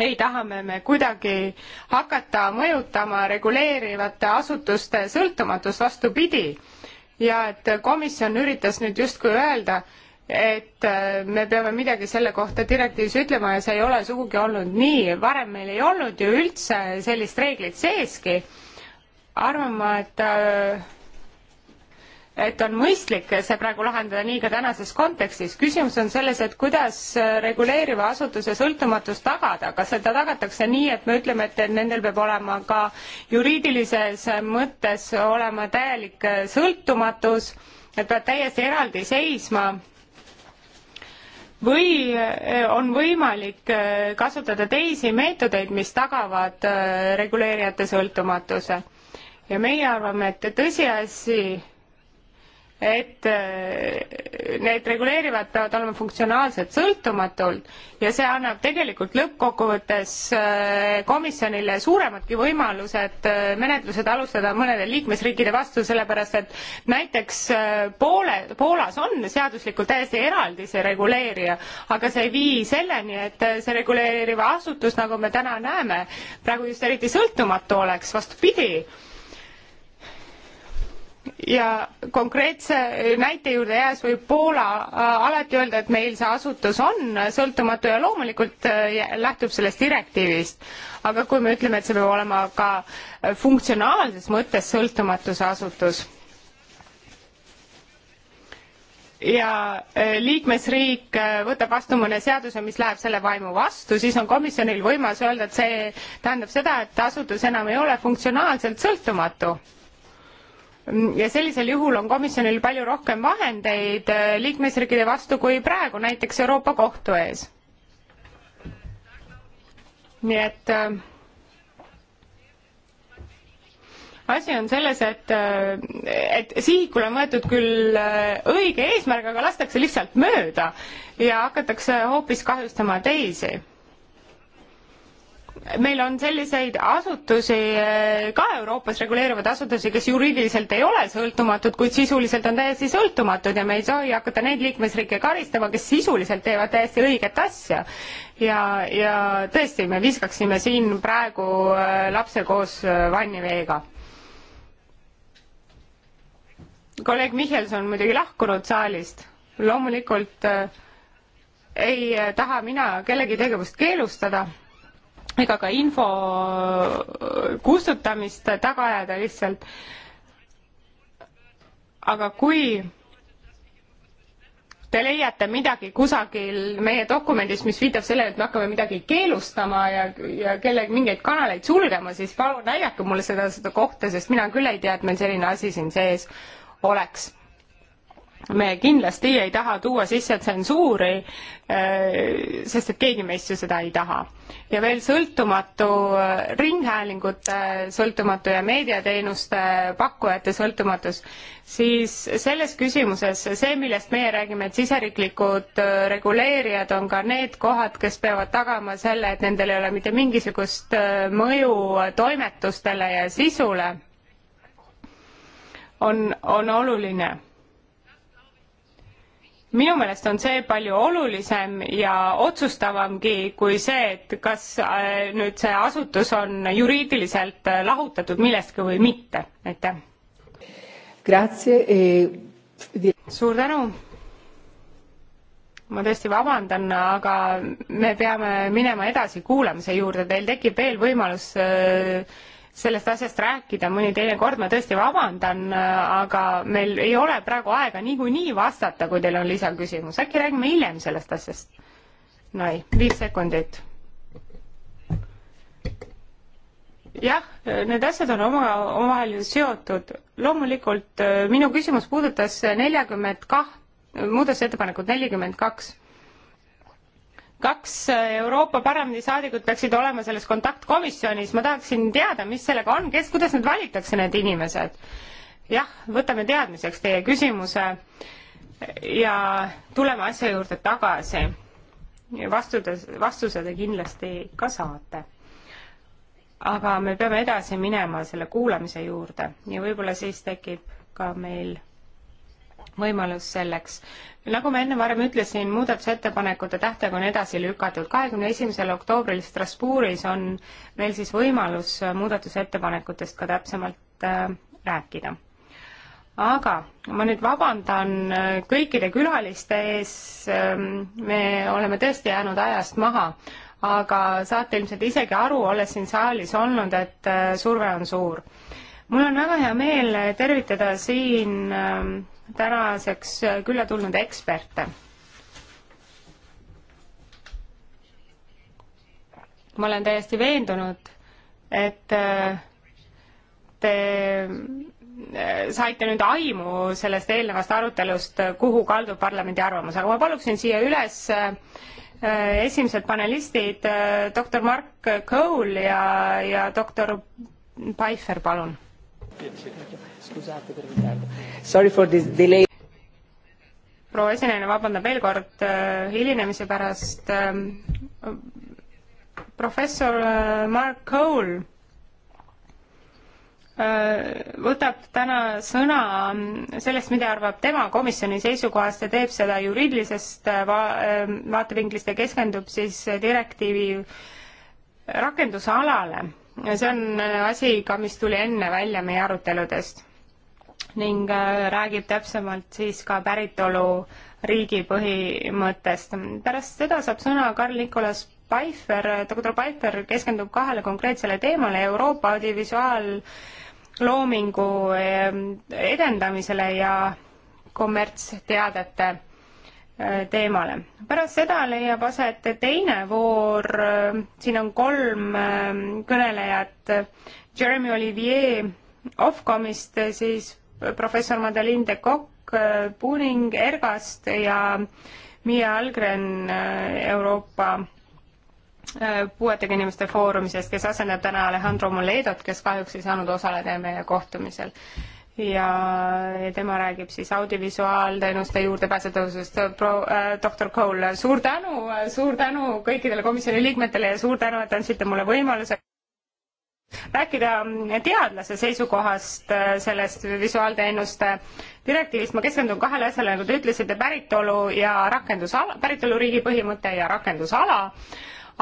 ei taha me, me kuidagi hakata mõjutama reguleerivate asutuste sõltumatust, vastupidi. ja et komisjon üritas nüüd justkui öelda, et äh, me peame midagi selle kohta direktiivis ütlema ja see ei ole sugugi olnud nii, varem meil ei olnud ju üldse sellist reeglit seeski arvan ma, et äh, et on mõistlik see praegu lahendada nii ka tänases kontekstis. küsimus on selles, et kuidas äh, reguleeriva asutuse sõltumatus tagada, kas seda tagatakse nii, et me ütleme, et nendel peab olema ka juriidilises mõttes olema täielik äh, sõltumatus, et peavad täiesti eraldi seisma või on võimalik kasutada teisi meetodeid, mis tagavad reguleerijate sõltumatuse ja meie arvame, et tõsiasi, et äh, need reguleerivad peavad olema funktsionaalselt sõltumatud ja see annab tegelikult lõppkokkuvõttes äh, komisjonile suuremadki võimalused äh, menetlused alustada mõnede liikmesriikide vastu, sellepärast et näiteks Poole, Poolas on seaduslikult täiesti eraldi see reguleerija, aga see ei vii selleni, et see reguleeriv asutus, nagu me täna näeme, praegu just eriti sõltumatu oleks, vastupidi ja konkreetse näite juurde jääs võib Poola äh, alati öelda, et meil see asutus on sõltumatu ja loomulikult äh, lähtub sellest direktiivist. aga kui me ütleme, et see peab olema ka funktsionaalses mõttes sõltumatuse asutus, ja äh, liikmesriik võtab vastu mõne seaduse, mis läheb selle vaimu vastu, siis on komisjonil võimalus öelda, et see tähendab seda, et asutus enam ei ole funktsionaalselt sõltumatu ja sellisel juhul on komisjonil palju rohkem vahendeid äh, liikmesriikide vastu kui praegu näiteks Euroopa Kohtu ees. nii et äh, asi on selles, et, äh, et sihikule on võetud küll äh, õige eesmärk, aga lastakse lihtsalt mööda ja hakatakse hoopis kahjustama teisi meil on selliseid asutusi eh, ka Euroopas, reguleerivaid asutusi, kes juriidiliselt ei ole sõltumatud, kuid sisuliselt on täiesti sõltumatud ja me ei tohi hakata neid liikmesriike karistama, kes sisuliselt teevad täiesti õiget asja. ja, ja tõesti, me viskaksime siin praegu eh, lapse koos eh, vanniveega. kolleeg Mihhelson on muidugi lahkunud saalist, loomulikult ei taha mina kellegi tegevust keelustada ega ka info äh, kustutamist taga ajada lihtsalt. aga kui te leiate midagi kusagil meie dokumendis, mis viitab sellele, et me hakkame midagi keelustama ja, ja kelle, mingeid kanaleid sulgema, siis palun näidake mulle seda, seda kohta, sest mina küll ei tea, et meil selline asi siin sees oleks me kindlasti ei taha tuua sisse tsensuuri, eh, sest et keegi meist ju seda ei taha. ja veel sõltumatu eh, ringhäälingute sõltumatu ja meediateenuste pakkujate sõltumatus, siis selles küsimuses see, millest meie räägime, et siseriiklikud eh, reguleerijad on ka need kohad, kes peavad tagama selle, et nendel ei ole mitte mingisugust mõju toimetustele ja sisule, on, on oluline minu meelest on see palju olulisem ja otsustavamgi kui see, et kas äh, nüüd see asutus on juriidiliselt äh, lahutatud millestki või mitte, aitäh. Eh, suur tänu. ma tõesti vabandan, aga me peame minema edasi kuulamise juurde, teil tekib veel võimalus äh, sellest asjast rääkida mõni teine kord, ma tõesti vabandan, aga meil ei ole praegu aega niikuinii vastata, kui teil on lisaküsimus, äkki räägime hiljem sellest asjast? no ei, viis sekundit. jah, need asjad on oma, omavahel seotud. loomulikult minu küsimus puudutas neljakümmet kaht, muudatusettepanekut nelikümmend kaks kaks Euroopa Parlamendi saadikut peaksid olema selles kontaktkomisjonis, ma tahaksin teada, mis sellega on, kes, kuidas nad valitakse, need inimesed? jah, võtame teadmiseks teie küsimuse ja tuleme asja juurde tagasi. vastudes, vastuse te kindlasti ka saate. aga me peame edasi minema selle kuulamise juurde ja võib-olla siis tekib ka meil võimalus selleks. nagu ma enne varem ütlesin, muudatusettepanekute tähtaeg on edasi lükatud. kahekümne esimesel oktoobril Strasbourgis on meil siis võimalus muudatusettepanekutest ka täpsemalt äh, rääkida. aga ma nüüd vabandan äh, kõikide külaliste ees äh,, me oleme tõesti jäänud ajast maha, aga saate ilmselt isegi aru, olles siin saalis olnud, et äh, surve on suur mul on väga hea meel tervitada siin ähm, tänaseks külla tulnud eksperte. ma olen täiesti veendunud, et äh, te äh, saite nüüd aimu sellest eelnevast arutelust, kuhu kaldub parlamendi arvamus, aga ma paluksin siia üles äh, esimesed panelistid, doktor Mark Cole ja, ja doktor Pfeiffer, palun proua esineja vabandab veel kord äh, hilinemise pärast. Ähm, professor äh, Mark Cole äh, võtab täna sõna sellest, mida arvab tema komisjoni seisukohast ja teeb seda juriidilisest va-, vaatevinklist ja keskendub siis direktiivi rakendusalale see on äh, asi ka, mis tuli enne välja meie aruteludest ning äh, räägib täpsemalt siis ka päritolu riigi põhimõttest. pärast seda saab sõna Karl-Nikolas Pfeiffer, doktor Pfeiffer keskendub kahele konkreetsele teemale, Euroopa audiovisuaalloomingu ähm, edendamisele ja kommertsteadete Äh, teemale. pärast seda leiab aset teine voor, äh, siin on kolm äh, kõnelejat, Jeremy Olivier Ofcomist, siis professor Madeleine de Kock Puning Ergast ja Miia Algren Euroopa puuetega inimeste foorumisest, kes asendab täna Alejandro Moledot, kes kahjuks ei saanud osaleda meie kohtumisel ja tema räägib siis audiovisuaalteenuste juurdepääsetõusust. Pro- äh,, doktor Cole, suur tänu, suur tänu kõikidele komisjoni liikmetele ja suur tänu, et andsite mulle võimaluse rääkida teadlase seisukohast äh, sellest visuaalteenuste direktiivist, ma keskendun kahele asjale, nagu te ütlesite, päritolu ja rakendusala, päritoluriigi põhimõte ja rakendusala,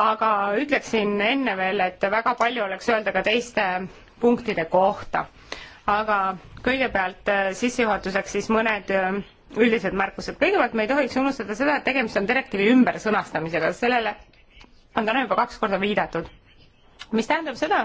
aga ütleksin enne veel, et väga palju oleks öelda ka teiste punktide kohta aga kõigepealt äh, sissejuhatuseks siis mõned äh, üldised märkused. kõigepealt me ei tohiks unustada seda, et tegemist on direktiivi ümbersõnastamisega, sellele on täna juba kaks korda viidatud mis tähendab seda,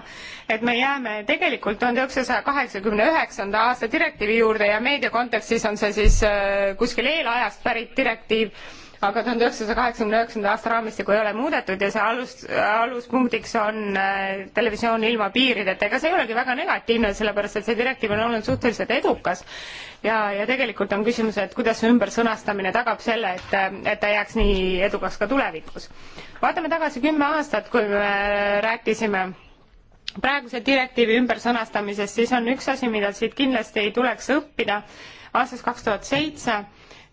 et me jääme tegelikult tuhande üheksasaja kaheksakümne üheksanda aasta direktiivi juurde ja meedia kontekstis on see siis äh, kuskil eelajast pärit direktiiv aga tuhande üheksasaja kaheksakümne üheksanda aasta raamistikku ei ole muudetud ja see alus, aluspunktiks on äh, televisioon ilma piirideta. ega see ei olegi väga negatiivne, sellepärast et see direktiiv on olnud suhteliselt edukas ja, ja tegelikult on küsimus, et kuidas see ümbersõnastamine tagab selle, et, äh, et ta jääks nii edukaks ka tulevikus. vaatame tagasi kümme aastat, kui me äh, rääkisime praeguse direktiivi ümbersõnastamisest, siis on üks asi, mida siit kindlasti ei tuleks õppida aastast kaks tuhat seitse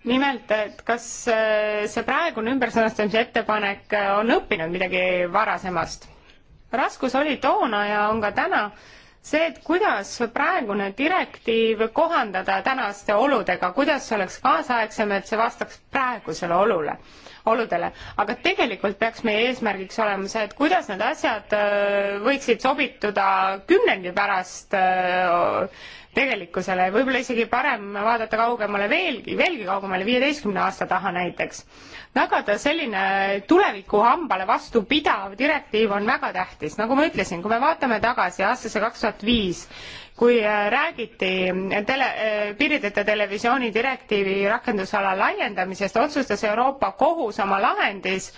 nimelt, et kas äh, see praegune ümbersõnastamise ettepanek äh, on õppinud midagi varasemast? raskus oli toona ja on ka täna see, et kuidas praegune direktiiv kohandada tänaste oludega, kuidas see oleks kaasaegsem, et see vastaks praegusele olule, oludele. aga tegelikult peaks meie eesmärgiks olema see, et kuidas need asjad äh, võiksid sobituda kümnendi pärast tegelikkusele, võib-olla isegi parem vaadata kaugemale veelgi, veelgi kaugemale, viieteistkümne aasta taha näiteks. tagada selline tuleviku hambale vastu pidav direktiiv on väga tähtis, nagu ma ütlesin, kui me vaatame tagasi aastasse kaks tuhat viis, kui äh, räägiti tele, äh, piirideta televisiooni direktiivi rakendusala laiendamisest, otsustas Euroopa Kohus oma lahendis,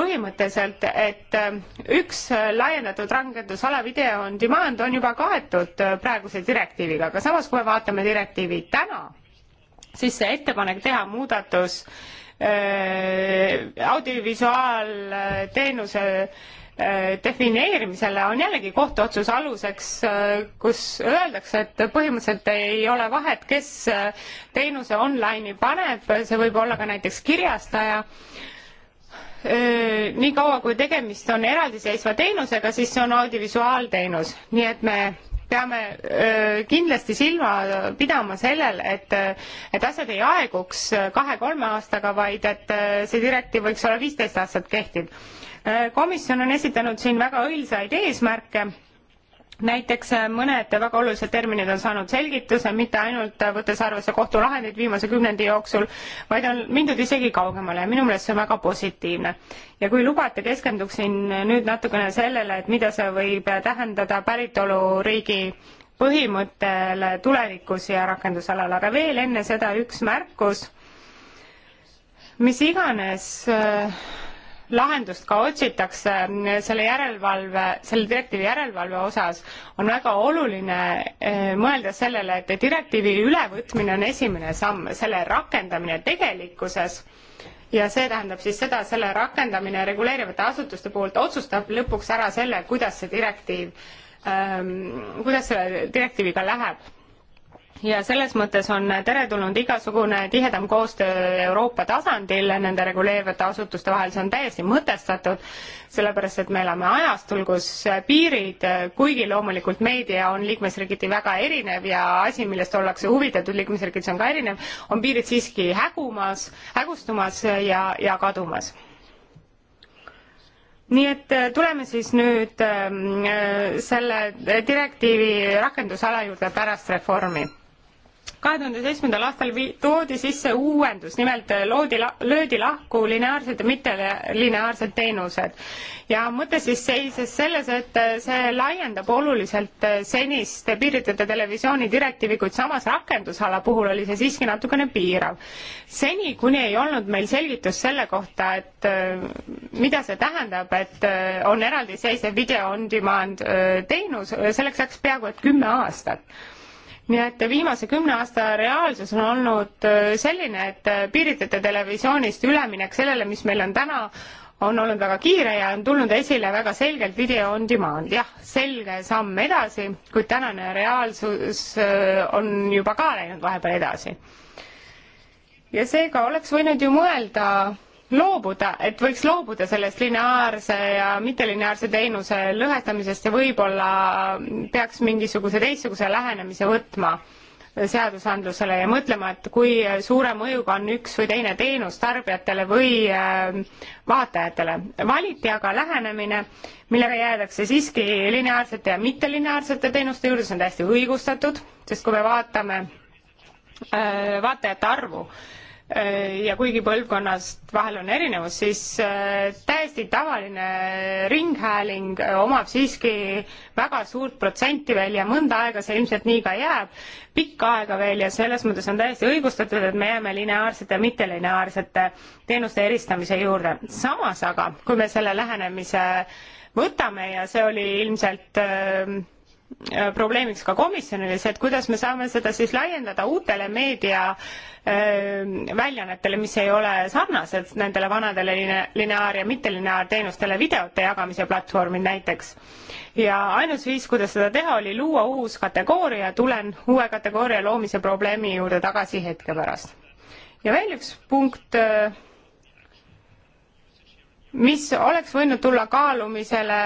põhimõtteliselt, et äh, üks äh, laiendatud rangendusala video on demand on juba kaetud äh, praeguse direktiiviga, aga samas, kui me vaatame direktiivi täna, siis see ettepanek teha muudatus audiovisuaalteenuse defineerimisele on jällegi kohtuotsus aluseks, kus öeldakse, et põhimõtteliselt ei ole vahet, kes teenuse online'i paneb, see võib olla ka näiteks kirjastaja niikaua, kui tegemist on eraldiseisva teenusega, siis see on audiovisuaalteenus, nii et me peame öö, kindlasti silma pidama sellel, et, et asjad ei aeguks kahe-kolme aastaga, vaid et see direktiiv võiks olla viisteist aastat kehtiv. komisjon on esitanud siin väga õilsaid eesmärke näiteks äh, mõned väga olulised terminid on saanud selgituse, mitte ainult äh, võttes arvesse kohtulahendeid viimase kümnendi jooksul, vaid on mindud isegi kaugemale ja minu meelest see on väga positiivne. ja kui lubate, keskenduksin nüüd natukene sellele, et mida see võib äh, tähendada päritoluriigi põhimõttele tulevikus ja rakendusalal, aga veel enne seda üks märkus, mis iganes äh, lahendust ka otsitakse selle järelevalve, selle direktiivi järelevalve osas, on väga oluline eh, mõelda sellele, et direktiivi ülevõtmine on esimene samm, selle rakendamine tegelikkuses ja see tähendab siis seda, selle rakendamine reguleerivate asutuste poolt otsustab lõpuks ära selle, kuidas see direktiiv, ehm, kuidas selle direktiiviga läheb ja selles mõttes on teretulnud igasugune tihedam koostöö Euroopa tasandil nende reguleerivate asutuste vahel, see on täiesti mõtestatud, sellepärast et me elame ajastul, kus piirid, kuigi loomulikult meedia on liikmesriigiti väga erinev ja asi, millest ollakse huvitatud liikmesriikides on ka erinev, on piirid siiski hägumas, hägustumas ja, ja kadumas nii et äh, tuleme siis nüüd ähm, äh, selle direktiivi rakendusala juurde pärast reformi kahe tuhande seitsmendal aastal vi-, toodi sisse uuendus, nimelt loodi la-, löödi lahku lineaarsed ja mittelineaarsed teenused. ja mõte siis seises selles, et see laiendab oluliselt senist piiritlete televisiooni direktiivi, kuid samas rakendusala puhul oli see siiski natukene piirav. seni, kuni ei olnud meil selgitust selle kohta, et äh, mida see tähendab, et äh, on eraldiseisev video on demand äh, teenus, selleks läks peaaegu et kümme aastat nii et viimase kümne aasta reaalsus on olnud äh, selline, et äh, piiritletud televisioonist üleminek sellele, mis meil on täna, on olnud väga kiire ja on tulnud esile väga selgelt video on demand, jah, selge samm edasi, kuid tänane reaalsus äh, on juba ka läinud vahepeal edasi. ja seega oleks võinud ju mõelda loobuda, et võiks loobuda sellest lineaarse ja mittelineaarse teenuse lõhestamisest ja võib-olla peaks mingisuguse teistsuguse lähenemise võtma seadusandlusele ja mõtlema, et kui suure mõjuga on üks või teine teenus tarbijatele või äh, vaatajatele. valiti aga lähenemine, millega jäädakse siiski lineaarsete ja mittelineaarsete teenuste juurde, see on täiesti õigustatud, sest kui me vaatame äh, vaatajate arvu, Äh, ja kuigi põlvkonnast vahel on erinevus, siis äh, täiesti tavaline ringhääling äh, omab siiski väga suurt protsenti veel ja mõnda aega see ilmselt nii ka jääb, pikka aega veel ja selles mõttes on täiesti õigustatud, et me jääme lineaarsete ja mittelineaarsete teenuste eristamise juurde. samas aga, kui me selle lähenemise võtame ja see oli ilmselt äh, Äh, probleemiks ka komisjonides, et kuidas me saame seda siis laiendada uutele meediaväljaannetele, äh, mis ei ole sarnased nendele vanadele lineaar- ja mittelineaarteenustele, videote jagamise platvormid näiteks. ja ainus viis, kuidas seda teha, oli luua uus kategooria, tulen uue kategooria loomise probleemi juurde tagasi hetke pärast. ja veel üks punkt äh, mis oleks võinud tulla kaalumisele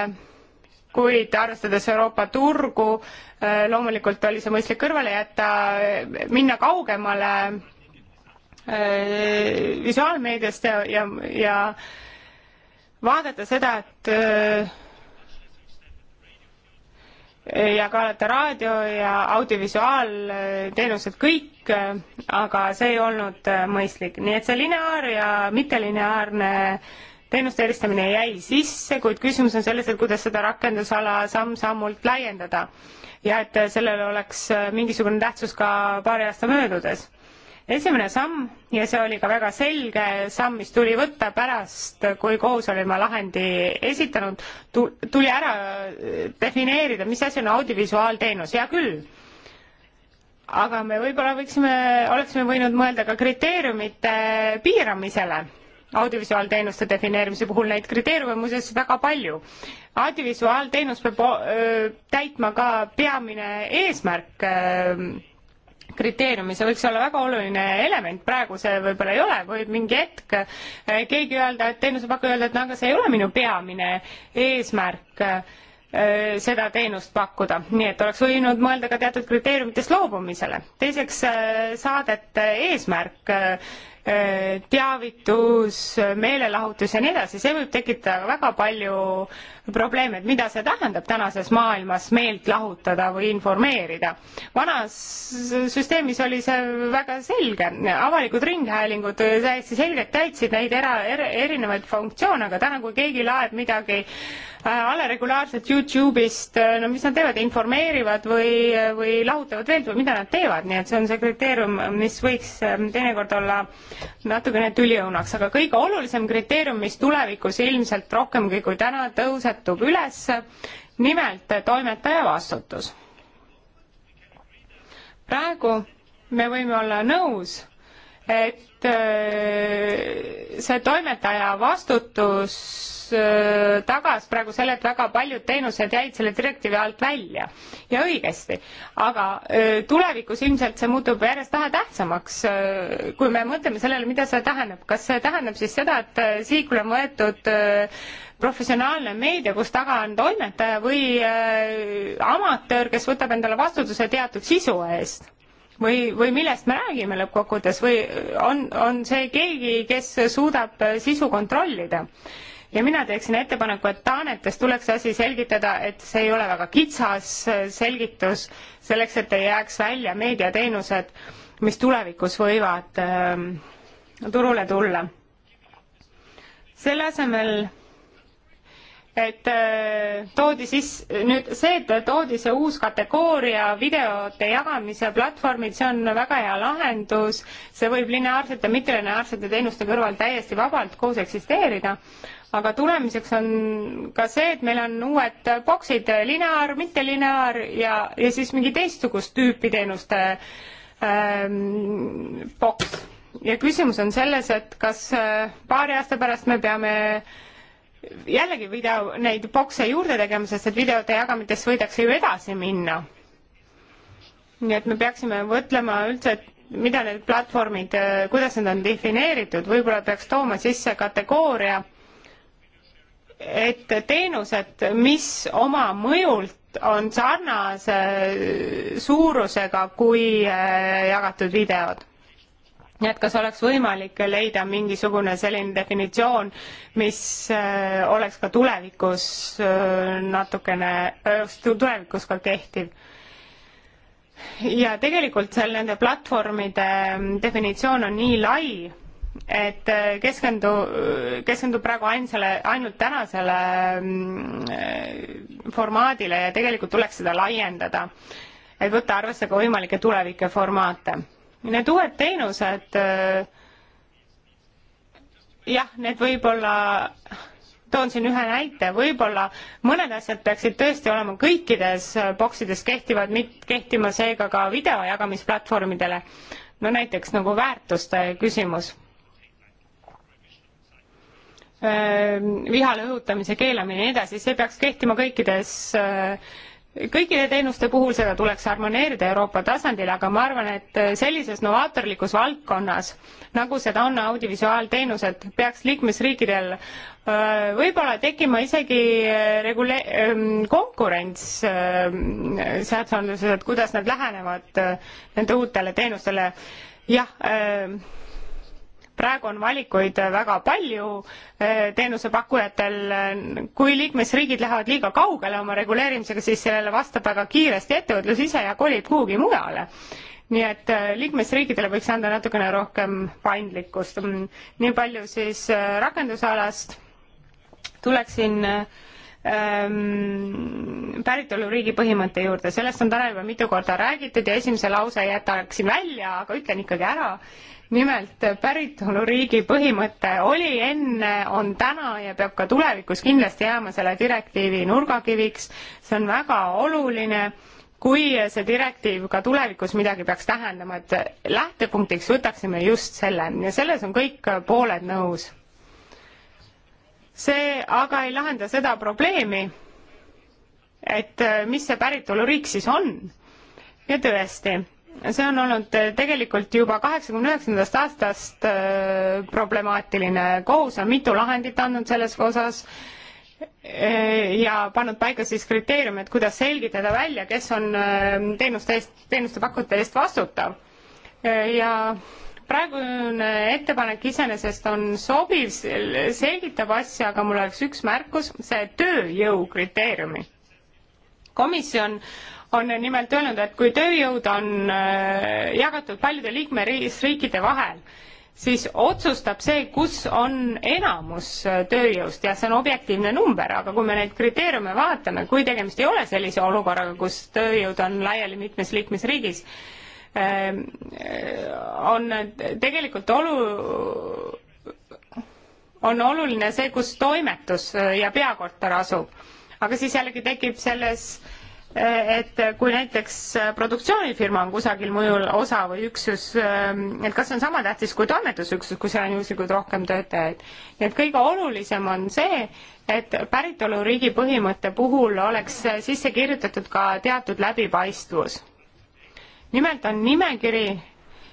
kuid arvestades Euroopa turgu, äh, loomulikult oli see mõistlik kõrvale jätta, äh, minna kaugemale äh, visuaalmeediast ja, ja, ja vaadata seda, et ja ka alati raadio ja audiovisuaalteenused kõik, aga see ei olnud mõistlik, nii et see lineaar ja mittelineaarne äh, teenuste eristamine jäi sisse, kuid küsimus on selles, et kuidas seda rakendusala samm-sammult laiendada ja et sellel oleks mingisugune tähtsus ka paari aasta möödudes esimene samm ja see oli ka väga selge samm, mis tuli võtta pärast, kui kohus oli oma lahendi esitanud, tuli ära äh, defineerida, mis asi on audiovisuaalteenus, hea küll. aga me võib-olla võiksime, oleksime võinud mõelda ka kriteeriumite piiramisele audiovisuaalteenuste defineerimise puhul neid kriteeriume muuseas väga palju. audiovisuaalteenus peab öö, täitma ka peamine eesmärk öö, kriteeriumi, see võiks olla väga oluline element, praegu see võib-olla ei ole, võib mingi hetk keegi öelda, et teenusepakkuja öelda, et no aga see ei ole minu peamine eesmärk seda teenust pakkuda, nii et oleks võinud mõelda ka teatud kriteeriumitest loobumisele. teiseks saadete eesmärk Äh, teavitus, meelelahutus ja nii edasi, see võib tekitada väga palju probleeme, et mida see tähendab tänases maailmas meelt lahutada või informeerida. vanas süsteemis oli see väga selge, avalikud ringhäälingud täiesti selgelt täitsid neid era, er, erinevaid funktsioone, aga täna, kui keegi laeb midagi äh, alaregulaarselt Youtube'ist, äh, no mis nad teevad, informeerivad või, või lahutavad veel, mida nad teevad, nii et see on see kriteerium, mis võiks teinekord olla äh, natukene tüliõunaks, aga kõige olulisem kriteerium, mis tulevikus ilmselt rohkemgi kui täna tõusetub üles, nimelt toimetaja vastutus. praegu me võime olla nõus, et äh, see toimetaja vastutus Äh, tagas praegu selle, et väga paljud teenused jäid selle direktiivi alt välja ja õigesti, aga äh, tulevikus ilmselt see muutub järjest vähe tähtsamaks. Äh, kui me mõtleme sellele, mida see tähendab, kas see tähendab siis seda, et sihikule on võetud professionaalne meedia, kus taga on toimetaja või amatöör, kes võtab endale vastutuse teatud sisu eest? või, või millest me räägime lõppkokkuvõttes või on, on see keegi, kes suudab sisu kontrollida? ja mina teeksin ettepaneku, et taanetes tuleks asi selgitada, et see ei ole väga kitsas äh, selgitus, selleks et ei jääks välja meediateenused, mis tulevikus võivad ähm, turule tulla. selle asemel et äh, toodi siis nüüd see, et toodi see uus kategooria videote jagamise platvormid, see on väga hea lahendus, see võib lineaarsete, mittelineaarsete teenuste kõrval täiesti vabalt koos eksisteerida, aga tulemiseks on ka see, et meil on uued boksid, lineaar, mittelineaar ja, ja siis mingi teistsugust tüüpi teenuste ähm, boks. ja küsimus on selles, et kas äh, paari aasta pärast me peame jällegi video, neid bokse juurde tegema, sest et videote jagamitest võidakse ju edasi minna. nii et me peaksime mõtlema üldse, et mida need platvormid, äh, kuidas need on defineeritud, võib-olla peaks tooma sisse kategooria et teenused, mis oma mõjult on sarnase suurusega kui äh, jagatud videod. nii et kas oleks võimalik leida mingisugune selline definitsioon, mis äh, oleks ka tulevikus äh, natukene, tulevikus ka kehtiv? ja tegelikult seal nende platvormide definitsioon on nii lai et äh, keskendu, keskendub praegu ainsale, ainult tänasele mm, äh, formaadile ja tegelikult tuleks seda laiendada, et võtta arvesse ka võimalikke tulevikke formaate. Need uued teenused, äh, jah, need võib-olla, toon siin ühe näite, võib-olla mõned asjad peaksid tõesti olema kõikides boksides kehtivad, kehtima seega ka video jagamisplatvormidele, no näiteks nagu väärtuste küsimus Ehm, vihale õhutamise keelamine ja nii edasi, see peaks kehtima kõikides äh, kõikide teenuste puhul seda tuleks harmoneerida Euroopa tasandil, aga ma arvan, et äh, sellises novaatorlikus valdkonnas, nagu seda on audiovisuaalteenused, peaks liikmesriikidel äh, võib-olla tekkima isegi regule-, ehm, konkurents ehm, seadusandluses, et kuidas nad lähenevad nende uutele teenustele. jah, praegu on valikuid väga palju eh, teenusepakkujatel, kui liikmesriigid lähevad liiga kaugele oma reguleerimisega, siis sellele vastab väga kiiresti ettevõtlus ise ja kolib kuhugi mujale nii et eh, liikmesriikidele võiks anda natukene rohkem paindlikkust. Mm, nii palju siis eh, rakendusalast. tuleksin ähm, päritoluriigi põhimõtte juurde, sellest on täna juba mitu korda räägitud ja esimese lause jätaksin välja, aga ütlen ikkagi ära, nimelt päritoluriigi põhimõte oli enne, on täna ja peab ka tulevikus kindlasti jääma selle direktiivi nurgakiviks. see on väga oluline, kui see direktiiv ka tulevikus midagi peaks tähendama, et lähtepunktiks võtaksime just selle ja selles on kõik pooled nõus. see aga ei lahenda seda probleemi, et mis see päritoluriik siis on ja tõesti see on olnud eh, tegelikult juba kaheksakümne üheksandast aastast eh, problemaatiline. kohus on mitu lahendit andnud selles osas eh, ja pannud paika siis kriteeriumid, kuidas selgitada välja, kes on teenuste eest, teenuste pakkujate eest vastutav. ja praegune ettepanek iseenesest on sobiv, selgitab asja, aga mul oleks üks märkus, see tööjõu kriteeriumi. komisjon on nimelt öelnud, et kui tööjõud on äh, jagatud paljude liikmeriikide vahel, siis otsustab see, kus on enamus äh, tööjõust ja see on objektiivne number, aga kui me neid kriteeriume vaatame, kui tegemist ei ole sellise olukorraga, kus tööjõud on laiali mitmes liikmesriigis, ähm, äh, on tegelikult olu-, on oluline see, kus toimetus ja peakorter asub. aga siis jällegi tekib selles äh, et kui näiteks produktsioonifirma on kusagil mujal osa või üksus, ähm, et kas see on sama tähtis kui toimetusüksus, kui seal on juhuslikult rohkem töötajaid. nii et kõige olulisem on see, et päritoluriigi põhimõtte puhul oleks sisse kirjutatud ka teatud läbipaistvus. nimelt on nimekiri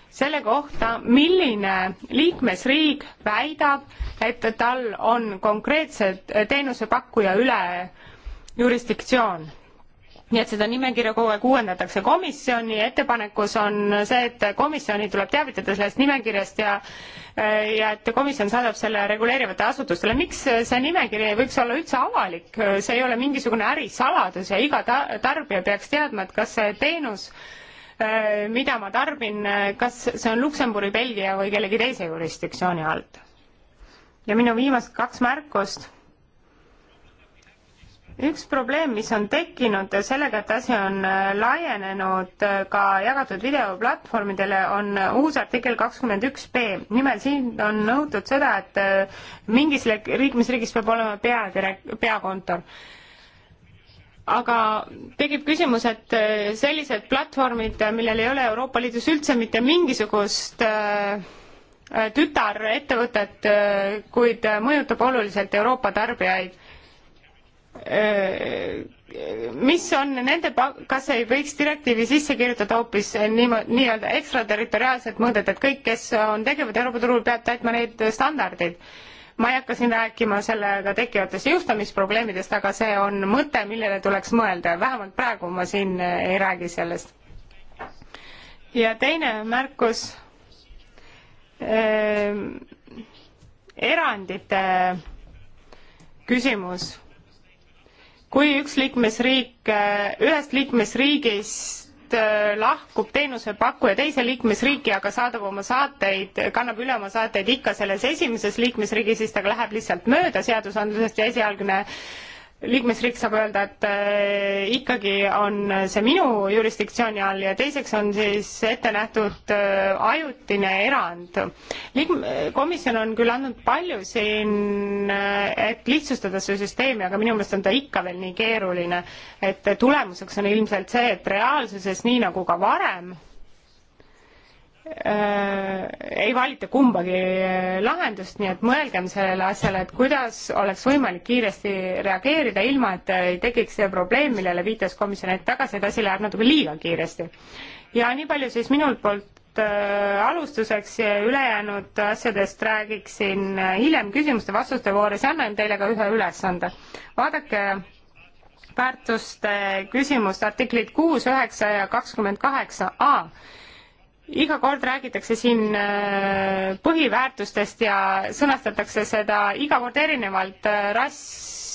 selle kohta, milline liikmesriik väidab, et tal on konkreetselt teenusepakkuja üle jurisdiktsioon nii et seda nimekirja kogu aeg uuendatakse. komisjoni ettepanekus on see, et komisjoni tuleb teavitada sellest nimekirjast ja ja et komisjon saadab selle reguleerivate asutustele. miks see nimekiri ei võiks olla üldse avalik, see ei ole mingisugune ärisaladus ja iga ta-, tarbija peaks teadma, et kas see teenus, mida ma tarbin, kas see on Luksemburi, Belgia või kellegi teise jurisdiktsiooni alt. ja minu viimased kaks märkust üks probleem, mis on tekkinud sellega, et asi on äh, laienenud äh, ka jagatud videoplatvormidele, on äh, uus artikkel kakskümmend üks B. nimelt siin on nõutud seda, et mingis liikmesriigis peab olema peadirek-, peakontor aga tekib küsimus, et sellised platvormid, millel ei ole Euroopa Liidus üldse mitte mingisugust tütarettevõtet, kuid mõjutab oluliselt Euroopa tarbijaid Äh, mis on nende, kas ei võiks direktiivi sisse kirjutada hoopis niimoodi, nii-öelda ekstraterritoriaalsed mõõdet, et kõik, kes on tegevad Euroopa turul, peab täitma neid standardeid. ma ei hakka siin rääkima sellega tekkivatest jõustamisprobleemidest, aga see on mõte, millele tuleks mõelda, vähemalt praegu ma siin ei räägi sellest. ja teine märkus äh,, erandite küsimus kui üks liikmesriik, ühest liikmesriigist äh, lahkub teenusepakkuja teise liikmesriiki, aga saadab oma saateid, kannab üle oma saateid ikka selles esimeses liikmesriigis, siis ta läheb lihtsalt mööda seadusandlusest ja esialgne äh, liikmesriik saab öelda, et äh, ikkagi on see minu jurisdiktsiooni all ja teiseks on siis ette nähtud äh, ajutine erand. liik-, komisjon on küll andnud palju siin, äh, et lihtsustada seda süsteemi, aga minu meelest on ta ikka veel nii keeruline, et tulemuseks on ilmselt see, et reaalsuses, nii nagu ka varem, Äh, ei valita kumbagi äh, lahendust, nii et mõelgem sellele asjale, et kuidas oleks võimalik kiiresti reageerida, ilma et äh, ei tekiks see probleem, millele viitas komisjon hetk tagasi, et asi läheb natuke liiga kiiresti. ja nii palju siis minult poolt alustuseks ja ülejäänud asjadest räägiksin hiljem küsimuste-vastuste voorus ja annan teile ka ühe ülesande. vaadake väärtuste küsimust artiklid kuus, üheksa ja kakskümmend kaheksa A iga kord räägitakse siin äh, põhiväärtustest ja sõnastatakse seda iga kord erinevalt, äh, rass,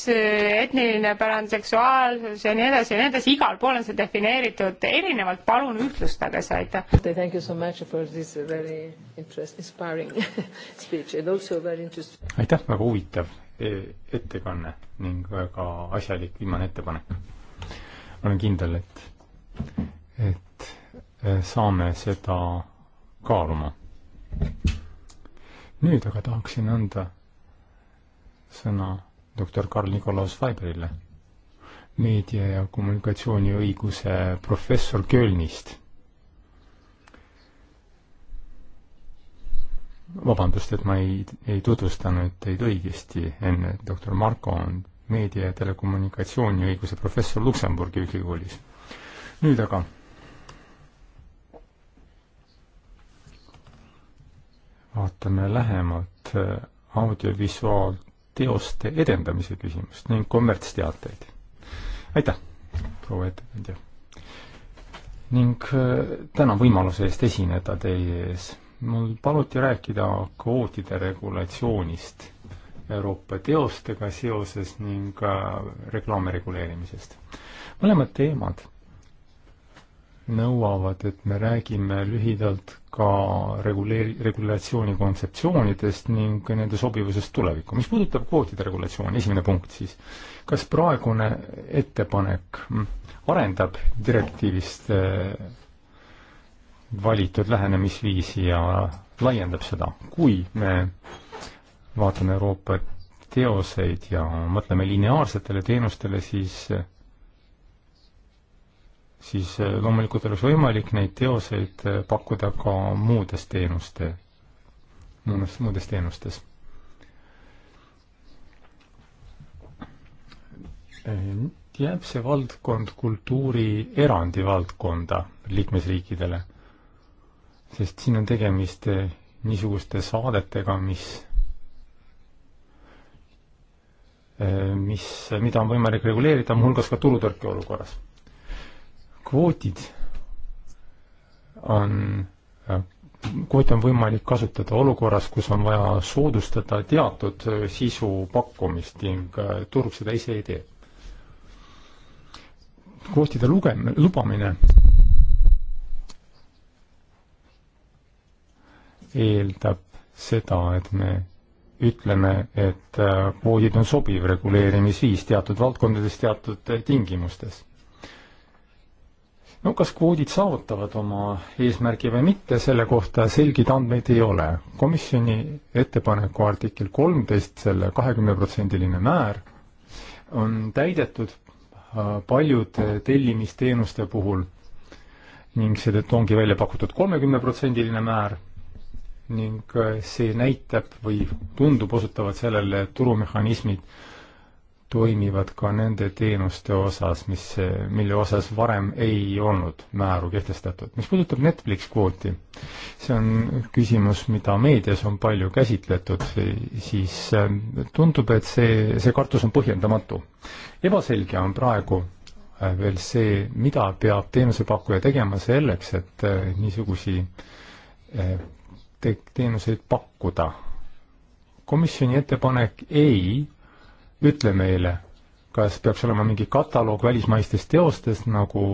äh, etniline pärand, seksuaalsus ja nii edasi ja nii edasi, igal pool on see defineeritud erinevalt, palun ühtlustage see, aitäh. Thank you so much for this very interest-, inspiring speech and also very interesting. aitäh, väga huvitav e, ettekanne ning väga asjalik viimane ettepanek. olen kindel, et, et saame seda kaaluma. nüüd aga tahaksin anda sõna doktor Karl-Nikolaus Vaibrile, meedia- ja kommunikatsiooniõiguse professor Kölnist. vabandust, et ma ei, ei tutvustanud teid õigesti enne, doktor Marko on meedia- ja telekommunikatsiooniõiguse professor Luksemburgi ülikoolis. nüüd aga vaatame lähemalt äh, audiovisuaalteoste edendamise küsimust ning kommertsteateid. aitäh, proua ettekandja! ning äh, tänan võimaluse eest esineda teie ees. mul paluti rääkida kvootide regulatsioonist Euroopa teostega seoses ning reklaami reguleerimisest. mõlemad teemad nõuavad, et me räägime lühidalt ka reguleeri-, regulatsiooni kontseptsioonidest ning nende sobivusest tulevikku. mis puudutab kvootide regulatsiooni, esimene punkt siis, kas praegune ettepanek arendab direktiivist eh, valitud lähenemisviisi ja laiendab seda, kui me vaatame Euroopa teoseid ja mõtleme lineaarsetele teenustele, siis eh, siis äh, loomulikult oleks võimalik neid teoseid äh, pakkuda ka muudes teenuste, muudes, muudes teenustes. jääb see valdkond kultuuri erandi valdkonda liikmesriikidele, sest siin on tegemist äh, niisuguste saadetega, mis mis, mida on võimalik reguleerida, muuhulgas ka turutõrke olukorras kvootid on, kvoote on võimalik kasutada olukorras, kus on vaja soodustada teatud sisu pakkumist ning äh, turg seda ise ei tee. kvootide lugem-, lubamine eeldab seda, et me ütleme, et äh, kvoodid on sobiv reguleerimisviis teatud valdkondades, teatud äh, tingimustes no kas kvoodid saavutavad oma eesmärgi või mitte, selle kohta selgeid andmeid ei ole. komisjoni ettepaneku artikkel kolmteist, selle kahekümneprotsendiline määr, on täidetud äh, paljude tellimisteenuste puhul ning seetõttu ongi välja pakutud kolmekümneprotsendiline määr ning äh, see näitab või tundub osutuvat sellele, et turumehhanismid toimivad ka nende teenuste osas, mis, mille osas varem ei olnud määru kehtestatud. mis puudutab Netflix kvooti, see on küsimus, mida meedias on palju käsitletud, siis äh, tundub, et see, see kartus on põhjendamatu. ebaselge on praegu äh, veel see, mida peab teenusepakkuja tegema selleks, et äh, niisugusi te-, teenuseid pakkuda. komisjoni ettepanek ei ütle meile, kas peaks olema mingi kataloog välismaistest teostest, nagu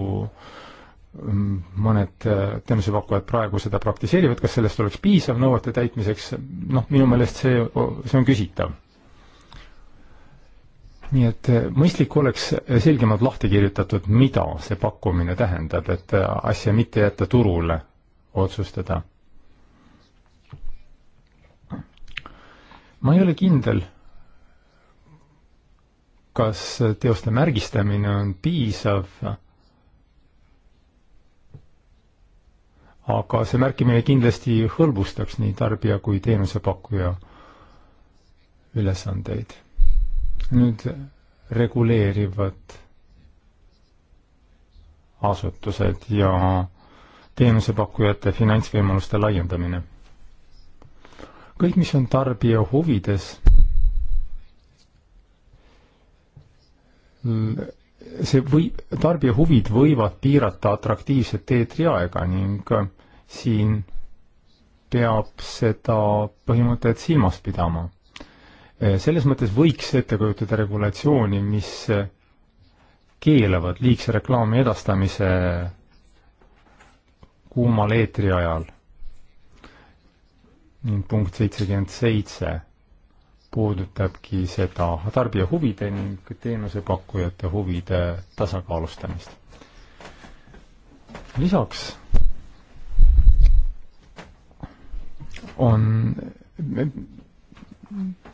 mm, mõned äh, teenusepakkujad praegu seda praktiseerivad, kas sellest oleks piisav nõuete täitmiseks, noh, minu meelest see, see on küsitav. nii et äh, mõistlik oleks selgemalt lahti kirjutatud, mida see pakkumine tähendab, et äh, asja mitte jätta turule otsustada. ma ei ole kindel kas teoste märgistamine on piisav, aga see märkimine kindlasti hõlbustaks nii tarbija kui teenusepakkuja ülesandeid. nüüd reguleerivad asutused ja teenusepakkujate finantsvõimaluste laiendamine. kõik, mis on tarbija huvides Mm, see võib, tarbija huvid võivad piirata atraktiivset teetriaega ning äh, siin peab seda põhimõtet silmas pidama. Äh, selles mõttes võiks ette kujutada regulatsiooni, mis äh, keelavad liigse reklaami edastamise kuumal eetriajal. ning punkt seitsekümmend seitse puudutabki seda tarbija huvide ning teenusepakkujate huvide tasakaalustamist. lisaks on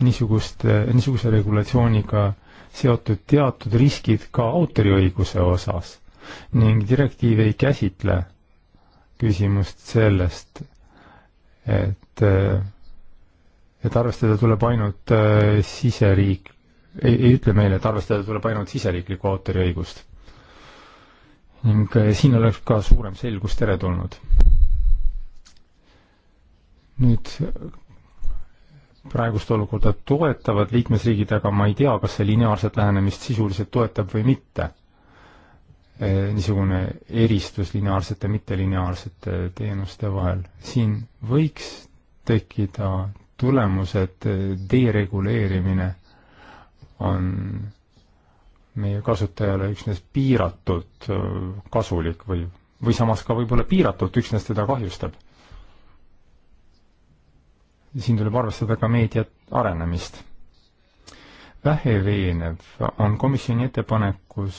niisugust, niisuguse regulatsiooniga seotud teatud riskid ka autoriõiguse osas ning direktiiv ei käsitle küsimust sellest, et et arvestada tuleb ainult äh, siseriik, ei, ei ütle meile, et arvestada tuleb ainult siseriiklikku autoriõigust. ning äh, siin oleks ka suurem selgus teretulnud. nüüd praegust olukorda toetavad liikmesriigid, aga ma ei tea, kas see lineaarset lähenemist sisuliselt toetab või mitte e,. niisugune eristus lineaarsete, mittelineaarsete teenuste vahel. siin võiks tekkida tulemused, dereguleerimine on meie kasutajale üksnes piiratult kasulik või, või samas ka võib-olla piiratult üksnes teda kahjustab. siin tuleb arvestada ka meedia arenemist. väheveenev on komisjoni ettepanekus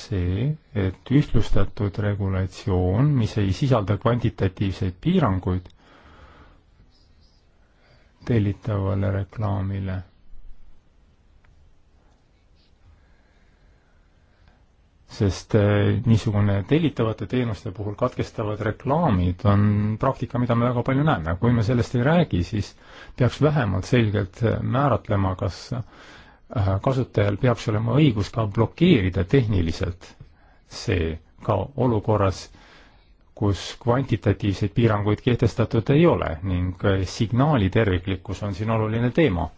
see, et ühtlustatud regulatsioon, mis ei sisalda kvantitatiivseid piiranguid, tellitavale reklaamile. sest äh, niisugune tellitavate teenuste puhul katkestavad reklaamid on praktika, mida me väga palju näeme. kui me sellest ei räägi, siis peaks vähemalt selgelt äh, määratlema, kas äh, kasutajal peaks olema õigus ka blokeerida tehniliselt see ka olukorras, kus kvantitatiivseid piiranguid kehtestatud ei ole ning signaali terviklikkus on siin oluline teema.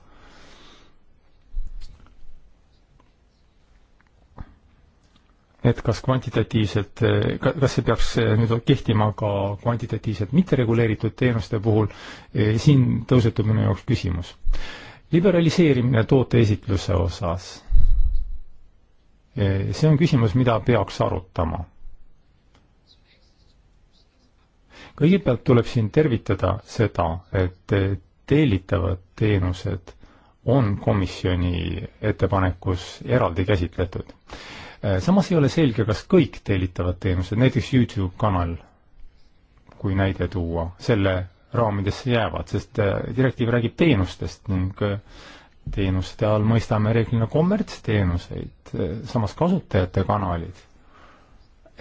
et kas kvantitatiivselt, kas see peaks nüüd kehtima ka kvantitatiivselt mittereguleeritud teenuste puhul, eh, siin tõusetub minu jaoks küsimus. liberaliseerimine toote esitluse osas, eh, see on küsimus, mida peaks arutama kõigepealt tuleb siin tervitada seda, et tellitavad teenused on komisjoni ettepanekus eraldi käsitletud. samas ei ole selge, kas kõik tellitavad teenused, näiteks Youtube kanal, kui näide tuua, selle raamidesse jäävad, sest äh, direktiiv räägib teenustest ning äh, teenuste all mõistame reeglina kommertsteenuseid, äh, samas kasutajate kanalid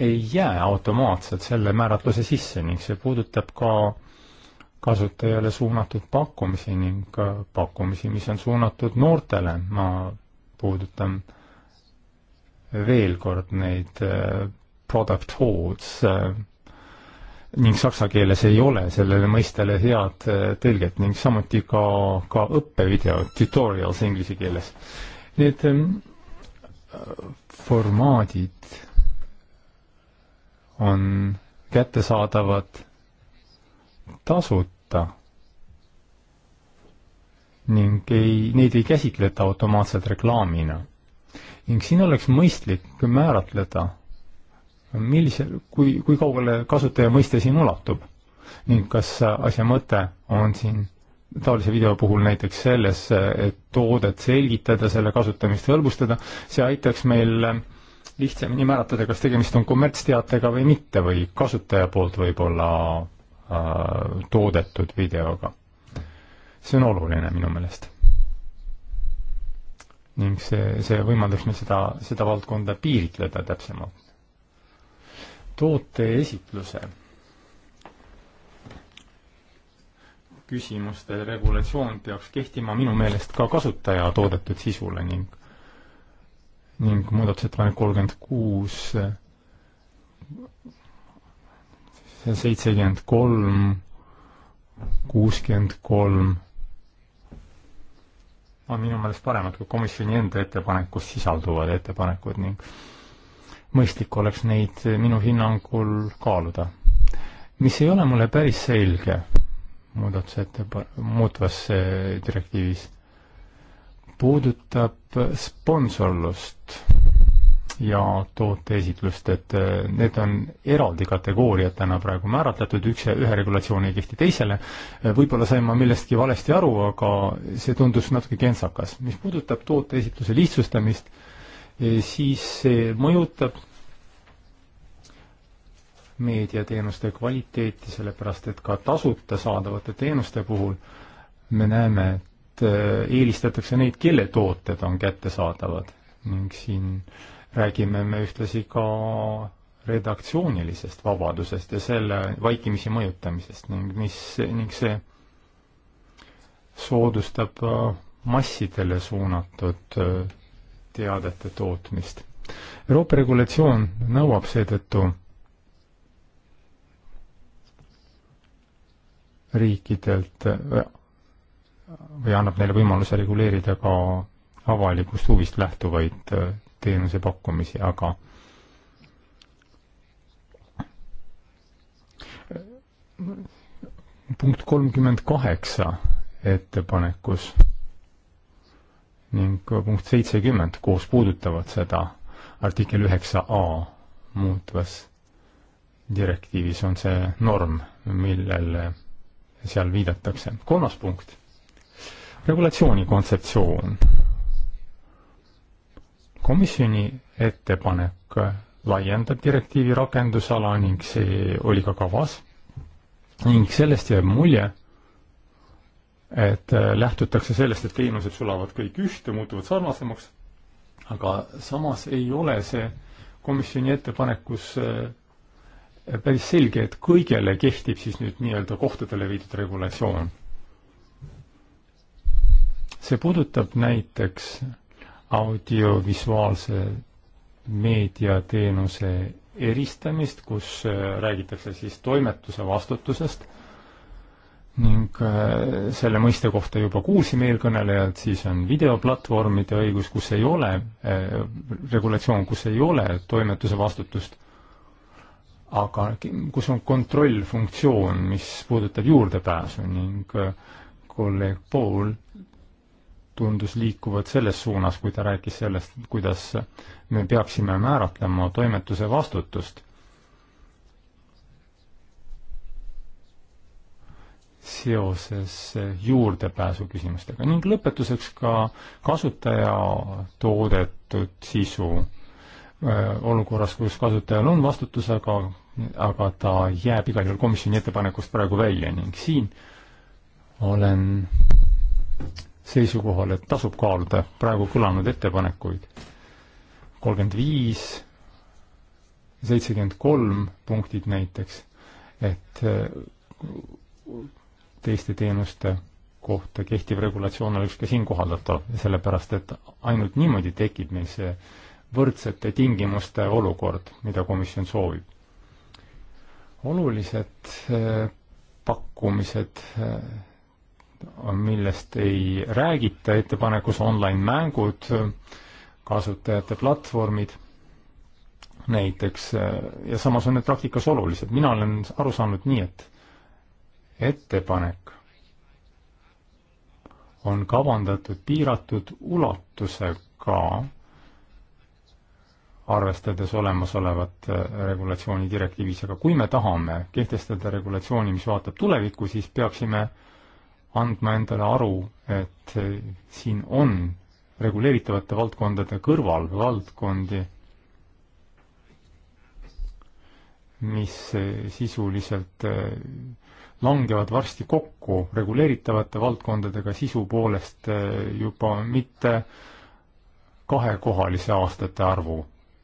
ei jää automaatselt selle määratluse sisse ning see puudutab ka kasutajale suunatud pakkumisi ning pakkumisi, mis on suunatud noortele. ma puudutan veel kord neid äh, product hoods äh, ning saksa keeles ei ole sellele mõistele head äh, tõlget ning samuti ka, ka õppevideod, tutorials inglise keeles. Need ähm, formaadid on kättesaadavad tasuta ning ei, neid ei käsitleta automaatselt reklaamina. ning siin oleks mõistlik määratleda, millise, kui, kui kaugele kasutaja mõiste siin ulatub ning kas asja mõte on siin taolise video puhul näiteks selles, et toodet selgitada, selle kasutamist hõlbustada, see aitaks meil äh, lihtsamini määratleda, kas tegemist on kommertsteatega või mitte või kasutaja poolt võib-olla äh, toodetud videoga. see on oluline minu meelest. ning see, see võimaldaks meil seda, seda valdkonda piiritleda täpsemalt. toote esitluse küsimuste regulatsioon peaks kehtima minu meelest ka kasutaja toodetud sisule ning ning muudatusettepanek kolmkümmend kuus, seitsekümmend kolm, kuuskümmend kolm on minu meelest paremad kui komisjoni enda ettepanekus sisalduvad ettepanekud ning mõistlik oleks neid minu hinnangul kaaluda. mis ei ole mulle päris selge muudatusettepa-, muutvas eh, direktiivis puudutab sponsorlust ja tooteesitlust, et eh, need on eraldi kategooriatena praegu määratletud, üks, ühe regulatsiooni ei kehti teisele, eh, võib-olla sain ma millestki valesti aru, aga see tundus natuke kentsakas. mis puudutab tooteesitluse lihtsustamist, eh, siis see mõjutab meediateenuste kvaliteeti, sellepärast et ka tasuta saadavate teenuste puhul me näeme, Äh, eelistatakse neid, kelle tooted on kättesaadavad ning siin räägime me ühtlasi ka redaktsioonilisest vabadusest ja selle vaikimisi mõjutamisest ning mis, ning see soodustab äh, massidele suunatud äh, teadete tootmist. Euroopa regulatsioon nõuab seetõttu riikidelt või annab neile võimaluse reguleerida ka avalikust huvist lähtuvaid äh, teenuse pakkumisi, aga äh, punkt kolmkümmend kaheksa ettepanekus ning punkt seitsekümmend koos puudutavad seda artikkel üheksa A muutvas direktiivis on see norm, millele seal viidatakse. kolmas punkt regulatsiooni kontseptsioon. komisjoni ettepanek laiendab direktiivi rakendusala ning see oli ka kavas ning sellest jääb mulje, et lähtutakse sellest, et teenused sulavad kõik ühte, muutuvad sarnasemaks, aga samas ei ole see komisjoni ettepanekus äh, päris selge, et kõigele kehtib siis nüüd nii-öelda kohtadele viidud regulatsioon see puudutab näiteks audiovisuaalse meediateenuse eristamist, kus äh, räägitakse siis toimetuse vastutusest ning äh, selle mõiste kohta juba kuulsime eelkõnelejalt, siis on videoplatvormide õigus, kus ei ole eh,, regulatsioon, kus ei ole toimetuse vastutust, aga kus on kontrollfunktsioon, mis puudutab juurdepääsu ning kolleeg Paul tundus liikuvat selles suunas, kui ta rääkis sellest, kuidas me peaksime määratlema toimetuse vastutust. seoses juurdepääsu küsimustega ning lõpetuseks ka kasutaja toodetud sisu olukorras, kus kasutajal on vastutus, aga, aga ta jääb igal juhul komisjoni ettepanekust praegu välja ning siin olen seisukohal, et tasub kaaluda praegu kõlanud ettepanekuid. kolmkümmend viis, seitsekümmend kolm punktid näiteks, et äh, teiste teenuste kohta kehtiv regulatsioon oleks ka siin kohaldatav, sellepärast et ainult niimoodi tekib meil see võrdsete tingimuste olukord, mida komisjon soovib. olulised äh, pakkumised äh, millest ei räägita ettepanekus, online-mängud, kasutajate platvormid näiteks, ja samas on need praktikas olulised. mina olen aru saanud nii, et ettepanek on kavandatud piiratud ulatusega, arvestades olemasolevat äh, regulatsiooni direktiivis, aga kui me tahame kehtestada regulatsiooni, mis vaatab tulevikku, siis peaksime äh, andma endale aru, et eh, siin on reguleeritavate valdkondade kõrval valdkondi, mis eh, sisuliselt eh, langevad varsti kokku reguleeritavate valdkondadega sisu poolest juba mitte kahekohalise aastate arvu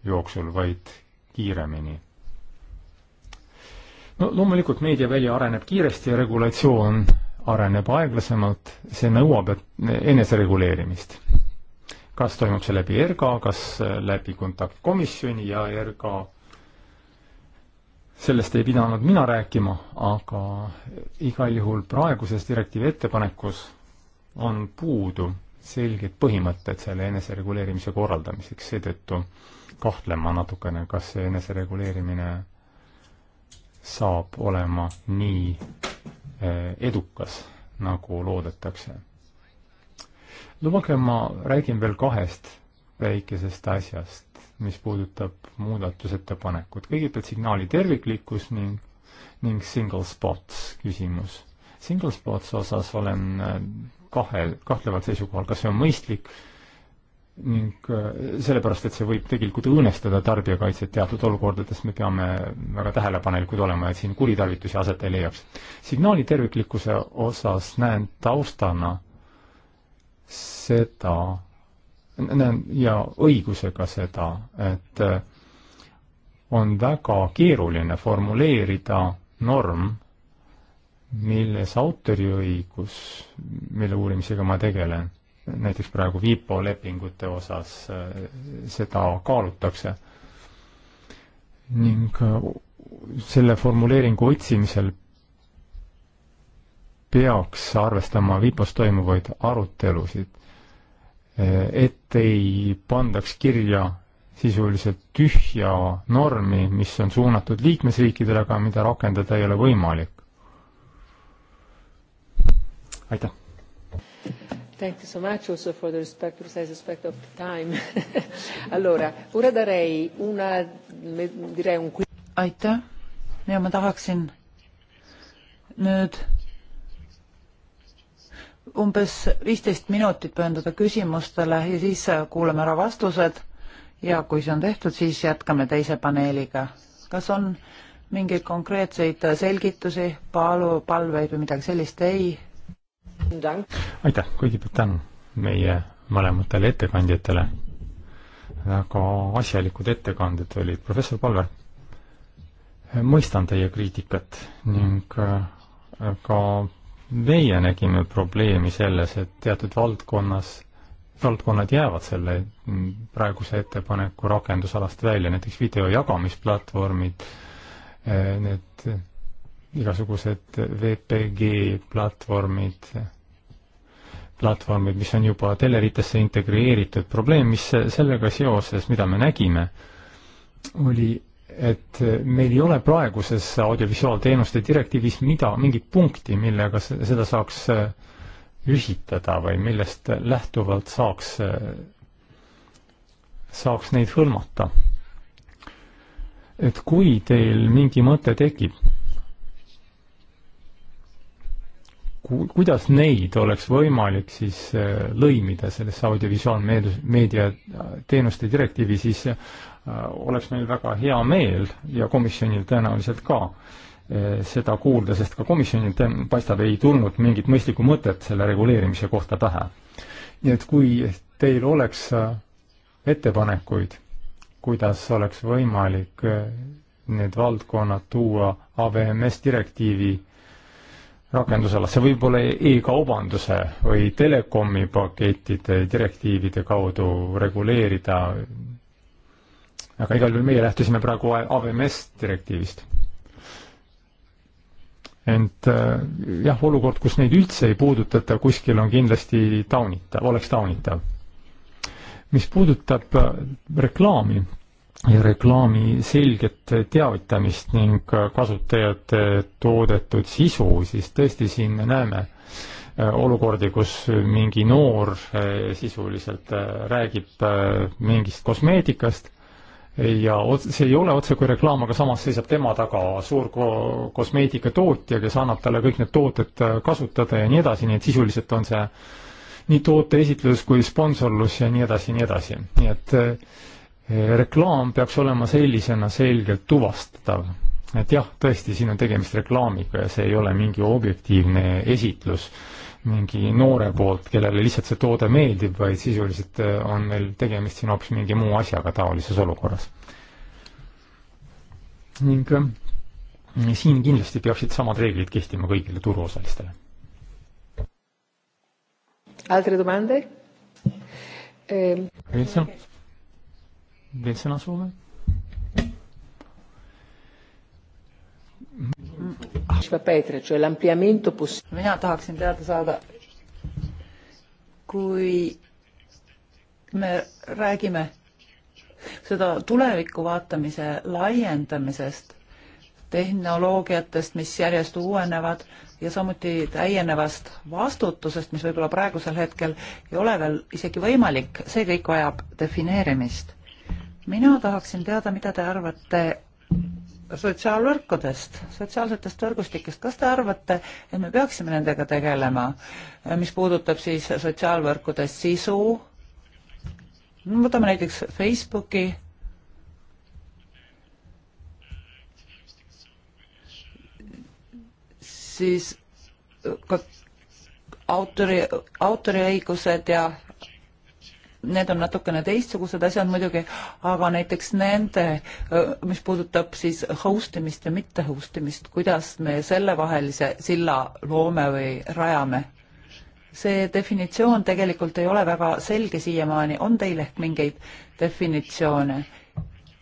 jooksul, vaid kiiremini. no loomulikult meediavälja areneb kiiresti ja regulatsioon areneb aeglasemalt, see nõuab enesereguleerimist. kas toimub see läbi ERGA, kas läbi kontaktkomisjoni ja ERGA, sellest ei pidanud mina rääkima, aga igal juhul praeguses direktiivi ettepanekus on puudu selged põhimõtted selle enesereguleerimise korraldamiseks, seetõttu kahtlen ma natukene, kas see enesereguleerimine saab olema nii Äh, edukas, nagu loodetakse. lubage, ma räägin veel kahest väikesest asjast, mis puudutab muudatusettepanekut. kõigepealt signaali terviklikkus ning, ning single spots küsimus. Single spots osas olen äh, kahel, kahtleval seisukohal, kas see on mõistlik äh, ning äh, sellepärast, et see võib tegelikult õõnestada tarbijakaitset teatud olukordades, me peame väga tähelepanelikud olema, et siin kuritarvitusi aset ei leiaks. signaali terviklikkuse osas näen taustana seda, näen ja õigusega seda, et äh, on väga keeruline formuleerida norm, milles autoriõigus, mille uurimisega ma tegelen näiteks praegu WIPO lepingute osas eh, seda kaalutakse. ning eh, selle formuleeringu otsimisel peaks arvestama WIPO-s toimuvaid arutelusid, eh, et ei pandaks kirja sisuliselt tühja normi, mis on suunatud liikmesriikidele, aga mida rakendada ei ole võimalik. aitäh! Thank you so much also for the respect, precise respect of time. allora, ora darei una, direi un aitäh ja ma tahaksin nüüd umbes viisteist minutit pühendada küsimustele ja siis kuulame ära vastused ja kui see on tehtud, siis jätkame teise paneeliga. kas on mingeid konkreetseid selgitusi, palu, palveid või midagi sellist? ei aitäh, kõigepealt tänan meie mõlematele ettekandjatele. väga asjalikud ettekanded olid, professor Palver. mõistan teie kriitikat ning äh, ka meie nägime probleemi selles, et teatud valdkonnas, valdkonnad jäävad selle praeguse ettepaneku rakendusalast välja, näiteks video jagamisplatvormid, äh, need igasugused VPG platvormid, platvormid, mis on juba teleritesse integreeritud. probleem, mis sellega seoses, mida me nägime, oli, et meil ei ole praeguses audiovisuaalteenuste direktiivis mida, mingit punkti, millega seda saaks ühitada või millest lähtuvalt saaks, saaks neid hõlmata. et kui teil mingi mõte tekib ku-, kuidas neid oleks võimalik siis äh, lõimida sellesse audiovisuaalmeedia, meediateenuste äh, direktiivi, siis äh, oleks meil väga hea meel ja komisjonil tõenäoliselt ka seda kuulda, sest ka komisjonil paistab, ei tulnud mingit mõistlikku mõtet selle reguleerimise kohta pähe. nii et kui teil oleks ettepanekuid, kuidas oleks võimalik need valdkonnad tuua AVMS direktiivi äh, rakendusala, see võib olla e-kaubanduse või telekomi pakettide direktiivide kaudu reguleerida, aga igal juhul meie lähtusime praegu AVMS direktiivist. ent äh, jah, olukord, kus neid üldse ei puudutata kuskil, on kindlasti taunitav, oleks taunitav. mis puudutab äh, reklaami, ja reklaami selget teavitamist ning kasutajate toodetud sisu, siis tõesti siin me näeme äh, olukordi, kus mingi noor äh, sisuliselt äh, räägib mingist kosmeetikast ja see ei ole otsekui reklaam, aga samas seisab tema taga suur ko kosmeetikatootja, kes annab talle kõik need tooted kasutada ja nii edasi, nii et sisuliselt on see nii toote esitlus kui sponsorlus ja nii edasi ja nii edasi, nii et äh, reklaam peaks olema sellisena selgelt tuvastatav. et jah, tõesti, siin on tegemist reklaamiga ja see ei ole mingi objektiivne esitlus mingi noore poolt, kellele lihtsalt see toode meeldib, vaid sisuliselt äh, on meil tegemist siin hoopis mingi muu asjaga taolises olukorras. ning äh, siin kindlasti peaksid samad reeglid kehtima kõigile turuosalistele. Altre domande? Ehm veel sõnasoove? mina tahaksin teada saada, kui me räägime seda tulevikku vaatamise laiendamisest, tehnoloogiatest, mis järjest uuenevad ja samuti täienevast vastutusest, mis võib-olla praegusel hetkel ei ole veel isegi võimalik, see kõik vajab defineerimist mina tahaksin teada, mida te arvate sotsiaalvõrkudest, sotsiaalsetest võrgustikest, kas te arvate, et me peaksime nendega tegelema, mis puudutab siis sotsiaalvõrkude sisu? no võtame näiteks Facebooki. siis ka autori, autoriõigused ja need on natukene teistsugused asjad muidugi, aga näiteks nende, mis puudutab siis host imist ja mitte host imist, kuidas me sellevahelise silla loome või rajame? see definitsioon tegelikult ei ole väga selge siiamaani, on teil ehk mingeid definitsioone?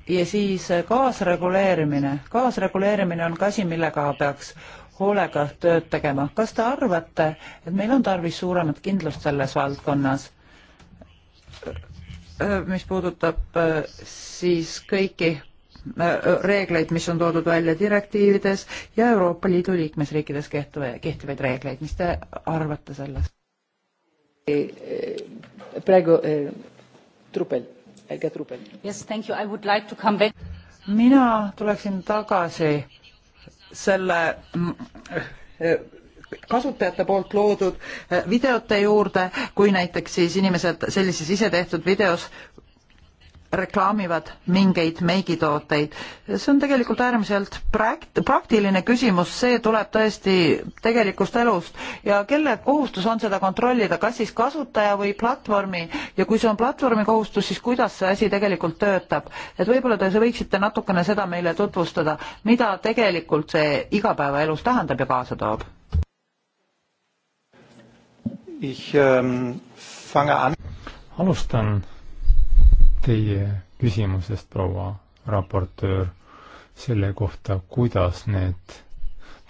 ja siis äh, kaasreguleerimine, kaasreguleerimine on ka asi, millega peaks hoolega tööd tegema. kas te arvate, et meil on tarvis suuremat kindlust selles valdkonnas? Äh, mis puudutab äh, siis kõiki äh, reegleid, mis on toodud välja direktiivides ja Euroopa Liidu liikmesriikides kehtiva, kehtivaid reegleid, mis te arvate sellest? Eh, eh, praegu eh, Trupel, Helge Trupel. Yes, thank you, I would like to come back. mina tuleksin tagasi selle mm, kasutajate poolt loodud eh, videote juurde, kui näiteks siis inimesed sellises isetehtud videos reklaamivad mingeid meigitooteid. see on tegelikult äärmiselt prakt-, praktiline küsimus, see tuleb tõesti tegelikust elust ja kelle kohustus on seda kontrollida, kas siis kasutaja või platvormi ja kui see on platvormi kohustus, siis kuidas see asi tegelikult töötab? et võib-olla te võiksite natukene seda meile tutvustada, mida tegelikult see igapäevaelus tähendab ja kaasa toob Ich ähm, fange an. alustan teie küsimusest, proua raportöör, selle kohta, kuidas need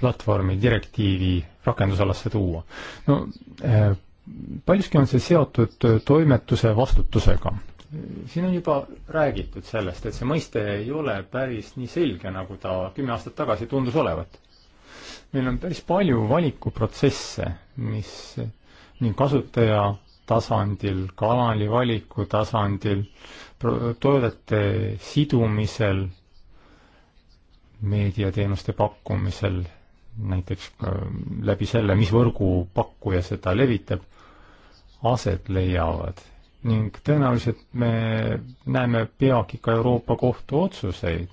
platvormi direktiivi rakendusalasse tuua. no äh, paljuski on see seotud äh, toimetuse vastutusega. siin on juba räägitud sellest, et see mõiste ei ole päris nii selge, nagu ta kümme aastat tagasi tundus olevat. meil on päris palju valikuprotsesse, mis ning kasutaja tasandil, kanali valiku tasandil, toodete sidumisel, meediateenuste pakkumisel, näiteks äh, läbi selle, mis võrgupakkuja seda levitab, aset leiavad. ning tõenäoliselt me näeme peagi ka Euroopa Kohtu otsuseid,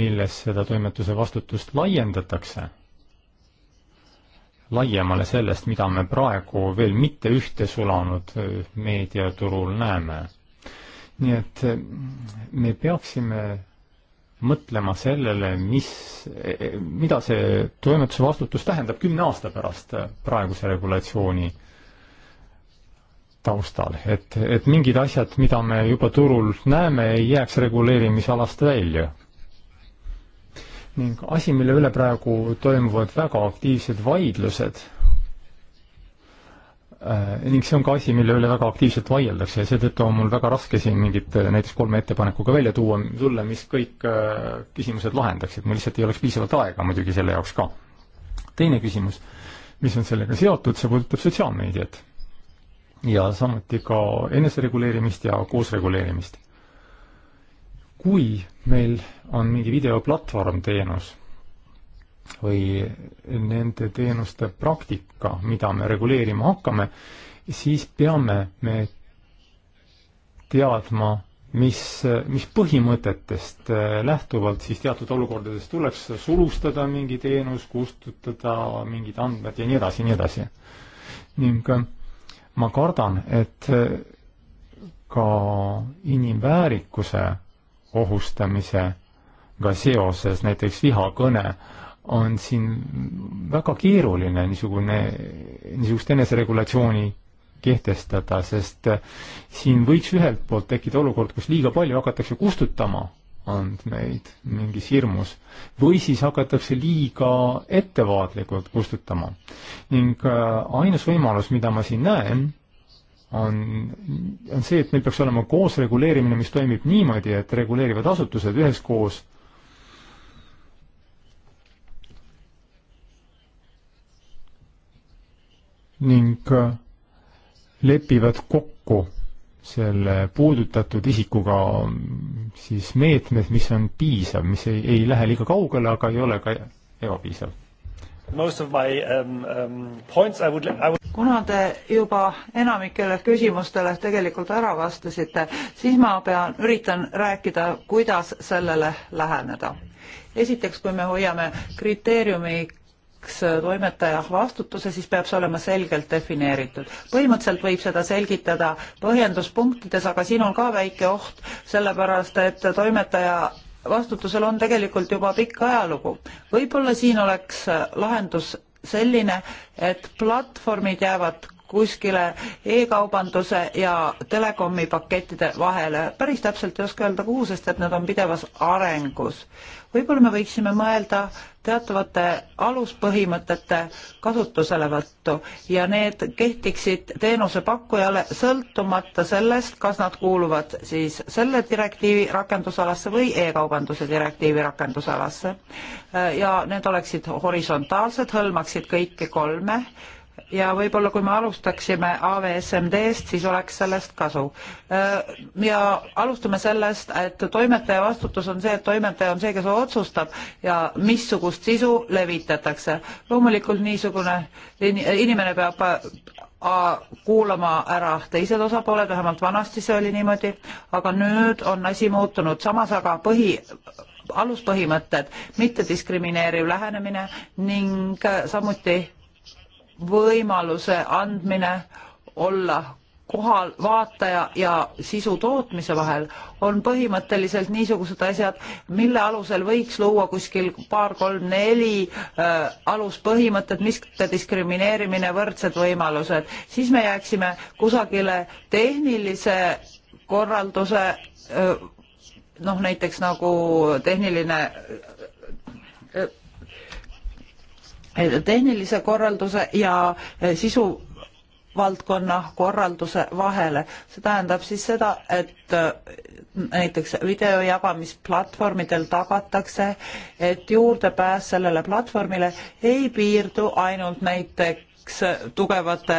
milles seda toimetuse vastutust laiendatakse laiemale sellest, mida me praegu veel mitte ühte sulanud äh, meediaturul näeme. nii et äh, me peaksime mõtlema sellele, mis, e, e, mida see toimetuse vastutus tähendab kümne aasta pärast äh, praeguse regulatsiooni taustal, et, et mingid asjad, mida me juba turul näeme, ei jääks reguleerimisalast välja ning asi, mille üle praegu toimuvad väga aktiivsed vaidlused äh,, ning see on ka asi, mille üle väga aktiivselt vaieldakse ja seetõttu on mul väga raske siin mingit äh, näiteks kolme ettepanekuga välja tuua, tulla, mis kõik äh, küsimused lahendaksid, mul lihtsalt ei oleks piisavalt aega muidugi selle jaoks ka. teine küsimus, mis on sellega seotud, see puudutab sotsiaalmeediat ja samuti ka enesereguleerimist ja koosreguleerimist kui meil on mingi videoplatvorm teenus või nende teenuste praktika, mida me reguleerima hakkame, siis peame me teadma, mis, mis põhimõtetest äh, lähtuvalt siis teatud olukordades tuleks sulustada mingi teenus, kustutada mingid andmed ja nii edasi ja nii edasi. ning äh, ma kardan, et äh, ka inimväärikuse ohustamisega seoses, näiteks vihakõne, on siin väga keeruline niisugune, niisugust eneseregulatsiooni kehtestada, sest äh, siin võiks ühelt poolt tekkida olukord, kus liiga palju hakatakse kustutama andmeid mingis hirmus või siis hakatakse liiga ettevaatlikult kustutama. ning äh, ainus võimalus, mida ma siin näen, on, on see, et meil peaks olema koosreguleerimine, mis toimib niimoodi, et reguleerivad asutused üheskoos ning äh, lepivad kokku selle puudutatud isikuga mm, siis meetmed, mis on piisav, mis ei, ei lähe liiga kaugele, aga ei ole ka ebapiisav My, um, um, points, I would, I would... kuna te juba enamikele küsimustele tegelikult ära vastasite, siis ma pean, üritan rääkida, kuidas sellele läheneda. esiteks, kui me hoiame kriteeriumiks toimetaja vastutuse, siis peab see olema selgelt defineeritud. põhimõtteliselt võib seda selgitada põhjenduspunktides, aga siin on ka väike oht, sellepärast et toimetaja vastutusel on tegelikult juba pikk ajalugu. võib-olla siin oleks lahendus selline, et platvormid jäävad kuskile e-kaubanduse ja telekomi pakettide vahele. päris täpselt ei oska öelda, kuhu, sest et nad on pidevas arengus. võib-olla me võiksime mõelda teatavate aluspõhimõtete kasutuselevõttu ja need kehtiksid teenusepakkujale sõltumata sellest, kas nad kuuluvad siis selle direktiivi rakendusalasse või e-kaubanduse direktiivi rakendusalasse. ja need oleksid horisontaalsed, hõlmaksid kõiki kolme ja võib-olla kui me alustaksime AVSMD-st, siis oleks sellest kasu. ja alustame sellest, et toimetaja vastutus on see, et toimetaja on see, kes otsustab ja missugust sisu levitatakse. loomulikult niisugune inimene peab äh, kuulama ära teised osapooled, vähemalt vanasti see oli niimoodi, aga nüüd on asi muutunud, samas aga põhi aluspõhimõtted, mittediskrimineeriv lähenemine ning samuti võimaluse andmine olla kohal vaataja ja sisu tootmise vahel on põhimõtteliselt niisugused asjad, mille alusel võiks luua kuskil paar-kolm-neli äh, aluspõhimõtet, mitte diskrimineerimine, võrdsed võimalused, siis me jääksime kusagile tehnilise korralduse äh, noh, näiteks nagu tehniline Eh, tehnilise korralduse ja eh, sisu valdkonna korralduse vahele. see tähendab siis seda, et eh, näiteks videojagamisplatvormidel tagatakse, et juurdepääs sellele platvormile ei piirdu ainult näiteks makse tugevate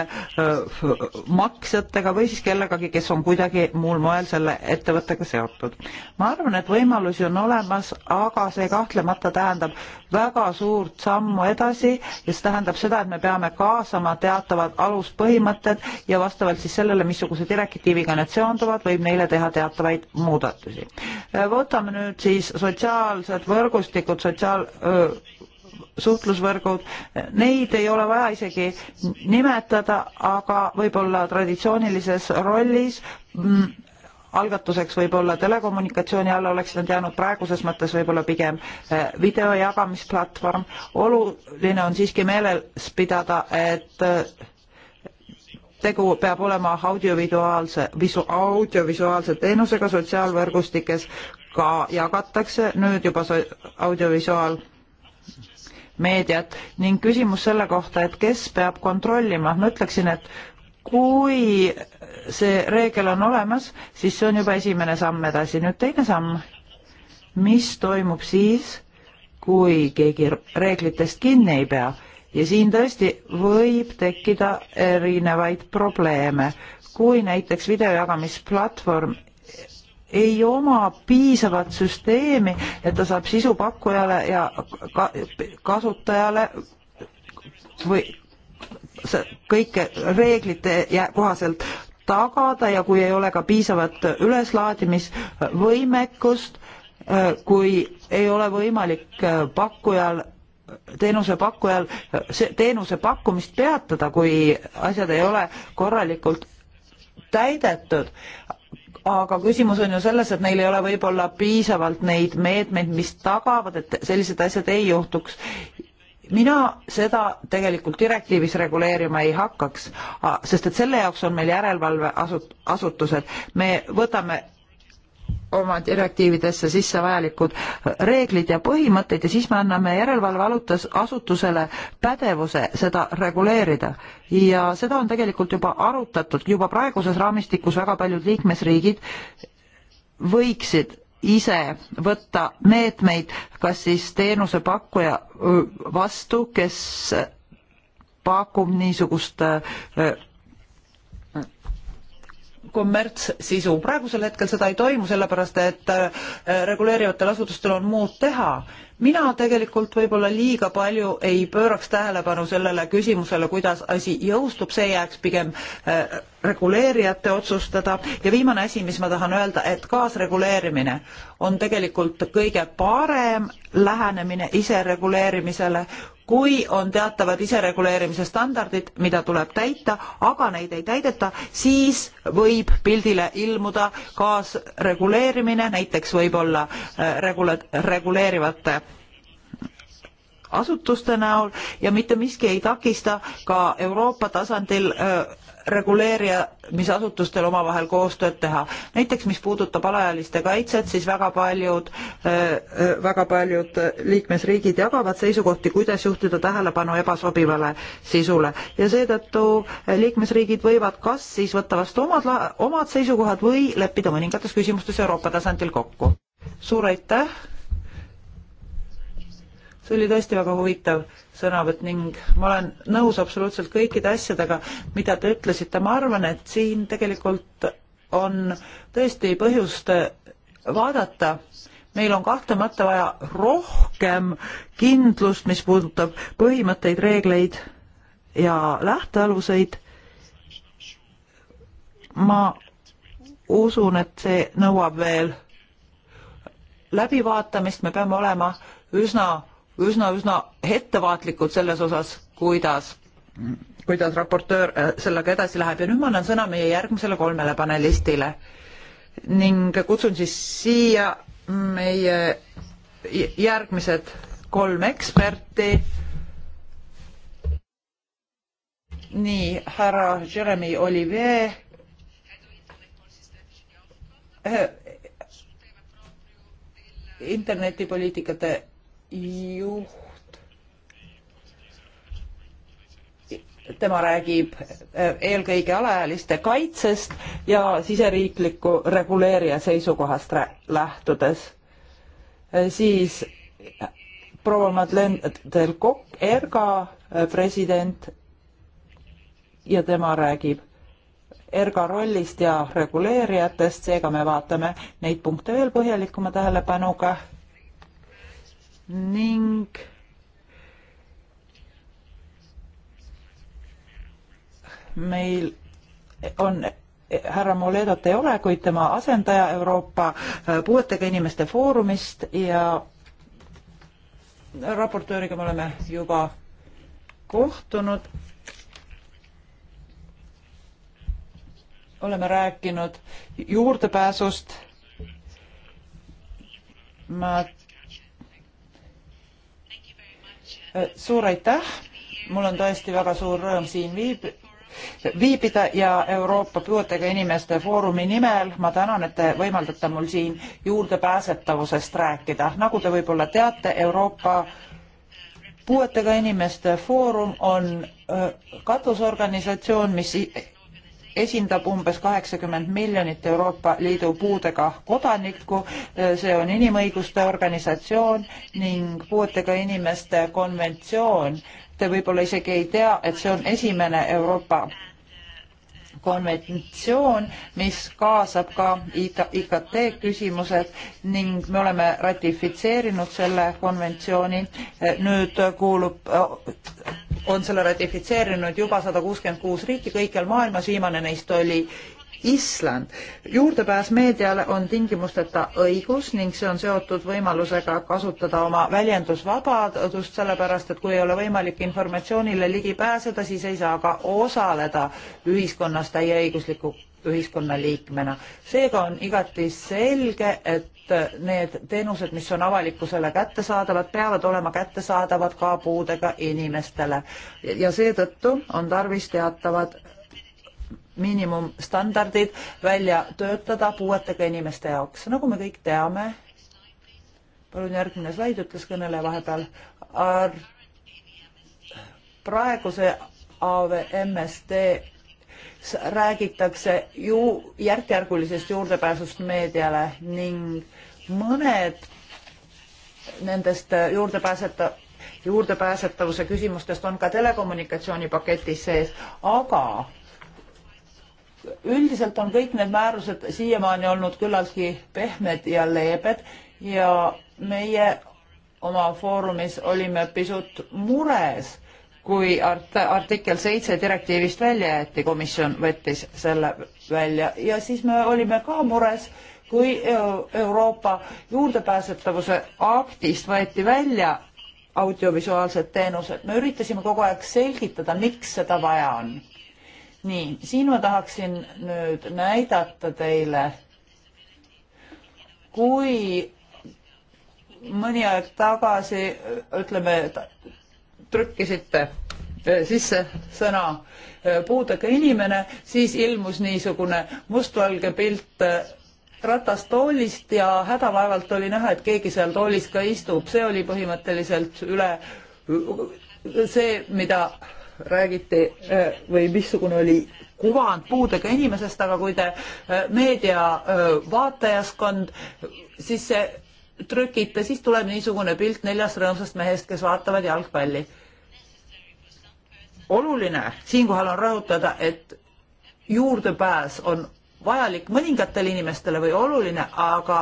maksjatega või siis kellegagi, kes on kuidagi muul moel selle ettevõttega seotud. ma arvan, et võimalusi on olemas, aga see kahtlemata tähendab väga suurt sammu edasi ja see tähendab seda, et me peame kaasama teatavad aluspõhimõtted ja vastavalt siis sellele, missuguse direktiiviga need seonduvad, võib neile teha teatavaid muudatusi. võtame nüüd siis sotsiaalsed võrgustikud, sotsiaal öö, suhtlusvõrgud, neid ei ole vaja isegi nimetada, aga võib-olla traditsioonilises rollis mm, algatuseks võib-olla telekommunikatsiooni alla oleks nad jäänud praeguses mõttes võib-olla pigem eh, video jagamisplatvorm. oluline on siiski meeles pidada, et eh, tegu peab olema audiovisuaalse, visu-, audiovisuaalse teenusega sotsiaalvõrgustikes ka jagatakse nüüd juba audiovisuaal meediat ning küsimus selle kohta, et kes peab kontrollima, ma ütleksin, et kui see reegel on olemas, siis see on juba esimene samm edasi. nüüd teine samm, mis toimub siis, kui keegi reeglitest kinni ei pea ja siin tõesti võib tekkida erinevaid probleeme. kui näiteks videojagamisplatvorm ei oma piisavat süsteemi, et ta saab sisupakkujale ja ka, kasutajale või kõike reeglite kohaselt tagada ja kui ei ole ka piisavat üleslaadimisvõimekust, äh, kui ei ole võimalik äh, pakkujal teenusepakkujal teenuse pakkumist peatada, kui asjad ei ole korralikult täidetud, aga küsimus on ju selles, et neil ei ole võib-olla piisavalt neid meetmeid, mis tagavad, et sellised asjad ei juhtuks. mina seda tegelikult direktiivis reguleerima ei hakkaks, sest et selle jaoks on meil järelevalveasut-, asutused, me võtame oma direktiividesse sisse vajalikud reeglid ja põhimõtted ja siis me anname järelevalveasutusele pädevuse seda reguleerida. ja seda on tegelikult juba arutatud, juba praeguses raamistikus väga paljud liikmesriigid võiksid ise võtta meetmeid kas siis teenusepakkuja vastu, kes pakub niisugust kommertssisu. praegusel hetkel seda ei toimu, sellepärast et äh, reguleerivatel asutustel on muud teha. mina tegelikult võib-olla liiga palju ei pööraks tähelepanu sellele küsimusele, kuidas asi jõustub, see jääks pigem äh, reguleerijate otsustada ja viimane asi, mis ma tahan öelda, et kaasreguleerimine on tegelikult kõige parem lähenemine isereguleerimisele, kui on teatavad isereguleerimise standardid, mida tuleb täita, aga neid ei täideta, siis võib pildile ilmuda kaasreguleerimine, näiteks võib-olla äh, regula-, reguleerivate asutuste näol ja mitte miski ei takista ka Euroopa tasandil öö, äh, reguleerimisasutustel omavahel koostööd teha. näiteks mis puudutab alaealiste kaitset, siis väga paljud, äh, äh, väga paljud liikmesriigid jagavad seisukohti, kuidas juhtida tähelepanu ebasobivale sisule ja seetõttu liikmesriigid võivad kas siis võtta vastu omad, omad seisukohad või leppida mõningates küsimustes Euroopa tasandil kokku. suur aitäh! see oli tõesti väga huvitav sõnavõtt ning ma olen nõus absoluutselt kõikide asjadega, mida te ütlesite, ma arvan, et siin tegelikult on tõesti põhjust vaadata, meil on kahtlemata vaja rohkem kindlust, mis puudutab põhimõtteid, reegleid ja lähtealuseid. ma usun, et see nõuab veel läbivaatamist, me peame olema üsna üsna-üsna ettevaatlikud selles osas, kuidas, kuidas raportöör äh, sellega edasi läheb ja nüüd ma annan sõna meie järgmisele kolmele panelistile ning kutsun siis siia meie järgmised kolm eksperti. nii, härra Jeremy Olivier äh, internetipoliitikate juht, tema räägib äh, eelkõige alaealiste kaitsest ja siseriikliku reguleerija seisukohast lähtudes, äh, siis proua Madeleine Del Coq, ERGA äh, president ja tema räägib ERGA rollist ja reguleerijatest, seega me vaatame neid punkte veel põhjalikuma tähelepanuga ning meil on härra Moledat ei ole, kuid tema asendaja Euroopa äh, Puuetega Inimeste Foorumist ja raportööriga me oleme juba kohtunud. oleme rääkinud juurdepääsust. ma suur aitäh, mul on tõesti väga suur rõõm siin viib-, viibida ja Euroopa Puuetega Inimeste Foorumi nimel ma tänan, et te võimaldate mul siin juurdepääsetavusest rääkida. nagu te võib-olla teate, Euroopa Puuetega Inimeste Foorum on äh, katusorganisatsioon, mis esindab umbes kaheksakümmend miljonit Euroopa Liidu puudega kodanikku, see on inimõiguste organisatsioon ning puudega inimeste konventsioon. Te võib-olla isegi ei tea, et see on esimene Euroopa konventsioon, mis kaasab ka IKT küsimused ning me oleme ratifitseerinud selle konventsiooni. nüüd kuulub on selle ratifitseerinud juba sada kuuskümmend kuus riiki kõikjal maailmas, viimane neist oli Island. juurdepääs meediale on tingimusteta õigus ning see on seotud võimalusega kasutada oma väljendusvabadust, sellepärast et kui ei ole võimalik informatsioonile ligi pääseda, siis ei saa ka osaleda ühiskonnas täieõigusliku ühiskonnaliikmena. seega on igati selge, et need teenused, mis on avalikkusele kättesaadavad, peavad olema kättesaadavad ka puudega inimestele ja seetõttu on tarvis teatavad miinimumstandardid välja töötada puuetega inimeste jaoks, nagu me kõik teame. palun järgmine slaid, ütles kõneleja vahepeal. praeguse AVMSD räägitakse ju järk-järgulisest juurdepääsust meediale ning mõned nendest juurdepääseta, juurdepääsetavuse küsimustest on ka telekommunikatsioonipaketis sees, aga üldiselt on kõik need määrused siiamaani olnud küllaltki pehmed ja leebed ja meie oma foorumis olime pisut mures, kui art-, artikkel seitse direktiivist välja jäeti, komisjon võttis selle välja ja siis me olime ka mures kui Euroopa juurdepääsetavuse aktist võeti välja audiovisuaalsed teenused, me üritasime kogu aeg selgitada, miks seda vaja on. nii, siin ma tahaksin nüüd näidata teile, kui mõni aeg tagasi, ütleme, trükkisite e, sisse sõna e, puudega inimene, siis ilmus niisugune mustvalge pilt e, ratast toolist ja hädavaevalt oli näha, et keegi seal toolis ka istub, see oli põhimõtteliselt üle see, mida räägiti äh, või missugune oli kuvand puudega inimesest, aga kui te äh, meedia äh, vaatajaskond sisse trükite, siis tuleb niisugune pilt neljast rõõmsast mehest, kes vaatavad jalgpalli. oluline siinkohal on rõhutada, et juurdepääs on vajalik mõningatele inimestele või oluline, aga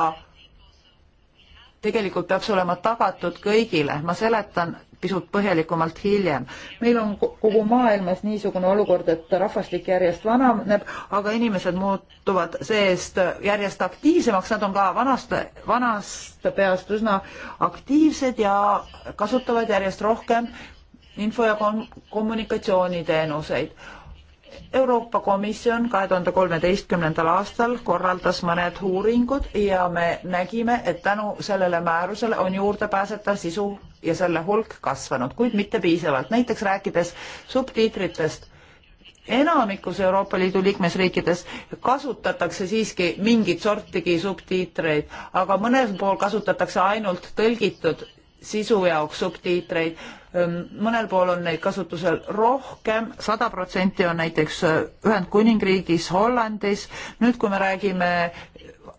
tegelikult peab see olema tagatud kõigile. ma seletan pisut põhjalikumalt hiljem. meil on kogu maailmas niisugune olukord, et rahvastik järjest vananeb, aga inimesed muutuvad see-eest järjest aktiivsemaks, nad on ka vanast, vanast peast üsna aktiivsed ja kasutavad järjest rohkem info- ja kom kommunikatsiooniteenuseid Euroopa Komisjon kahe tuhande kolmeteistkümnendal aastal korraldas mõned uuringud ja me nägime, et tänu sellele määrusele on juurdepääsetav sisu ja selle hulk kasvanud, kuid mitte piisavalt. näiteks rääkides subtiitritest, enamikus Euroopa Liidu liikmesriikides kasutatakse siiski mingit sortigi subtiitreid, aga mõnel pool kasutatakse ainult tõlgitud sisu jaoks subtiitreid. mõnel pool on neid kasutusel rohkem, sada protsenti on näiteks äh, Ühendkuningriigis, Hollandis. nüüd, kui me räägime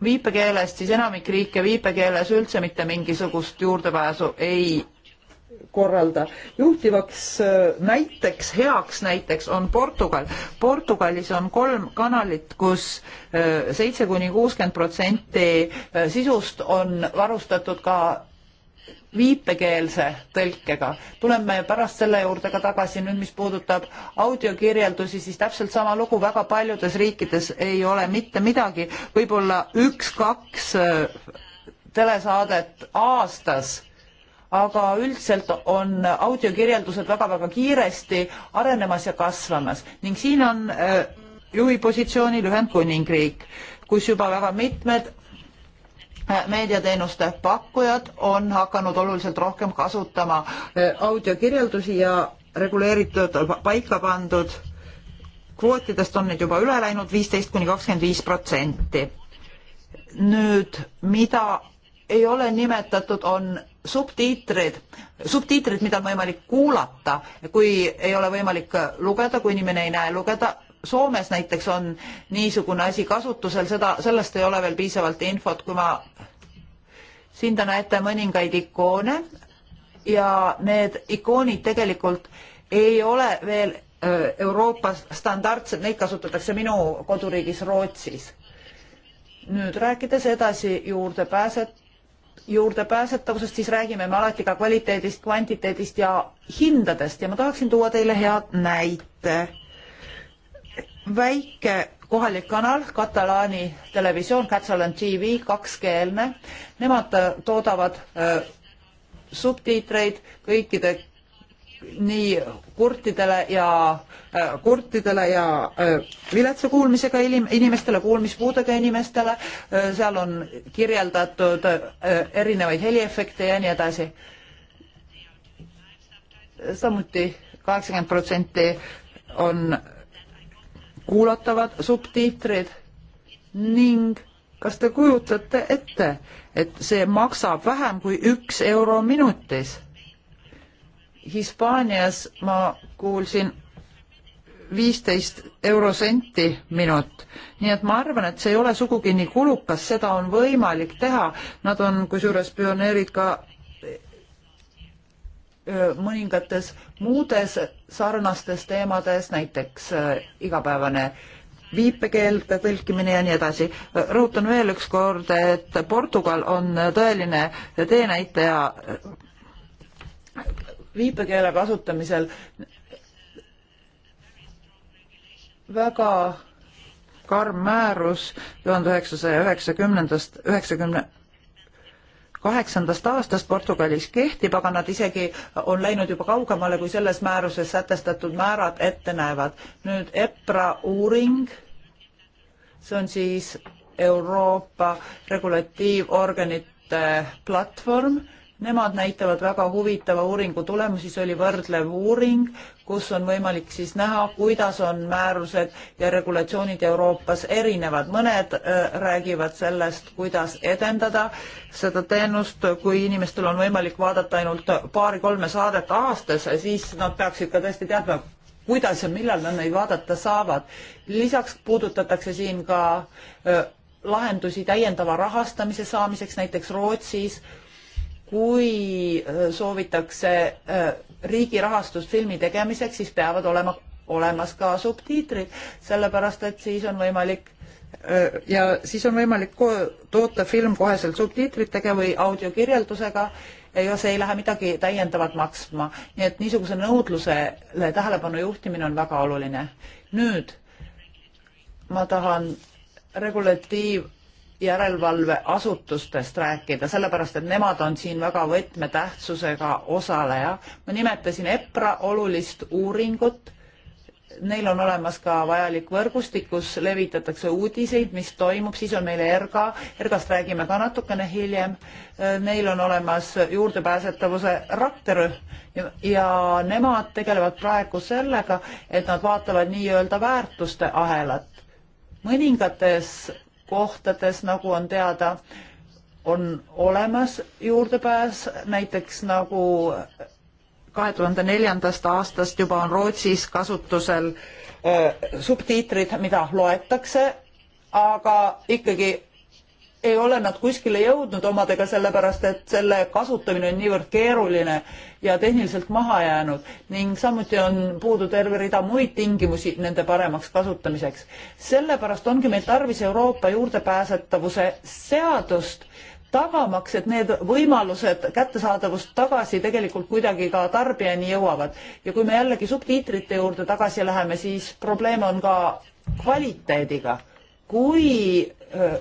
viipekeelest, siis enamik riike viipekeeles üldse mitte mingisugust juurdepääsu ei korralda. juhtivaks äh, näiteks, heaks näiteks on Portugal. Portugalis on kolm kanalit, kus äh, seitse kuni kuuskümmend protsenti sisust on varustatud ka viipekeelse tõlkega. tuleme pärast selle juurde ka tagasi, nüüd mis puudutab audiokirjeldusi, siis täpselt sama lugu väga paljudes riikides ei ole mitte midagi, võib-olla üks-kaks äh, telesaadet aastas aga üldiselt on audiokirjeldused väga-väga kiiresti arenemas ja kasvamas ning siin on äh, juhi positsioonil Ühendkuningriik, kus juba väga mitmed meediateenuste pakkujad on hakanud oluliselt rohkem kasutama e, audiokirjeldusi ja reguleeritud paika pandud kvootidest on need juba üle läinud viisteist kuni kakskümmend viis protsenti. nüüd, mida ei ole nimetatud, on subtiitrid, subtiitrid, mida on võimalik kuulata, kui ei ole võimalik lugeda, kui inimene ei näe lugeda, Soomes näiteks on niisugune asi kasutusel, seda, sellest ei ole veel piisavalt infot, kui ma, siin te näete mõningaid ikoone ja need ikoonid tegelikult ei ole veel Euroopas standardsed, neid kasutatakse minu koduriigis Rootsis. nüüd rääkides edasi juurdepääset, juurdepääsetavusest, siis räägime me alati ka kvaliteedist, kvantiteedist ja hindadest ja ma tahaksin tuua teile hea näite väike kohalik kanal, Katalaani televisioon, Catalan TV, kakskeelne. Nemad äh, toodavad äh, subtiitreid kõikide nii kurtidele ja äh,, kurtidele ja äh, viletsa kuulmisega ilim, inimestele, kuulmispuudega inimestele äh,. seal on kirjeldatud äh, erinevaid heliefekte ja nii edasi. samuti kaheksakümmend protsenti on äh, kuulatavad subtiitrid ning kas te kujutate ette, et see maksab vähem kui üks euro minutis? Hispaanias ma kuulsin viisteist eurosenti minut. nii et ma arvan, et see ei ole sugugi nii kulukas, seda on võimalik teha. Nad on kusjuures pioneerid ka mõningates muudes sarnastes teemades, näiteks igapäevane viipekeelde tõlkimine ja nii edasi. rõhutan veel ükskord, et Portugal on tõeline teenäitaja viipekeele kasutamisel väga karm määrus tuhande üheksasaja üheksakümnendast, üheksakümne kaheksandast aastast Portugalis kehtib, aga nad isegi on läinud juba kaugemale, kui selles määruses sätestatud määrad ette näevad. nüüd EPRA uuring, see on siis Euroopa regulatiivorganite platvorm, nemad näitavad väga huvitava uuringu tulemusi, see oli võrdlev uuring, kus on võimalik siis näha, kuidas on määrused ja regulatsioonid Euroopas erinevad. mõned äh, räägivad sellest, kuidas edendada seda teenust, kui inimestel on võimalik vaadata ainult paari-kolme saadet aastas, siis nad peaksid ka tõesti teadma, kuidas ja millal nad neid vaadata saavad. lisaks puudutatakse siin ka äh, lahendusi täiendava rahastamise saamiseks, näiteks Rootsis, kui äh, soovitakse riigi rahastust filmi tegemiseks, siis peavad olema olemas ka subtiitrid, sellepärast et siis on võimalik ja siis on võimalik toota film koheselt subtiitritega või audiokirjeldusega ja see ei lähe midagi täiendavat maksma. nii et niisuguse nõudlusele tähelepanu juhtimine on väga oluline. nüüd ma tahan regulatiiv järelevalveasutustest rääkida, sellepärast et nemad on siin väga võtmetähtsusega osaleja. ma nimetasin EPRA olulist uuringut. Neil on olemas ka vajalik võrgustik, kus levitatakse uudiseid, mis toimub, siis on meil ERGA, ERGA-st räägime ka natukene hiljem. Neil on olemas juurdepääsetavuse rakkerühm ja, ja nemad tegelevad praegu sellega, et nad vaatavad nii-öelda väärtuste ahelat. mõningates kohtades, nagu on teada, on olemas juurdepääs, näiteks nagu kahe tuhande neljandast aastast juba on Rootsis kasutusel äh, subtiitrid, mida loetakse, aga ikkagi ei ole nad kuskile jõudnud omadega, sellepärast et selle kasutamine on niivõrd keeruline ja tehniliselt maha jäänud ning samuti on puudu terve rida muid tingimusi nende paremaks kasutamiseks. sellepärast ongi meil tarvis Euroopa juurdepääsetavuse seadust, tagamaks, et need võimalused kättesaadavust tagasi tegelikult kuidagi ka tarbijani jõuavad. ja kui me jällegi subtiitrite juurde tagasi läheme, siis probleem on ka kvaliteediga. kui öö,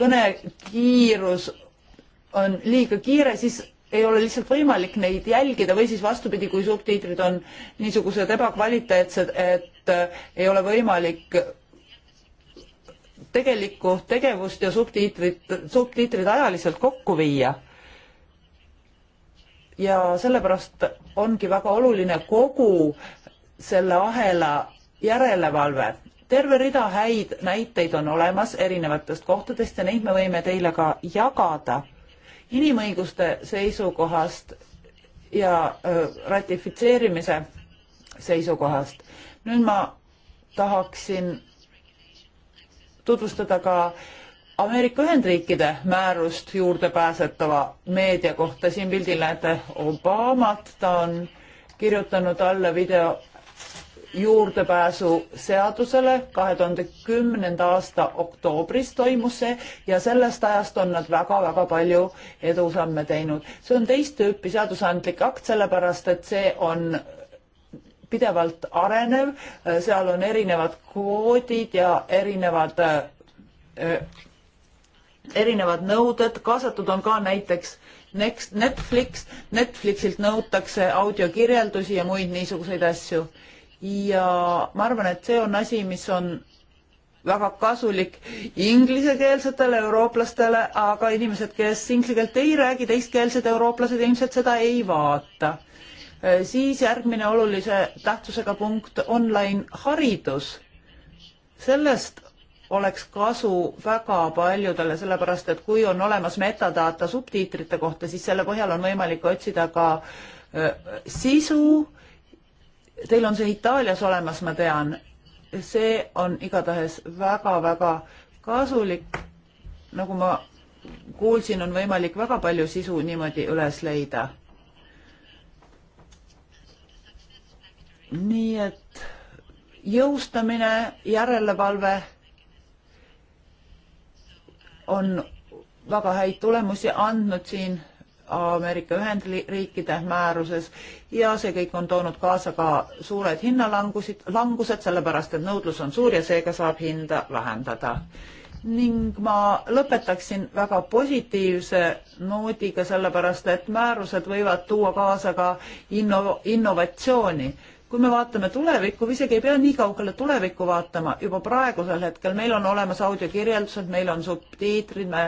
kõnekiirus on liiga kiire, siis ei ole lihtsalt võimalik neid jälgida või siis vastupidi, kui subtiitrid on niisugused ebakvaliteetsed, et äh, ei ole võimalik tegelikku tegevust ja subtiitrid, subtiitrid ajaliselt kokku viia. ja sellepärast ongi väga oluline kogu selle ahela järelevalve terve rida häid näiteid on olemas erinevatest kohtadest ja neid me võime teile ka jagada inimõiguste seisukohast ja ratifitseerimise seisukohast. nüüd ma tahaksin tutvustada ka Ameerika Ühendriikide määrust juurdepääsetava meedia kohta. siin pildil näete Obamat, ta on kirjutanud alla video juurdepääsu seadusele. kahe tuhande kümnenda aasta oktoobris toimus see ja sellest ajast on nad väga-väga palju edusamme teinud. see on teist tüüpi seadusandlik akt, sellepärast et see on pidevalt arenev, seal on erinevad kvoodid ja erinevad erinevad nõuded, kaasatud on ka näiteks Next, Netflix, Netflixilt nõutakse audiokirjeldusi ja muid niisuguseid asju ja ma arvan, et see on asi, mis on väga kasulik inglisekeelsetele eurooplastele, aga inimesed, kes inglise keelt ei räägi, teistkeelsed eurooplased ilmselt seda ei vaata. Äh, siis järgmine olulise tähtsusega punkt, online haridus. sellest oleks kasu väga paljudele, sellepärast et kui on olemas metadata subtiitrite kohta, siis selle põhjal on võimalik otsida ka äh, sisu Teil on see Itaalias olemas, ma tean. see on igatahes väga-väga kasulik. nagu ma kuulsin, on võimalik väga palju sisu niimoodi üles leida. nii et jõustamine, järelevalve on väga häid tulemusi andnud siin Ameerika Ühendriikide määruses ja see kõik on toonud kaasa ka suured hinnalangused, langused, sellepärast et nõudlus on suur ja seega saab hinda vähendada ning ma lõpetaksin väga positiivse noodiga, sellepärast et määrused võivad tuua kaasa ka inno-, innovatsiooni. kui me vaatame tulevikku, või isegi ei pea nii kaugele tulevikku vaatama, juba praegusel hetkel meil on olemas audiokirjeldused, meil on subtiitrid, me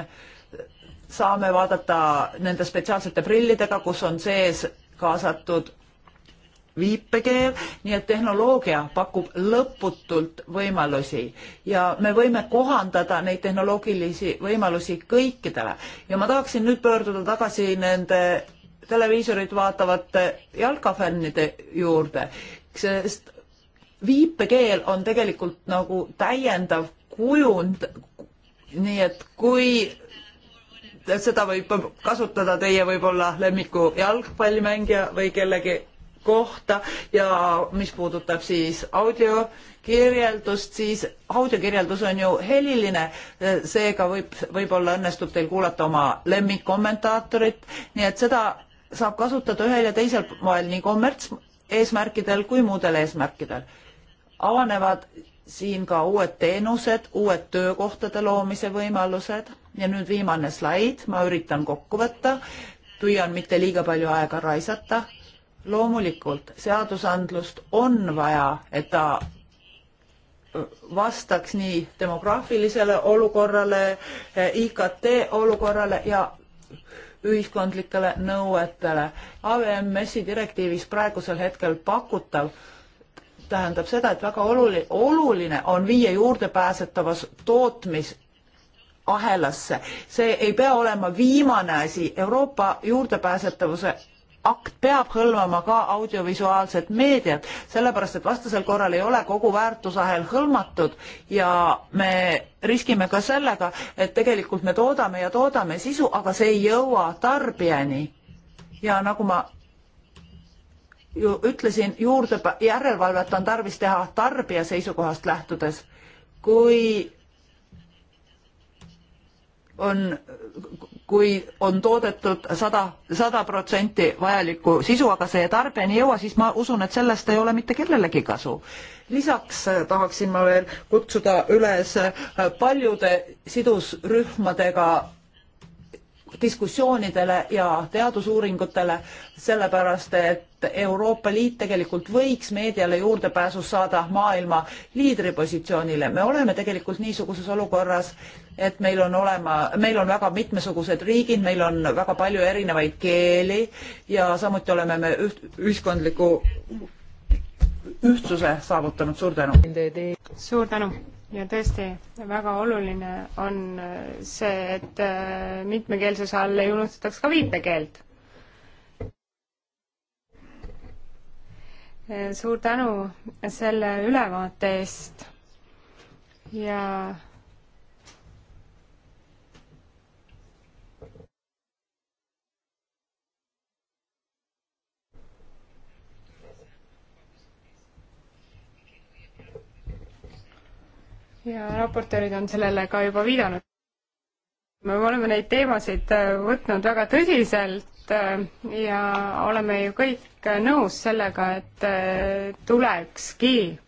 saame vaadata nende spetsiaalsete prillidega, kus on sees kaasatud viipekeel, nii et tehnoloogia pakub lõputult võimalusi ja me võime kohandada neid tehnoloogilisi võimalusi kõikidele. ja ma tahaksin nüüd pöörduda tagasi nende televiisorit vaatavate jalkafännide juurde, sest viipekeel on tegelikult nagu täiendav kujund, nii et kui seda võib kasutada teie võib-olla lemmiku jalgpallimängija või kellegi kohta ja mis puudutab siis audiokirjeldust, siis audiokirjeldus on ju heliline, seega võib, võib-olla õnnestub teil kuulata oma lemmikkommentaatorit, nii et seda saab kasutada ühel ja teisel moel nii kommertseesmärkidel kui muudel eesmärkidel. avanevad siin ka uued teenused, uued töökohtade loomise võimalused ja nüüd viimane slaid, ma üritan kokku võtta, püüan mitte liiga palju aega raisata. loomulikult seadusandlust on vaja, et ta vastaks nii demograafilisele olukorrale, e, IKT olukorrale ja ühiskondlikele nõuetele. AVMS-i direktiivis praegusel hetkel pakutav tähendab seda, et väga oluline, oluline on viia juurdepääsetavas tootmis ahelasse. see ei pea olema viimane asi, Euroopa juurdepääsetavuse akt peab hõlmama ka audiovisuaalset meediat, sellepärast et vastasel korral ei ole kogu väärtusahel hõlmatud ja me riskime ka sellega, et tegelikult me toodame ja toodame sisu, aga see ei jõua tarbijani. ja nagu ma ju ütlesin, juurde järelevalvet on tarvis teha tarbija seisukohast lähtudes. kui on, kui on toodetud sada, sada protsenti vajalikku sisu, aga see tarbijani ei jõua, siis ma usun, et sellest ei ole mitte kellelegi kasu. lisaks äh, tahaksin ma veel kutsuda üles äh, paljude sidusrühmadega diskussioonidele ja teadusuuringutele, sellepärast et Euroopa Liit tegelikult võiks meediale juurdepääsus saada maailma liidripositsioonile. me oleme tegelikult niisuguses olukorras, et meil on olema, meil on väga mitmesugused riigid, meil on väga palju erinevaid keeli ja samuti oleme me üht, ühiskondliku ühtsuse saavutanud, suur tänu! suur tänu! ja tõesti, väga oluline on see, et äh, mitmekeelsuse all ei unustataks ka viipekeelt. suur tänu selle ülevaate eest ja ja raportöörid on sellele ka juba viidanud. me oleme neid teemasid äh, võtnud väga tõsiselt äh, ja oleme ju kõik äh, nõus sellega, et tulekski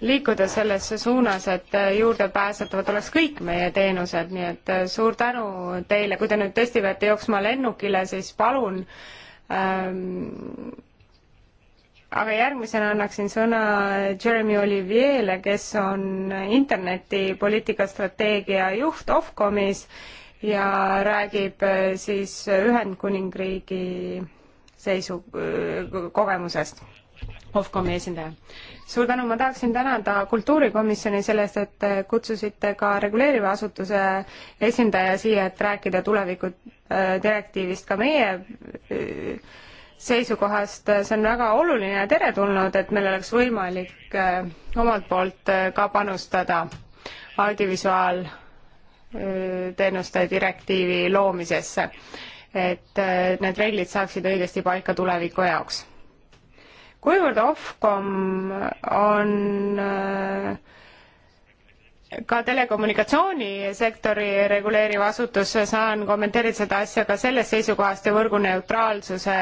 liikuda selles suunas, et juurdepääsetavad oleks kõik meie teenused, nii et suur tänu teile, kui te nüüd tõesti peate jooksma lennukile, siis palun ähm, aga järgmisena annaksin sõna Jeremy Olivierile, kes on internetipoliitika strateegia juht Ofcomis ja räägib äh, siis Ühendkuningriigi seisu, äh, kogemusest. Ofcomi esindaja. suur tänu, ma tahaksin tänada kultuurikomisjoni selle eest, et kutsusite ka reguleeriva asutuse esindaja siia, et rääkida tuleviku äh, direktiivist ka meie seisukohast see on väga oluline ja teretulnud, et meil oleks võimalik eh, omalt poolt eh, ka panustada audiovisuaalteenuste eh, direktiivi loomisesse, et need reeglid saaksid õigesti paika tuleviku jaoks. kuivõrd Ofcom on ka telekommunikatsioonisektori reguleeriv asutus, saan kommenteerida seda asja ka sellest seisukohast ja võrguneutraalsuse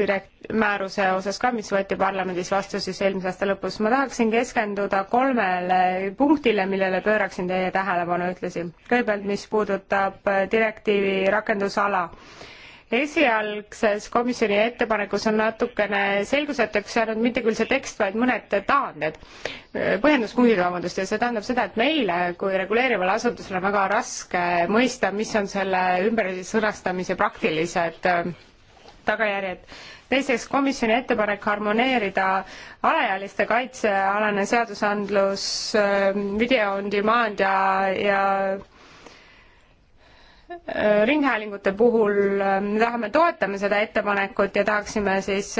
direkt-, määruse osas ka, mis võeti parlamendis vastu siis eelmise aasta lõpus. ma tahaksin keskenduda kolmele punktile, millele pööraksin teie tähelepanu ühtlasi. kõigepealt, mis puudutab äh, direktiivi rakendusala. esialgses komisjoni ettepanekus on natukene selgusetuks jäänud mitte küll see tekst, vaid mõned taanded, äh, põhjenduspunktid, vabandust, ja see tähendab seda, et meile kui reguleerivale asutusele on väga raske mõista, mis on selle ümbersõnastamise praktilised äh, tagajärjed. teiseks, komisjoni ettepanek harmoneerida alaealiste kaitsealane seadusandlus äh, video on demand ja, ja äh, ringhäälingute puhul äh, me tahame, toetame seda ettepanekut ja tahaksime siis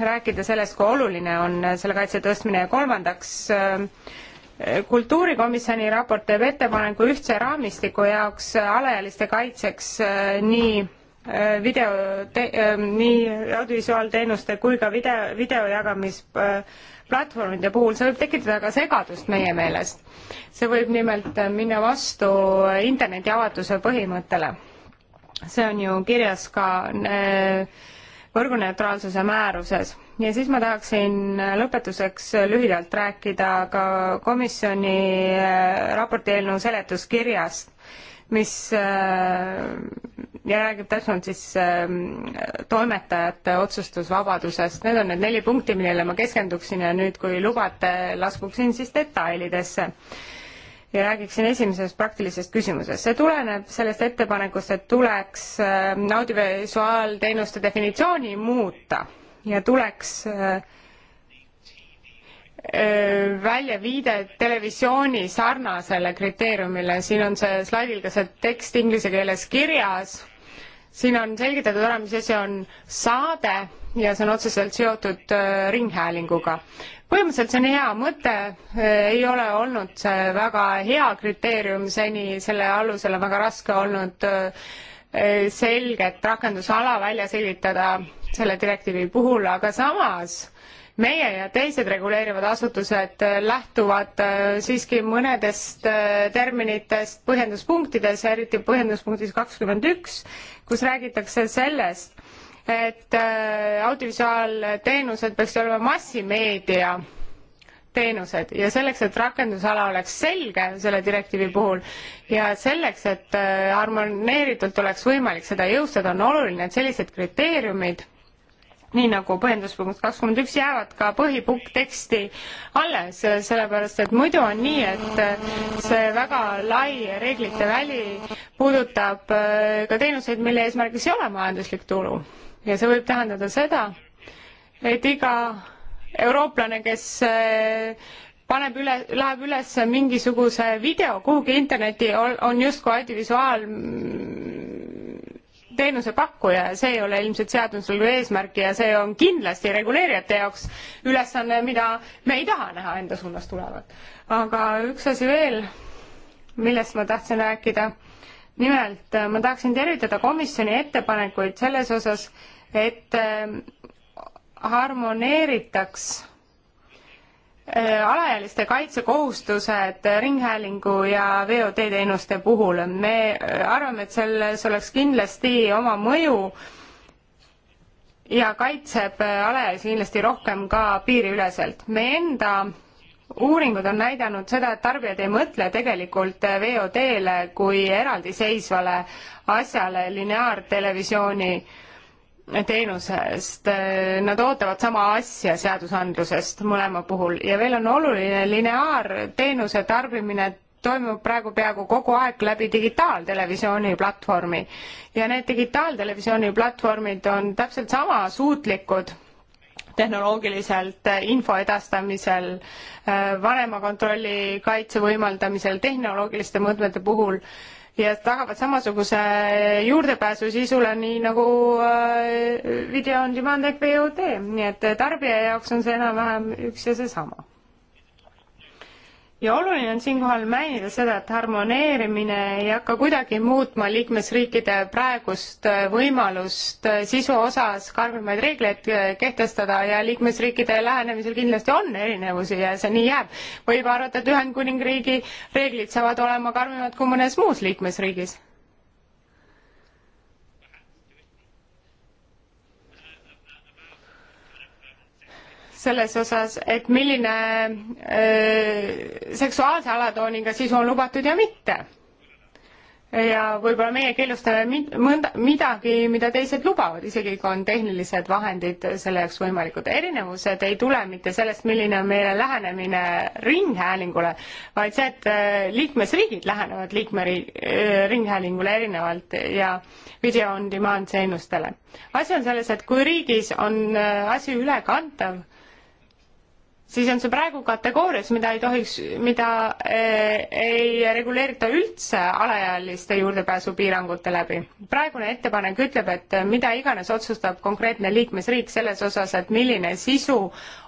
rääkida sellest, kui oluline on selle kaitse tõstmine ja kolmandaks, kultuurikomisjoni raport teeb ettepaneku ühtse raamistiku jaoks alaealiste kaitseks nii Äh, video, äh, nii audiovisuaalteenuste kui ka video, video jagamisplatvormide äh, puhul, see võib tekitada ka segadust meie meelest. see võib nimelt minna vastu interneti avatuse põhimõttele. see on ju kirjas ka võrguneutraalsuse määruses ja siis ma tahaksin lõpetuseks lühidalt rääkida ka komisjoni raporti eelnõu seletuskirjast mis äh, ja räägib täpsemalt siis äh, toimetajate otsustusvabadusest. Need on need neli punkti, millele ma keskenduksin ja nüüd, kui lubate, laskuksin siis detailidesse ja räägiksin esimesest praktilisest küsimusest. see tuleneb sellest ettepanekust, et tuleks äh, audiovisuaalteenuste definitsiooni muuta ja tuleks äh, välja viide televisiooni sarnasele kriteeriumile, siin on see slaidil ka see tekst inglise keeles kirjas, siin on selgitatud ära, mis asi on saade ja see on otseselt seotud ringhäälinguga. põhimõtteliselt see on hea mõte, ei ole olnud see väga hea kriteerium seni, selle alusel on väga raske olnud selget rakendusala välja selgitada selle direktiivi puhul, aga samas meie ja teised reguleerivad asutused äh, lähtuvad äh, siiski mõnedest äh, terminitest põhjenduspunktides, eriti põhjenduspunktis kakskümmend üks, kus räägitakse sellest, et audiovisuaalteenused peaksid olema massimeedia teenused ja selleks, et rakendusala oleks selge selle direktiivi puhul ja selleks, et harmoneeritult oleks võimalik seda jõustada, on oluline, et sellised kriteeriumid nii nagu põhjenduspunkt kakskümmend üks, jäävad ka põhipunkt teksti alles, sellepärast et muidu on nii, et äh, see väga lai reeglite väli puudutab äh, ka teenuseid, mille eesmärgiks ei ole majanduslik tulu. ja see võib tähendada seda, et iga eurooplane, kes äh, paneb üle, läheb üles mingisuguse video kuhugi interneti, on justkui audiovisuaal teenusepakkuja ja see ei ole ilmselt seadnud selle eesmärki ja see on kindlasti reguleerijate jaoks ülesanne, mida me ei taha näha enda suunas tulevat. aga üks asi veel, millest ma tahtsin rääkida. nimelt ma tahaksin tervitada komisjoni ettepanekuid selles osas, et eh, harmoneeritaks Äh, alaealiste kaitsekohustused ringhäälingu ja VOD teenuste puhul. me äh, arvame, et selles oleks kindlasti oma mõju ja kaitseb äh, alaealisi kindlasti rohkem ka piiriüleselt. meie enda uuringud on näidanud seda, et tarbijad ei mõtle tegelikult VOD-le kui eraldiseisvale asjale lineaartelevisiooni äh, teenusest, nad ootavad sama asja seadusandlusest mõlema puhul ja veel on oluline lineaarteenuse tarbimine toimub praegu peaaegu kogu aeg läbi digitaaltelevisiooni platvormi ja need digitaaltelevisiooni platvormid on täpselt sama suutlikud tehnoloogiliselt eh, info edastamisel, eh, vanema kontrolli kaitse võimaldamisel, tehnoloogiliste mõõtmete puhul äh, ja tagavad samasuguse juurdepääsu sisule, nii nagu äh, video on demand ehk VOD, nii et tarbija jaoks on see enam-vähem üks ja seesama ja oluline on siinkohal mainida seda, et harmoneerimine ei hakka kuidagi muutma liikmesriikide praegust äh, võimalust äh, sisu osas karmimaid reegleid äh, kehtestada ja liikmesriikide lähenemisel kindlasti on erinevusi ja see nii jääb. võib arvata, et Ühendkuningriigi reeglid saavad olema karmimad kui mõnes muus liikmesriigis selles osas, et milline öö, äh, seksuaalse alatooniga sisu on lubatud ja mitte. ja võib-olla meie keelustame mid-, mõnda, midagi, mida teised lubavad, isegi kui on tehnilised vahendid selle jaoks võimalikud. erinevused ei tule mitte sellest, milline on meile lähenemine ringhäälingule, vaid see, et äh, liikmesriigid lähenevad liikmeriig-, äh, ringhäälingule erinevalt ja video on demand teenustele. asi on selles, et kui riigis on asi ülekantav, siis on see praegu kategoorias, mida ei tohiks, mida eh, ei reguleerita üldse alaealiste juurdepääsu piirangute läbi. praegune ettepanek ütleb, et mida iganes otsustab konkreetne liikmesriik selles osas, et milline sisu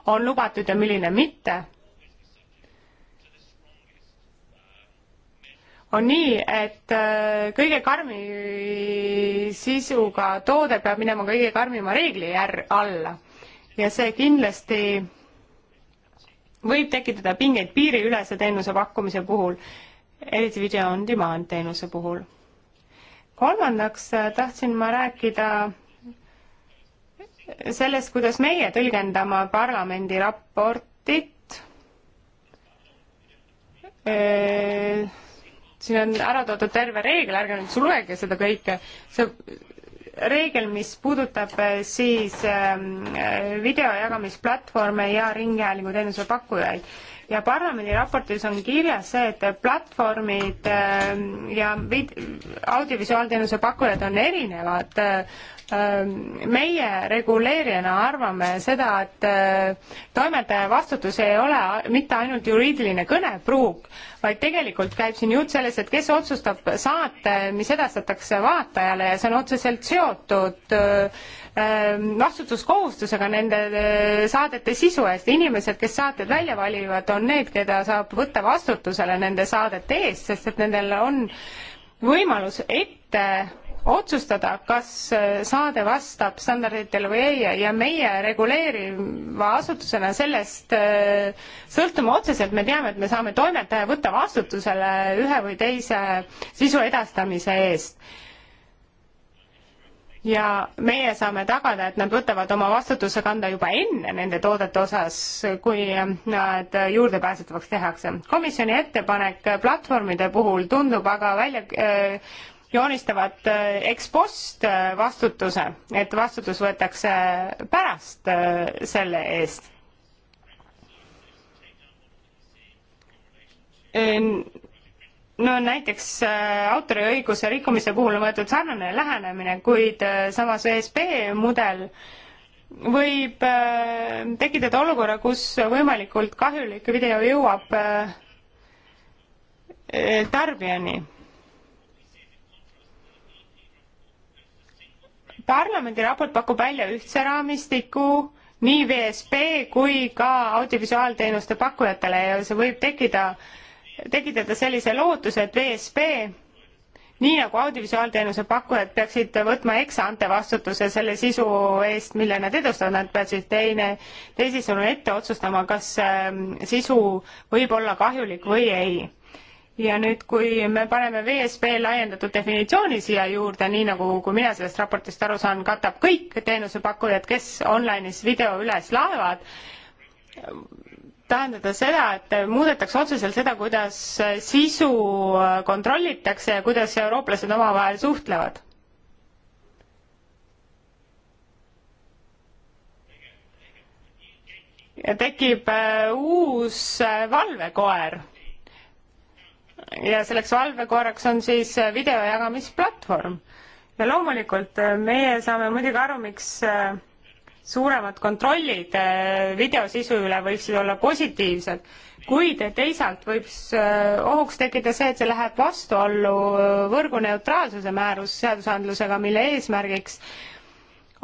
on lubatud ja milline mitte, on nii, et eh, kõige karmi sisuga toode peab minema kõige karmima reegli jär-, alla. ja see kindlasti võib tekitada pingeid piiriülese teenuse pakkumise puhul, eriti video on demand teenuse puhul. kolmandaks äh, tahtsin ma rääkida sellest, kuidas meie tõlgendame parlamendi raportit. Äh, siin on ära toodud terve reegel, ärge nüüd lugege seda kõike, see reegel, mis puudutab äh, siis ähm, äh, video jagamisplatvorme ja ringhäälingu teenuse pakkujaid ja parlamendi raportis on kirjas see, et platvormid ähm, ja vid-, audiovisuaalteenuse pakkujad on erinevad. Ähm, meie reguleerijana arvame seda, et äh, toimetaja vastutus ei ole mitte ainult juriidiline kõnepruuk, vaid tegelikult käib siin jutt sellest, et kes otsustab saate, mis edastatakse vaatajale ja see on otseselt seotud äh, Ähm, vastutuskohustusega nende äh, saadete sisu eest. inimesed, kes saated välja valivad, on need, keda saab võtta vastutusele nende saadete eest, sest et nendel on võimalus ette otsustada, kas äh, saade vastab standarditele või ei ja meie reguleeriva asutusena sellest äh, sõltume otseselt, me teame, et me saame toimetaja võtta vastutusele ühe või teise sisu edastamise eest ja meie saame tagada, et nad võtavad oma vastutuse kanda juba enne nende toodete osas, kui nad juurdepääsetavaks tehakse. komisjoni ettepanek platvormide puhul tundub aga välja äh, joonistavad äh, ekspost äh, vastutuse, et vastutus võetakse pärast äh, selle eest äh, no näiteks äh, autoriõiguse rikkumise puhul on võetud sarnane lähenemine, kuid äh, samas VSB e mudel võib äh, tekitada olukorra, kus võimalikult kahjulik video jõuab tarbijani. parlamendi raport pakub välja ühtse raamistiku nii VSB kui ka audiovisuaalteenuste pakkujatele ja see võib tekkida äh, tekitada sellise lootuse, et VSP nii nagu audiovisuaalteenuse pakkujad peaksid võtma eksante vastutuse selle sisu eest, mille nad edustavad, nad peaksid teine, teisisõnu ette otsustama, kas ähm, sisu võib olla kahjulik või ei. ja nüüd, kui me paneme VSB laiendatud definitsiooni siia juurde, nii nagu, kui mina sellest raportist aru saan, katab kõik teenusepakkujad, kes online'is video üles laevad, tähendada seda, et muudetakse otseselt seda, kuidas sisu kontrollitakse ja kuidas eurooplased omavahel suhtlevad. ja tekib äh, uus äh, valvekoer. ja selleks valvekoeraks on siis äh, videojagamisplatvorm. ja loomulikult meie saame muidugi aru, miks suuremad kontrollid äh, videosisu üle võiksid olla positiivsed, kuid teisalt võib äh, ohuks tekkida see, et see läheb vastuollu äh, võrguneutraalsuse määrusseadusandlusega, mille eesmärgiks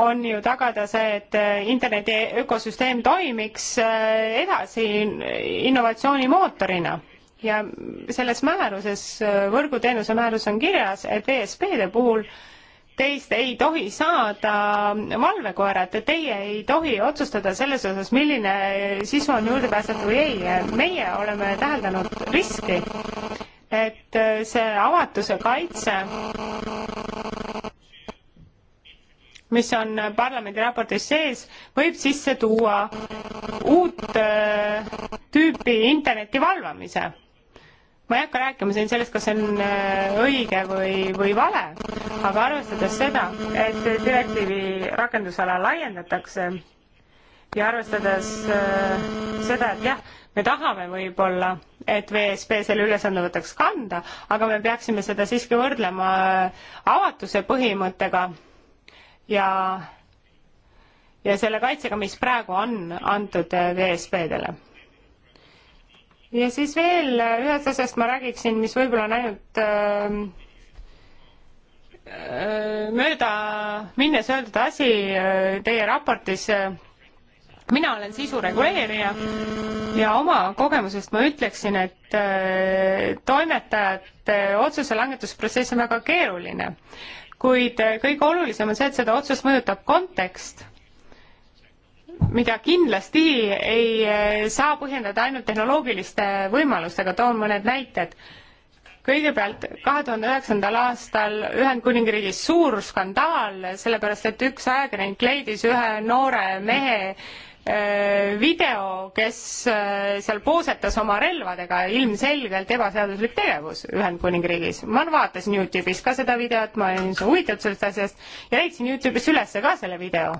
on ju tagada see, et interneti ökosüsteem toimiks edasi innovatsioonimootorina. ja selles määruses, võrguteenuse määrus on kirjas, et VSP-de puhul äh, teist ei tohi saada valvekoerad, teie ei tohi otsustada selles osas, milline sisu on juurdepääsetav või ei. meie oleme täheldanud riski, et see avatuse kaitse, mis on parlamendi raportis sees, võib sisse tuua uut äh, tüüpi interneti valvamise ma ei hakka rääkima siin sellest, kas see on äh, õige või, või vale, aga arvestades seda, et direktiivi rakendusala laiendatakse ja arvestades äh, seda, et jah, me tahame võib-olla, et VSB selle ülesande võtaks kanda, aga me peaksime seda siiski võrdlema äh, avatuse põhimõttega ja ja selle kaitsega, mis praegu on antud VSB-dele ja siis veel ühest asjast ma räägiksin, mis võib-olla on ainult ähm, äh, mööda minnes öeldud asi äh, teie raportis. mina olen sisureguleerija ja oma kogemusest ma ütleksin, et äh, toimetajate otsuse langetusprotsess on väga keeruline, kuid äh, kõige olulisem on see, et seda otsust mõjutab kontekst mida kindlasti ei eh, saa põhjendada ainult tehnoloogiliste võimalustega, toon mõned näited. kõigepealt kahe tuhande üheksandal aastal Ühendkuningriigis suur skandaal, sellepärast et üks ajakirjanik leidis ühe noore mehe eh, video, kes eh, seal poosetas oma relvadega, ilmselgelt ebaseaduslik tegevus Ühendkuningriigis. ma vaatasin Youtube'is ka seda videot, ma olin huvitatud sellest asjast ja leidsin Youtube'is üles ka selle video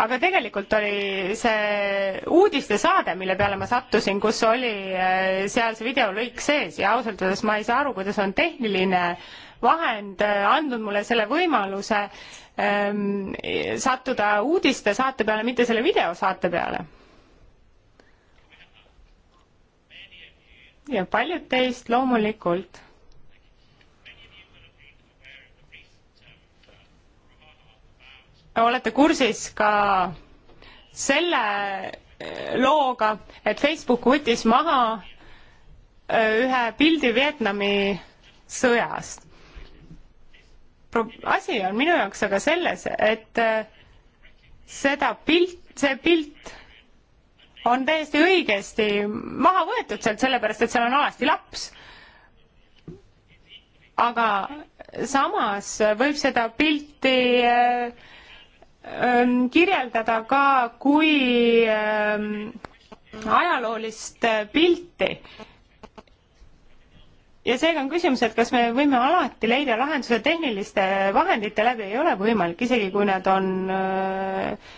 aga tegelikult oli see uudistesaade, mille peale ma sattusin, kus oli äh, seal see videolõik sees ja ausalt öeldes ma ei saa aru, kuidas on tehniline vahend äh, andnud mulle selle võimaluse ähm, sattuda uudistesaate peale, mitte selle videosaate peale. ja paljud teist loomulikult olete kursis ka selle looga, et Facebook võttis maha äh, ühe pildi Vietnami sõjast. asi on minu jaoks aga selles, et äh, seda pilt, see pilt on täiesti õigesti maha võetud sealt, sellepärast et seal on alasti laps. aga samas võib seda pilti äh, kirjeldada ka kui ajaloolist äh, pilti. ja seega on küsimus, et kas me võime alati leida lahenduse tehniliste vahendite läbi, ei ole võimalik, isegi kui nad on äh,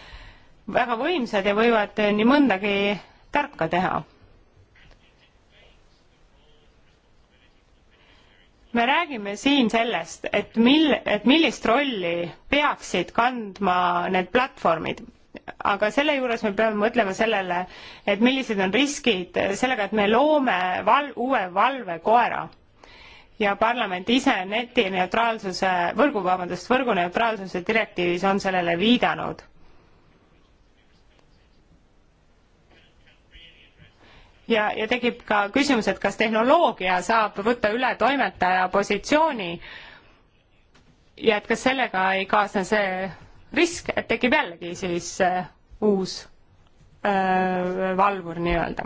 väga võimsad ja võivad nii mõndagi tarka teha me räägime siin sellest, et mil-, et millist rolli peaksid kandma need platvormid aga selle juures me peame mõtlema sellele, et millised on riskid sellega, et me loome val-, uue valvekoera ja parlament ise netineutraalsuse, võrgu, vabandust, võrguneutraalsuse direktiivis on sellele viidanud ja, ja tekib ka küsimus, et kas tehnoloogia saab võtta üle toimetaja positsiooni ja et kas sellega ei kaasne see risk, et tekib jällegi siis äh, uus äh, valvur nii-öelda.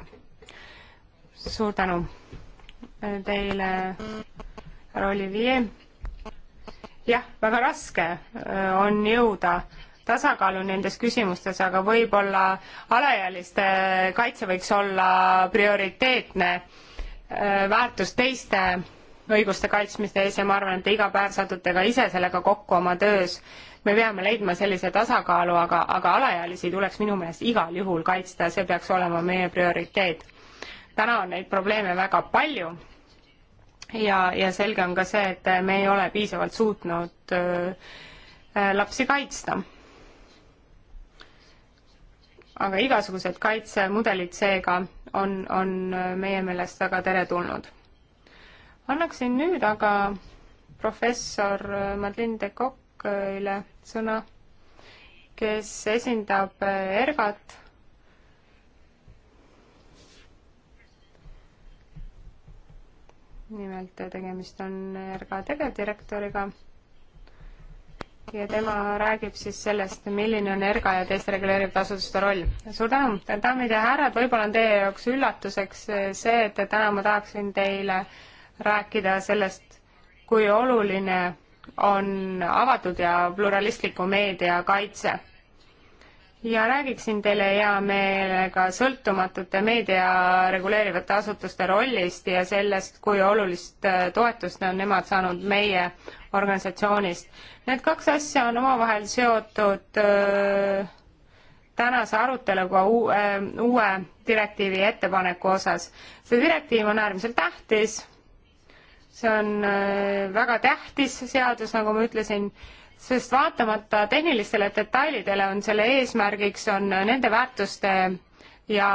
suur tänu äh, teile, härra Olivier. jah, väga raske äh, on jõuda äh, tasakaalu nendes küsimustes, aga võib-olla alaealiste kaitse võiks olla prioriteetne äh, väärtus teiste õiguste kaitsmiste ees ja ma arvan, et te iga päev satute ka ise sellega kokku oma töös. me peame leidma sellise tasakaalu, aga, aga alaealisi tuleks minu meelest igal juhul kaitsta, see peaks olema meie prioriteet. täna on neid probleeme väga palju ja, ja selge on ka see, et me ei ole piisavalt suutnud öö, äh, äh, lapsi kaitsta aga igasugused kaitsemudelid seega on, on meie meelest väga teretulnud. annaksin nüüd aga professor Madeleine de Coq'ile sõna, kes esindab ERGAT nimelt tegemist on ERGA tegevdirektoriga ja tema räägib siis sellest, milline on ERGA ja teiste reguleerivate asutuste roll. suur tänu, daamid ja härrad, võib-olla on teie jaoks üllatuseks eh, see, et täna ma tahaksin teile rääkida sellest, kui oluline on avatud ja pluralistliku meedia kaitse ja räägiksin teile hea meelega sõltumatute meedia reguleerivate asutuste rollist ja sellest, kui olulist äh, toetust on nemad saanud meie organisatsioonist. Need kaks asja on omavahel seotud öö, äh, tänase aruteluga uue, äh, uue direktiivi ettepaneku osas. see direktiiv on äärmiselt tähtis, see on öö, väga tähtis seadus, nagu ma ütlesin sest vaatamata tehnilistele detailidele on selle eesmärgiks, on nende väärtuste ja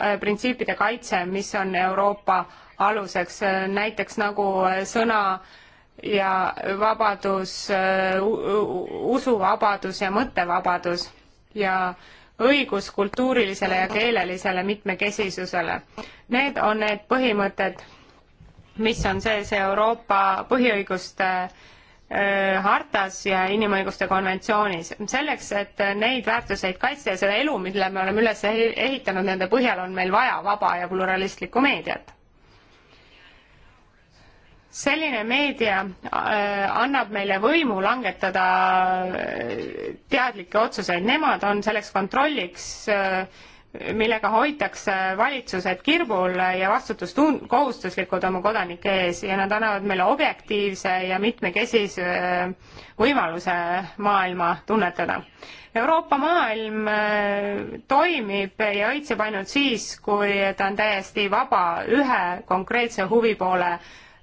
äh, printsiipide kaitse, mis on Euroopa aluseks, näiteks nagu äh, sõna ja vabadus, äh, usuvabadus ja mõttevabadus ja õigus kultuurilisele ja keelelisele mitmekesisusele. Need on need põhimõtted, mis on sees Euroopa põhiõiguste äh, Äh, hartas ja inimõiguste konventsioonis. selleks, et neid väärtuseid kaitsta ja seda elu, mille me oleme üles ehitanud nende põhjal, on meil vaja vaba ja pluralistlikku meediat. selline meedia äh, annab meile võimu langetada äh, teadlikke otsuseid, nemad on selleks kontrolliks äh, millega hoitakse valitsused kirbul ja vastutustun-, kohustuslikud oma kodanike ees ja nad annavad meile objektiivse ja mitmekesise äh, võimaluse maailma tunnetada. Euroopa maailm äh, toimib ja õitseb ainult siis, kui ta on täiesti vaba ühe konkreetse huvi poole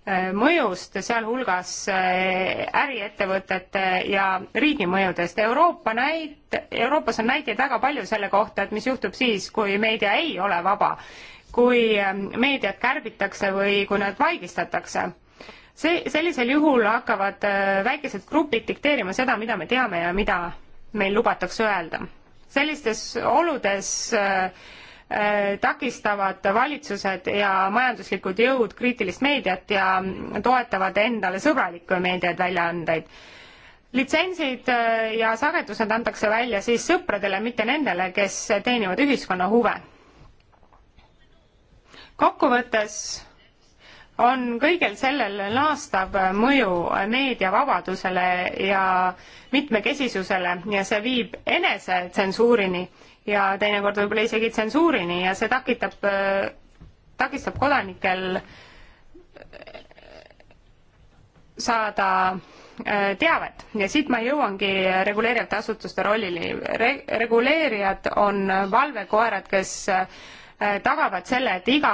Äh, mõjust, sealhulgas äh, äriettevõtete ja riigi mõjudest. Euroopa näit-, Euroopas on näiteid väga palju selle kohta, et mis juhtub siis, kui meedia ei ole vaba, kui ähm, meediat kärbitakse või kui nad vaigistatakse. see, sellisel juhul hakkavad äh, väikesed grupid dikteerima seda, mida me teame ja mida meil lubatakse öelda. sellistes oludes äh, Äh, takistavad valitsused ja majanduslikud jõud kriitilist meediat ja toetavad endale sõbralikku meediaväljaandeid. litsentsid äh, ja sagedused antakse välja siis sõpradele, mitte nendele, kes teenivad ühiskonna huve. kokkuvõttes on kõigel sellel laastav mõju meediavabadusele ja mitmekesisusele ja see viib enesetsensuurini ja teinekord võib-olla isegi tsensuurini ja see takitab, takistab kodanikel äh, saada äh, teavet ja siit ma jõuangi reguleerivate asutuste rollini Re. reguleerijad on valvekoerad, kes äh, Äh, tagavad selle, et iga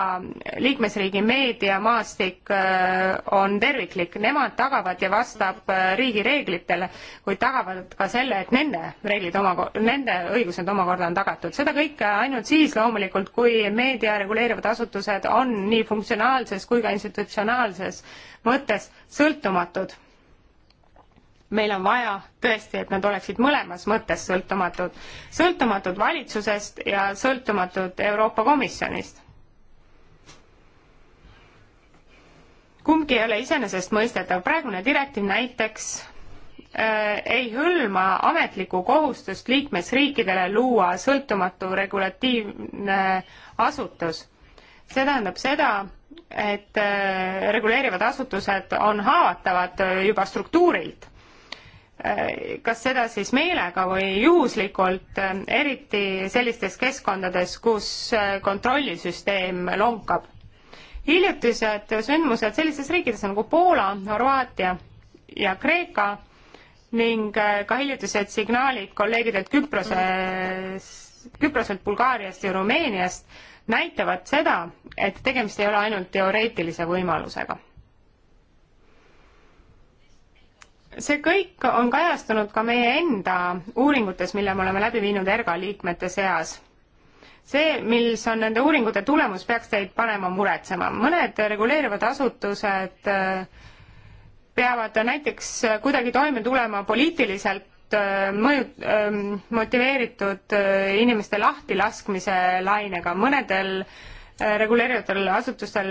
liikmesriigi meediamaastik äh, on terviklik, nemad tagavad ja vastab äh, riigi reeglitele, kuid tagavad ka selle, et nende reeglid oma, nende õigused omakorda on tagatud. seda kõike ainult siis loomulikult, kui meedia reguleerivad asutused on nii funktsionaalses kui ka institutsionaalses mõttes sõltumatud meil on vaja tõesti, et nad oleksid mõlemas mõttes sõltumatud, sõltumatud valitsusest ja sõltumatud Euroopa Komisjonist. kumbki ei ole iseenesestmõistetav, praegune direktiiv näiteks äh, ei hõlma ametlikku kohustust liikmesriikidele luua sõltumatu regulatiivne asutus. see tähendab seda, et äh, reguleerivad asutused on haavatavad juba struktuurilt Äh, kas seda siis meelega või juhuslikult, äh, eriti sellistes keskkondades, kus äh, kontrollisüsteem lonkab. hiljutised sündmused sellistes riikides nagu Poola, Horvaatia ja Kreeka ning ka hiljutised signaalid kolleegidelt Küproses, Küproselt, Bulgaariast ja Rumeeniast näitavad seda, et tegemist ei ole ainult teoreetilise võimalusega see kõik on kajastunud ka meie enda uuringutes, mille me oleme läbi viinud ERGA liikmete seas. see, mis on nende uuringute tulemus, peaks teid panema muretsema. mõned reguleerivad asutused äh, peavad näiteks äh, kuidagi toime tulema poliitiliselt äh, mõju, ähm, motiveeritud inimeste lahtilaskmise lainega, mõnedel reguleerivatel asutustel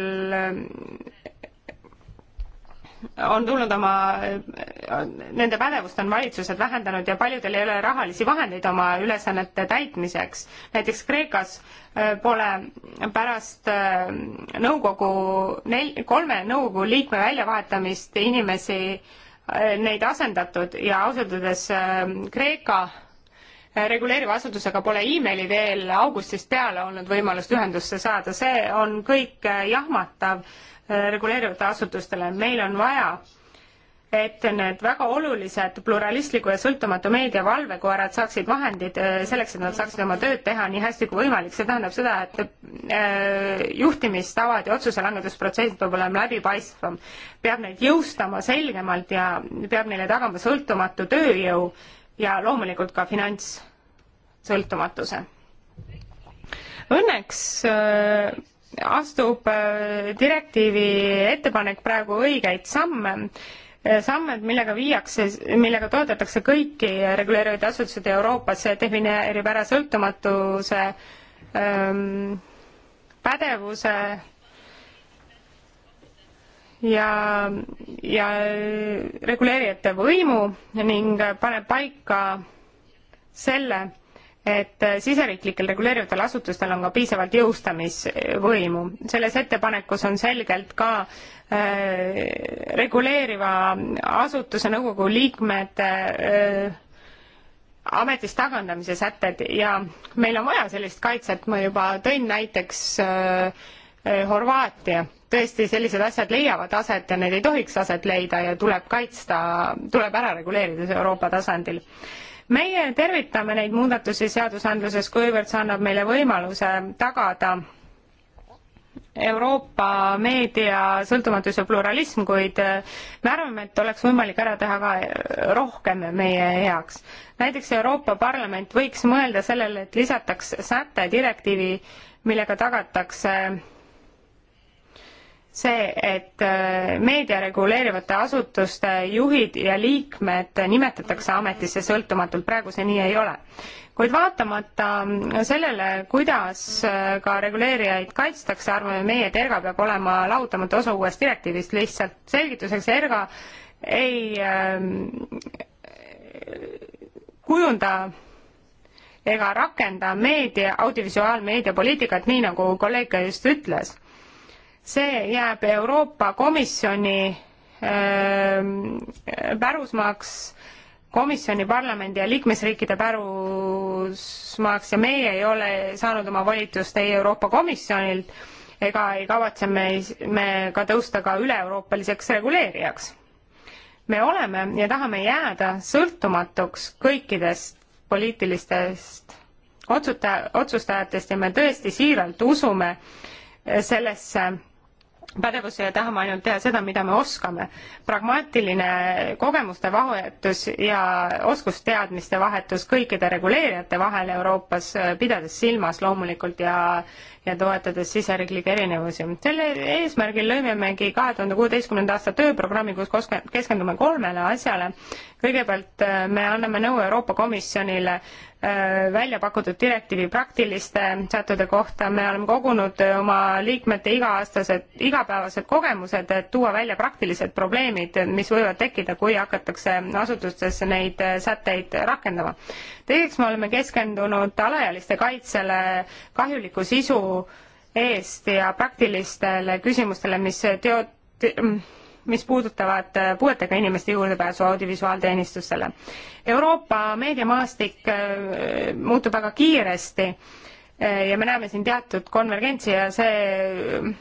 on tulnud oma, nende pädevust on valitsused vähendanud ja paljudel ei ole rahalisi vahendeid oma ülesannete täitmiseks. näiteks Kreekas äh, pole pärast äh, nõukogu nel-, kolme nõukogu liikme väljavahetamist inimesi äh, neid asendatud ja ausalt öeldes Kreeka reguleeriva asutusega pole emaili teel augustist peale olnud võimalust ühendusse saada, see on kõik jahmatav Äh, reguleerivate asutustele. meil on vaja, et need väga olulised pluralistliku ja sõltumatu meedia valvekoerad saaksid vahendid äh, selleks, et nad saaksid oma tööd teha nii hästi kui võimalik. see tähendab seda, et äh, juhtimistavad ja otsuse langetusprotsessid peab olema läbipaistvam. peab neid jõustama selgemalt ja peab neile tagama sõltumatu tööjõu ja loomulikult ka finantssõltumatuse õnneks astub äh, direktiivi ettepanek praegu õigeid samme, äh, samme, millega viiakse, millega toetatakse kõiki reguleerivaid asutuseid Euroopas, see defineerib ära sõltumatuse ähm, pädevuse ja, ja äh, reguleerijate võimu ning paneb paika selle, et äh, siseriiklikel reguleerivatel asutustel on ka piisavalt jõustamisvõimu. selles ettepanekus on selgelt ka äh, reguleeriva asutuse nõukogu liikmete äh, ametist tagandamise sätted ja meil on vaja sellist kaitset, ma juba tõin näiteks äh, äh Horvaatia, tõesti sellised asjad leiavad aset ja need ei tohiks aset leida ja tuleb kaitsta, tuleb ära reguleerida see Euroopa tasandil meie tervitame neid muudatusi seadusandluses, kuivõrd see annab meile võimaluse tagada Euroopa meedia sõltumatus ja pluralism, kuid äh, me arvame, et oleks võimalik ära teha ka äh, rohkem meie heaks. näiteks Euroopa Parlament võiks mõelda sellele, et lisataks säte direktiivi, millega tagatakse see, et äh, meedia reguleerivate asutuste juhid ja liikmed nimetatakse ametisse sõltumatult, praegu see nii ei ole. kuid vaatamata sellele, kuidas äh, ka reguleerijaid kaitstakse, arvame meie, et ERGA peab olema lahutamatu osa uuest direktiivist, lihtsalt selgituseks, ERGA ei äh, kujunda ega rakenda meedia, audiovisuaalmeedia poliitikat, nii nagu kolleeg ka just ütles see jääb Euroopa Komisjoni ähm, pärusmaaks, komisjoni, parlamendi ja liikmesriikide pärusmaaks ja meie ei ole saanud oma volitust ei Euroopa Komisjonilt ega ei kavatse me, me ka tõusta ka üle-euroopaliseks reguleerijaks. me oleme ja tahame jääda sõltumatuks kõikidest poliitilistest otsuta-, otsustajatest ja me tõesti siiralt usume sellesse pädevusse ja tahame ainult teha seda, mida me oskame. pragmaatiline kogemuste vahetus ja oskusteadmiste vahetus kõikide reguleerijate vahel Euroopas, pidades silmas loomulikult ja ja toetades siseriiklikke erinevusi. selle eesmärgil lõimemegi kahe tuhande kuueteistkümnenda aasta tööprogrammi, kus keskendume kolmele asjale. kõigepealt eh, me anname nõu Euroopa Komisjonile Äh, välja pakutud direktiivi praktiliste sättude kohta, me oleme kogunud äh, oma liikmete iga-aastased, igapäevased kogemused, et tuua välja praktilised probleemid, mis võivad tekkida, kui hakatakse asutustesse neid äh, sätteid rakendama. teiseks me oleme keskendunud alaealiste kaitsele kahjuliku sisu eest ja praktilistele küsimustele, mis teo-, mis puudutavad äh, puuetega inimeste juurdepääsu audiovisuaalteenistustele. Euroopa meediamaastik äh, muutub väga kiiresti äh, ja me näeme siin teatud konvergentsi ja see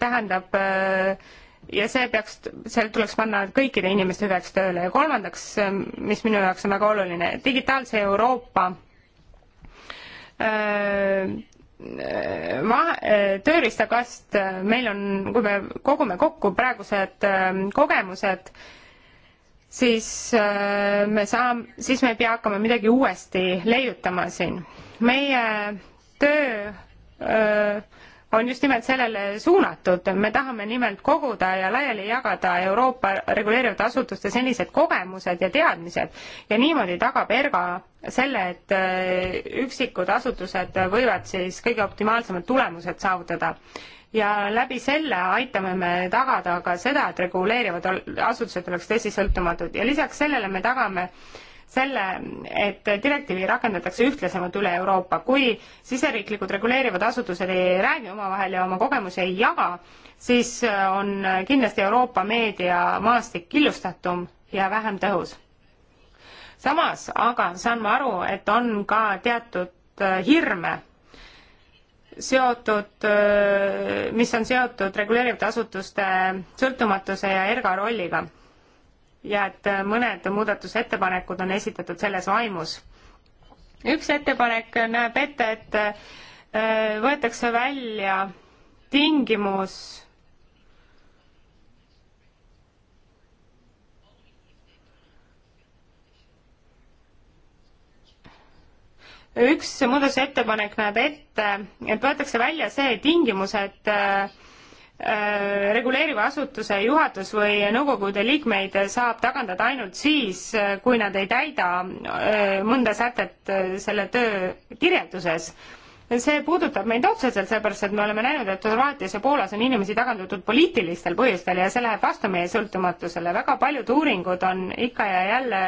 tähendab ja see peaks, see tuleks panna kõikide inimeste hüveks tööle ja kolmandaks, mis minu jaoks on väga oluline, digitaalse Euroopa tööriistakast meil on, kui me kogume kokku praegused ähm, kogemused, siis äh, me saame, siis me ei pea hakkama midagi uuesti leiutama siin. meie töö öö, äh, on just nimelt sellele suunatud, me tahame nimelt koguda ja laiali jagada Euroopa reguleerivate asutuste senised kogemused ja teadmised ja niimoodi tagab ERGA selle, et äh, üksikud asutused võivad siis kõige optimaalsemad tulemused saavutada. ja läbi selle aitame me tagada ka seda, et reguleerivad asutused oleks tõesti sõltumatud ja lisaks sellele me tagame äh, selle, et direktiivi rakendatakse ühtlasemalt üle Euroopa. kui siseriiklikud reguleerivad asutused ei räägi omavahel ja oma kogemusi ei jaga, siis on kindlasti Euroopa meediamaastik killustatum ja vähem tõhus. samas aga saan ma aru, et on ka teatud äh, hirme seotud, äh, mis on seotud reguleerivate asutuste sõltumatuse ja erga rolliga ja et mõned muudatusettepanekud on esitatud selles vaimus. üks ettepanek näeb ette, et äh, võetakse välja tingimus üks muudatusettepanek näeb ette, et võetakse välja see tingimus, et äh, Äh, reguleeriva asutuse juhatus või nõukogude liikmeid saab tagandada ainult siis, kui nad ei täida äh, mõnda sätet äh, selle töö kirjelduses. see puudutab meid otseselt, sellepärast et me oleme näinud, et Horvaatias ja Poolas on inimesi tagandatud poliitilistel põhjustel ja see läheb vastu meie sõltumatusele. väga paljud uuringud on ikka ja jälle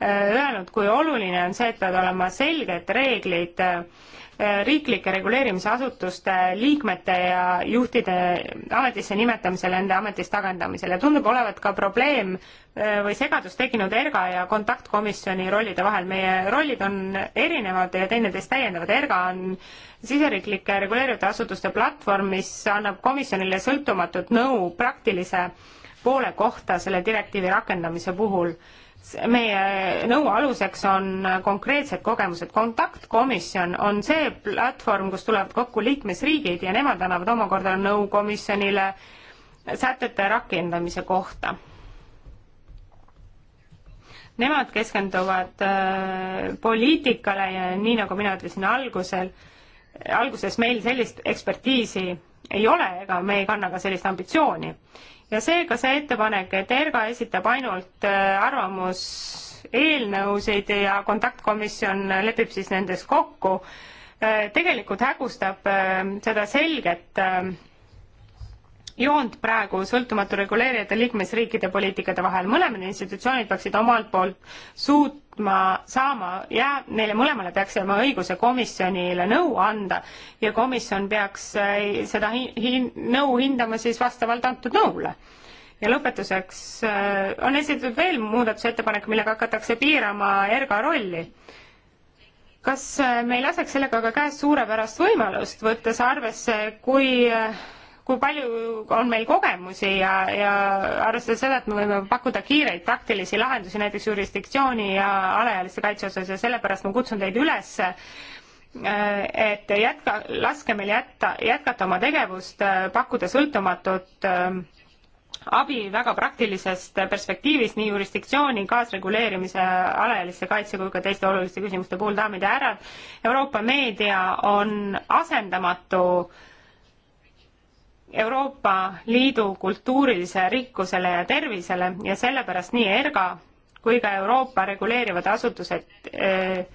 öelnud, kui oluline on see, et peavad olema selged reeglid äh, riiklike reguleerimisasutuste liikmete ja juhtide ametisse nimetamisel, nende ametist tagandamisel ja tundub olevat ka probleem äh, või segadus tekkinud ERGA ja kontaktkomisjoni rollide vahel. meie rollid on erinevad ja teineteist täiendavad. ERGA on siseriiklike reguleerivate asutuste platvorm, mis annab komisjonile sõltumatut nõu praktilise poole kohta selle direktiivi rakendamise puhul meie nõu aluseks on konkreetsed kogemused. kontaktkomisjon on see platvorm, kus tulevad kokku liikmesriigid ja nemad annavad omakorda nõu komisjonile sätete rakendamise kohta. Nemad keskenduvad äh, poliitikale ja nii, nagu mina ütlesin algusel, alguses meil sellist ekspertiisi ei ole ega me ei kanna ka sellist ambitsiooni ja seega see ettepanek, et ERGA esitab ainult äh, arvamuseelnõusid ja kontaktkomisjon lepib siis nendes kokku, äh, tegelikult hägustab äh, seda selget joont praegu sõltumatu reguleerijate liikmesriikide poliitikate vahel. mõlemad institutsioonid peaksid omalt poolt suut-, ma saama jääb, neile mõlemale peaks jääma õiguse komisjonile nõu anda ja komisjon peaks eh, seda hin-, hin-, nõu hindama siis vastavalt antud nõule. ja lõpetuseks eh, on esitatud veel muudatusettepanek, millega hakatakse piirama erga rolli. kas eh, me ei laseks sellega ka käest suurepärast võimalust, võttes arvesse, kui kui palju on meil kogemusi ja, ja arvestades seda, et me võime pakkuda kiireid praktilisi lahendusi näiteks jurisdiktsiooni ja alaealiste kaitse osas ja sellepärast ma kutsun teid üles, äh, et jätka, laske meil jätta, jätkata oma tegevust, äh, pakkuda sõltumatut äh, abi väga praktilisest perspektiivist nii jurisdiktsiooni, kaasreguleerimise, alaealiste kaitse kui ka teiste oluliste küsimuste puhul, daamid ja härrad, Euroopa meedia on asendamatu äh, Euroopa Liidu kultuurilise rikkusele ja tervisele ja sellepärast nii ERGA kui ka Euroopa reguleerivad asutused, eh,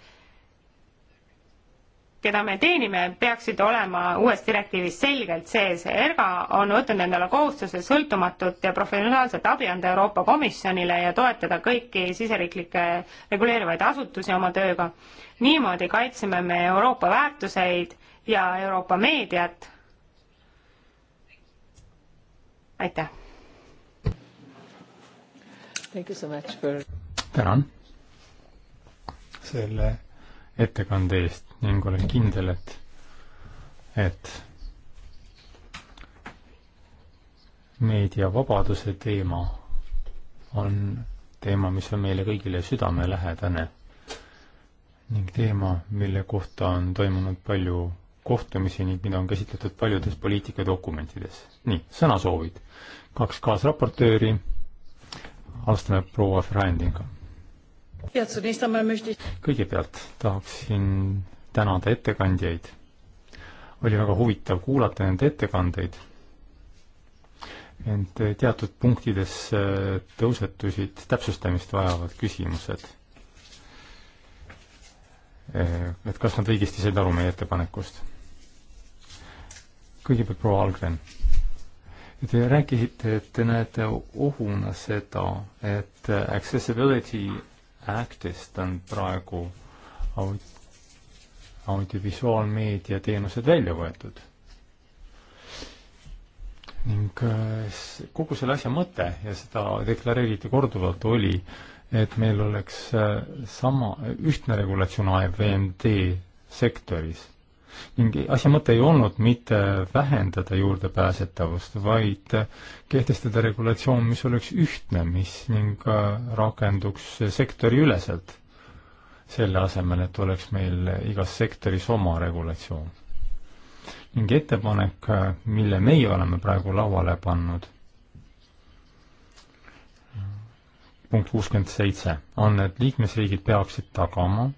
keda me teenime, peaksid olema uues direktiivis selgelt sees. ERGA on võtnud endale kohustuse sõltumatut ja professionaalset abi anda Euroopa Komisjonile ja toetada kõiki siseriiklikke reguleerivaid asutusi oma tööga. niimoodi kaitseme me Euroopa väärtuseid ja Euroopa meediat aitäh! For... tänan selle ettekande eest ning olen kindel, et, et meediavabaduse teema on teema, mis on meile kõigile südamelähedane ning teema, mille kohta on toimunud palju kohtumisi ning mida on käsitletud paljudes poliitikadokumentides. nii, sõnasoovid. kaks kaasraportööri, alustame proua Freundiga. kõigepealt tahaksin tänada ettekandjaid. oli väga huvitav kuulata nende ettekandeid. ent teatud punktides äh, tõusetusid täpsustamist vajavad küsimused äh, et kas nad õigesti said aru meie ettepanekust? kõigepealt proua Algren. Te rääkisite, et te näete ohuna seda, et Accessibility Actist on praegu aud-, audiovisuaalmeedia teenused välja võetud. ning äh, kogu selle asja mõte ja seda deklareeriti korduvalt, oli, et meil oleks äh, sama, ühtne regulatsioon AMD sektoris ning asja mõte ei olnud mitte vähendada juurdepääsetavust, vaid kehtestada regulatsioon, mis oleks ühtne, mis ning rakenduks sektoriüleselt. selle asemel, et oleks meil igas sektoris oma regulatsioon. ning ettepanek, mille meie oleme praegu lauale pannud punkt kuuskümmend seitse on, et liikmesriigid peaksid tagama,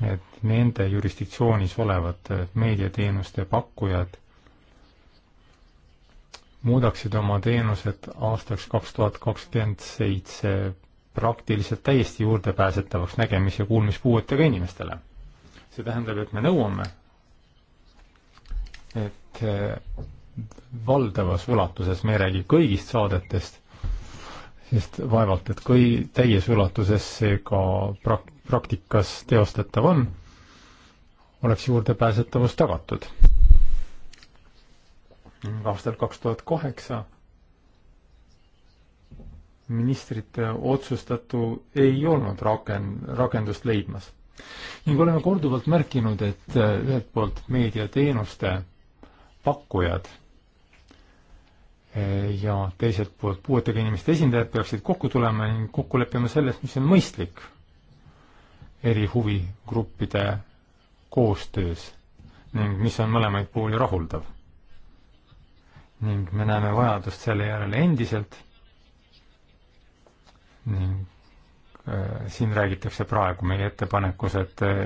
et nende jurisdiktsioonis olevad meediateenuste pakkujad muudaksid oma teenused aastaks kaks tuhat kakskümmend seitse praktiliselt täiesti juurdepääsetavaks nägemis- ja kuulmispuuetega inimestele. see tähendab, et me nõuame, et eh, valdavas ulatuses, me ei räägi kõigist saadetest, sest vaevalt, et kõi-, täies ulatuses see ka prak-, praktikas teostatav on, oleks juurdepääsetavus tagatud. aastal kaks tuhat kaheksa ministrite otsustatu ei olnud raken-, rakendust leidmas. ning oleme korduvalt märkinud, et äh, ühelt poolt meediateenuste pakkujad äh, ja teiselt poolt puuetega inimeste esindajad peaksid kokku tulema ning kokku leppima selles, mis on mõistlik eri huvigruppide koostöös ning mis on mõlemaid pooli rahuldav. ning me näeme vajadust selle järele endiselt ning äh, siin räägitakse praegu meie ettepanekus, et äh,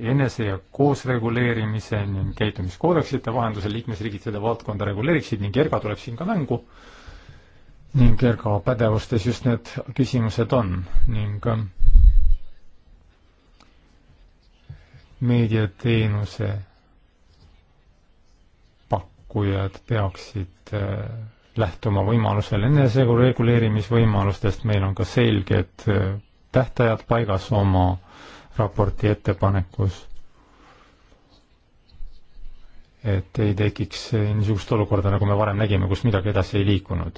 enese- ja koosreguleerimise ning käitumiskoodeksite vahendusel liikmesriigid seda valdkonda reguleeriksid ning ERGA tuleb siin ka mängu ning ERGA pädevustes just need küsimused on ning äh, meediateenuse pakkujad peaksid äh, lähtuma võimalusel enesereguleerimisvõimalustest, meil on ka selged äh, tähtajad paigas oma raporti ettepanekus. et ei tekiks niisugust olukorda, nagu me varem nägime, kus midagi edasi ei liikunud.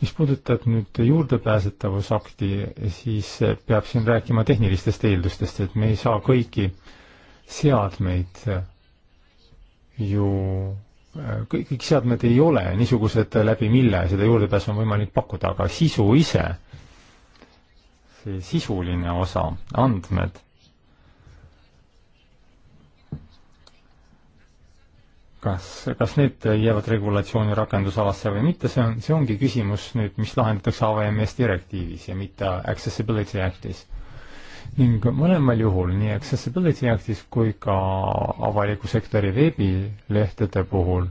mis puudutab nüüd juurdepääsetavusakti, siis peab siin rääkima tehnilistest eeldustest, et me ei saa kõiki äh, seadmeid ju äh, kõik, kõik seadmed ei ole niisugused, äh, läbi mille seda juurdepääsu on võimalik pakkuda, aga sisu ise, see sisuline osa, andmed, kas, kas need jäävad regulatsiooni rakendusalasse või mitte, see on, see ongi küsimus nüüd, mis lahendatakse AVMS direktiivis ja mitte Accessibility Actis ning mõlemal juhul, nii Accessibility Actis kui ka avaliku sektori veebilehtede puhul,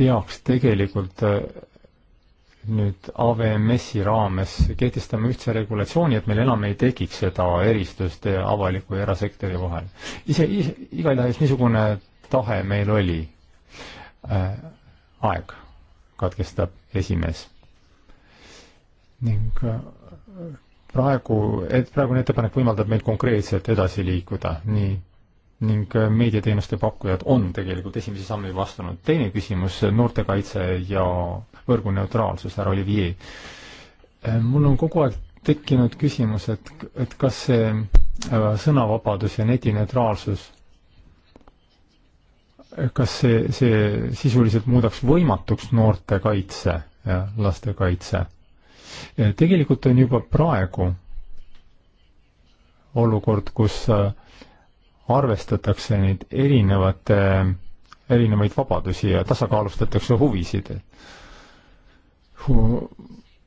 peaks tegelikult eh, nüüd AVMS-i raames kehtestama ühtse regulatsiooni, et meil enam ei tekiks seda eristust avaliku ja erasektori vahel. ise, ise, igatahes niisugune tahe meil oli äh,. aeg katkestab esimees ning äh, praegu, et praegune ettepanek võimaldab meil konkreetselt edasi liikuda, nii, ning äh, meediateenuste pakkujad on tegelikult esimese sammi vastanud. teine küsimus, noortekaitse ja võrguneutraalsus, härra Olivier. Äh, mul on kogu aeg tekkinud küsimus, et, et kas see sõnavabadus ja netineutraalsus, kas see, see sisuliselt muudaks võimatuks noortekaitse ja lastekaitse? tegelikult on juba praegu olukord, kus äh, arvestatakse neid erinevate, erinevaid vabadusi ja tasakaalustatakse huvisid Hu.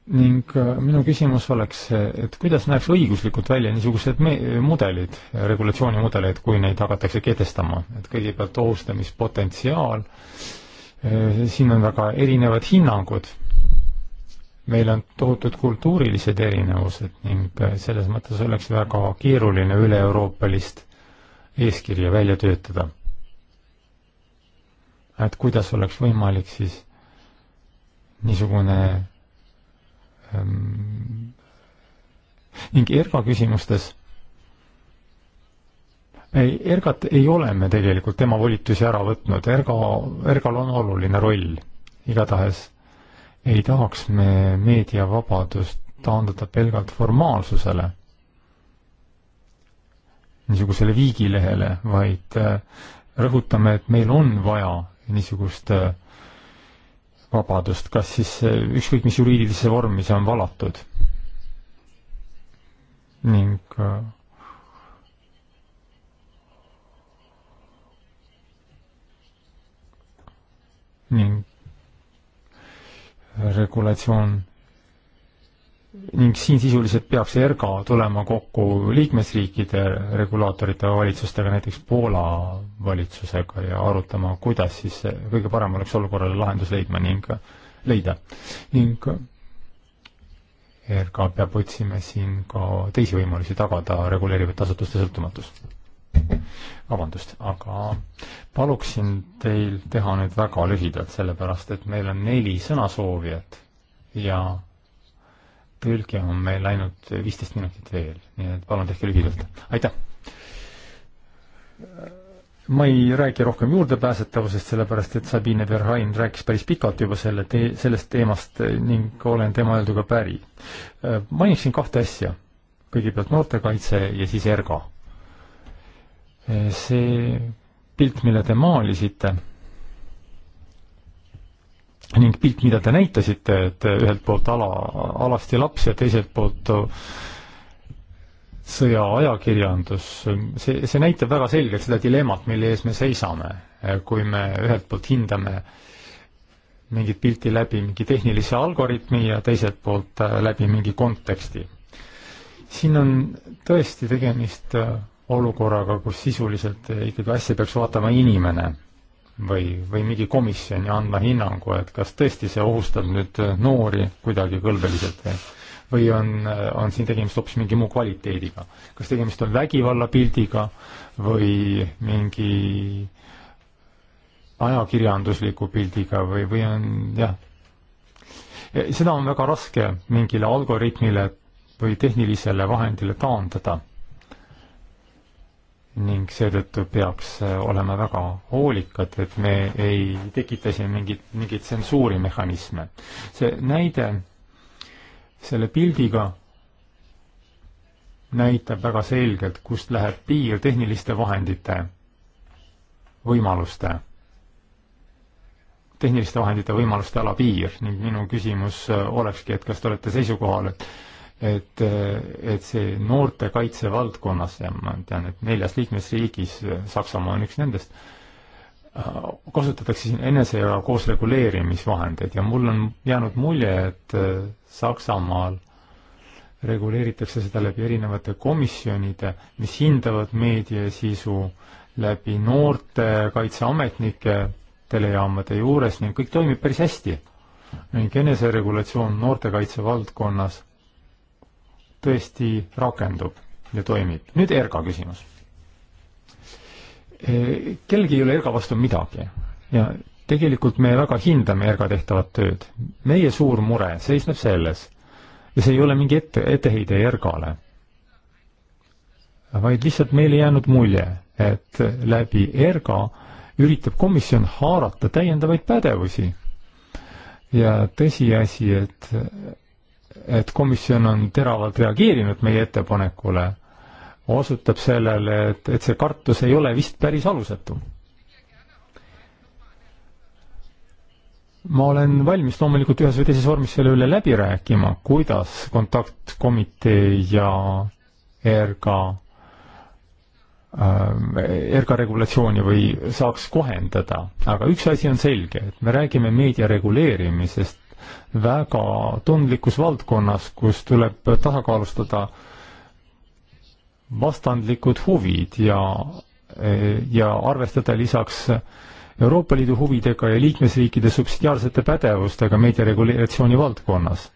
ning äh, minu küsimus oleks, et kuidas näeks õiguslikult välja niisugused me-, mudelid, regulatsioonimudeleid, kui neid hakatakse kehtestama, et kõigepealt ohustamispotentsiaal, äh, siin on väga erinevad hinnangud meil on tohutud kultuurilised erinevused ning äh, selles mõttes oleks väga keeruline üle-euroopalist eeskirja välja töötada. et kuidas oleks võimalik siis niisugune ähm, ning ERGA küsimustes ei, ERGA-t ei ole me tegelikult tema volitusi ära võtnud, ERGA, ERGA-l on oluline roll igatahes ei tahaks me meediavabadust taandada pelgalt formaalsusele, niisugusele viigilehele, vaid äh, rõhutame, et meil on vaja niisugust äh, vabadust, kas siis äh, ükskõik mis juriidilisse vormi see on valatud. ning ning regulatsioon ning siin sisuliselt peab see ERGA tulema kokku liikmesriikide regulaatorite valitsustega, näiteks Poola valitsusega ja arutama, kuidas siis kõige parem oleks olukorrale lahendus leidma ning leida. ning ERGA peab otsima siin ka teisi võimalusi tagada reguleerivate asutuste sõltumatus. vabandust, aga paluksin teil teha nüüd väga lühidalt, sellepärast et meil on neli sõnasoovijat ja tõlge on meil ainult viisteist minutit veel, nii et palun tehke lühidalt, aitäh! ma ei räägi rohkem juurdepääsetavusest, sellepärast et Sabine Verhain rääkis päris pikalt juba selle tee, sellest teemast ning olen tema öelduga päri. mainiksin kahte asja. kõigepealt noortekaitse ja siis ERGO. see pilt, mille te maalisite ning pilt, mida te näitasite, et ühelt poolt ala, alasti laps ja teiselt poolt sõjaajakirjandus, see, see näitab väga selgelt seda dilemmat, mille ees me seisame. kui me ühelt poolt hindame mingit pilti läbi mingi tehnilise algoritmi ja teiselt poolt läbi mingi konteksti. siin on tõesti tegemist olukorraga, kus sisuliselt ikkagi asja peaks vaatama inimene või, või mingi komisjon ja andma hinnangu, et kas tõesti see ohustab nüüd noori kuidagi kõlbeliselt või või on, on siin tegemist hoopis mingi muu kvaliteediga. kas tegemist on vägivallapildiga või mingi ajakirjandusliku pildiga või, või on jah, e, seda on väga raske mingile algoritmile või tehnilisele vahendile taandada ning seetõttu peaks olema väga hoolikad, et me ei tekita siin mingit, mingeid tsensuurimehhanisme. see näide selle pildiga näitab väga selgelt, kust läheb piir tehniliste vahendite võimaluste, tehniliste vahendite võimaluste alapiir ning minu küsimus olekski, et kas te olete seisukohal, et et, et see noorte kaitse valdkonnas ja ma tean, et neljas liikmesriigis, Saksamaa on üks nendest, kasutatakse siin enese ja koosreguleerimisvahendeid ja mul on jäänud mulje, et äh, Saksamaal reguleeritakse seda läbi erinevate komisjonide, mis hindavad meediasisu läbi noorte kaitseametnike telejaamade juures ning kõik toimib päris hästi. ning eneseregulatsioon noortekaitse valdkonnas tõesti rakendub ja toimib. nüüd ERGA küsimus. E, kellelgi ei ole ERGA vastu midagi ja tegelikult me väga hindame ERGA tehtavat tööd. meie suur mure seisneb selles ja see ei ole mingi ette, etteheide ERGA-le, vaid lihtsalt meile jäänud mulje, et läbi ERGA üritab komisjon haarata täiendavaid pädevusi ja tõsiasi, et et komisjon on teravalt reageerinud meie ettepanekule, osutab sellele, et, et see kartus ei ole vist päris alusetu. ma olen valmis loomulikult ühes või teises vormis selle üle läbi rääkima, kuidas kontaktkomitee ja ERGA ERGA ähm, regulatsiooni või saaks kohendada, aga üks asi on selge, et me räägime meedia reguleerimisest väga tundlikus valdkonnas, kus tuleb tasakaalustada vastandlikud huvid ja, ja arvestada lisaks Euroopa Liidu huvidega ja liikmesriikide subsidiaarsete pädevustega meediaregulatsiooni valdkonnas.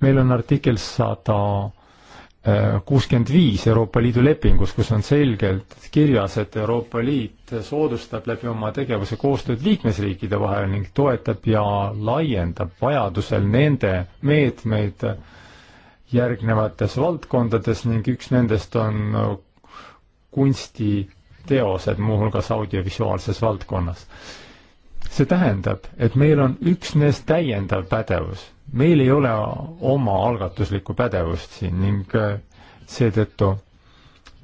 meil on artikkel sada 100 kuuskümmend viis Euroopa Liidu lepingus, kus on selgelt kirjas, et Euroopa Liit soodustab läbi oma tegevuse koostööd liikmesriikide vahel ning toetab ja laiendab vajadusel nende meetmeid järgnevates valdkondades ning üks nendest on kunstiteosed, muuhulgas audiovisuaalses valdkonnas. see tähendab, et meil on üksnes täiendav pädevus meil ei ole oma algatuslikku pädevust siin ning äh, seetõttu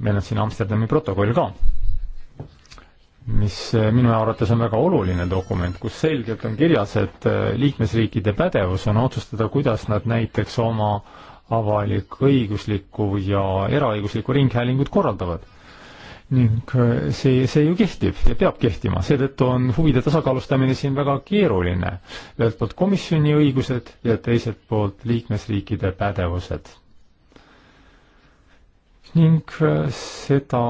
meil on siin Amsterdami protokoll ka, mis äh, minu arvates on väga oluline dokument, kus selgelt on kirjas, et äh, liikmesriikide pädevus on otsustada, kuidas nad näiteks oma avalik-õiguslikku ja eraõiguslikku ringhäälingut korraldavad ning äh, see, see ju kehtib ja peab kehtima, seetõttu on huvide tasakaalustamine siin väga keeruline. ühelt poolt komisjoni õigused ja teiselt poolt liikmesriikide pädevused. ning äh, seda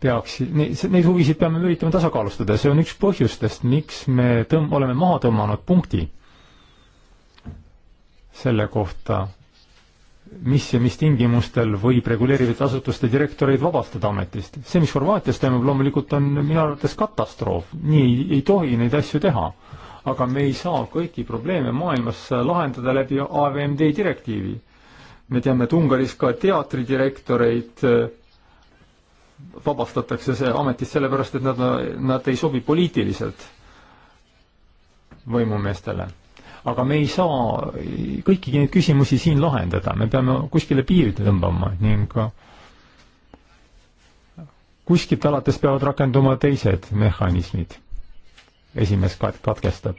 peaks, neid huvisid peame üritama tasakaalustada, see on üks põhjustest, miks me tõmb-, oleme maha tõmmanud punkti selle kohta, mis ja mis tingimustel võib reguleerivate asutuste direktoreid vabastada ametist. see, mis Horvaatias toimub, loomulikult on minu arvates katastroof, nii ei, ei tohi neid asju teha. aga me ei saa kõiki probleeme maailmas lahendada läbi AVMD direktiivi. me teame, et Ungaris ka teatridirektoreid eh, vabastatakse see ametist sellepärast, et nad, nad ei sobi poliitiliselt võimumeestele aga me ei saa kõiki neid küsimusi siin lahendada, me peame kuskile piirid tõmbama ning kuskilt alates peavad rakenduma teised mehhanismid. esimees kat-, katkestab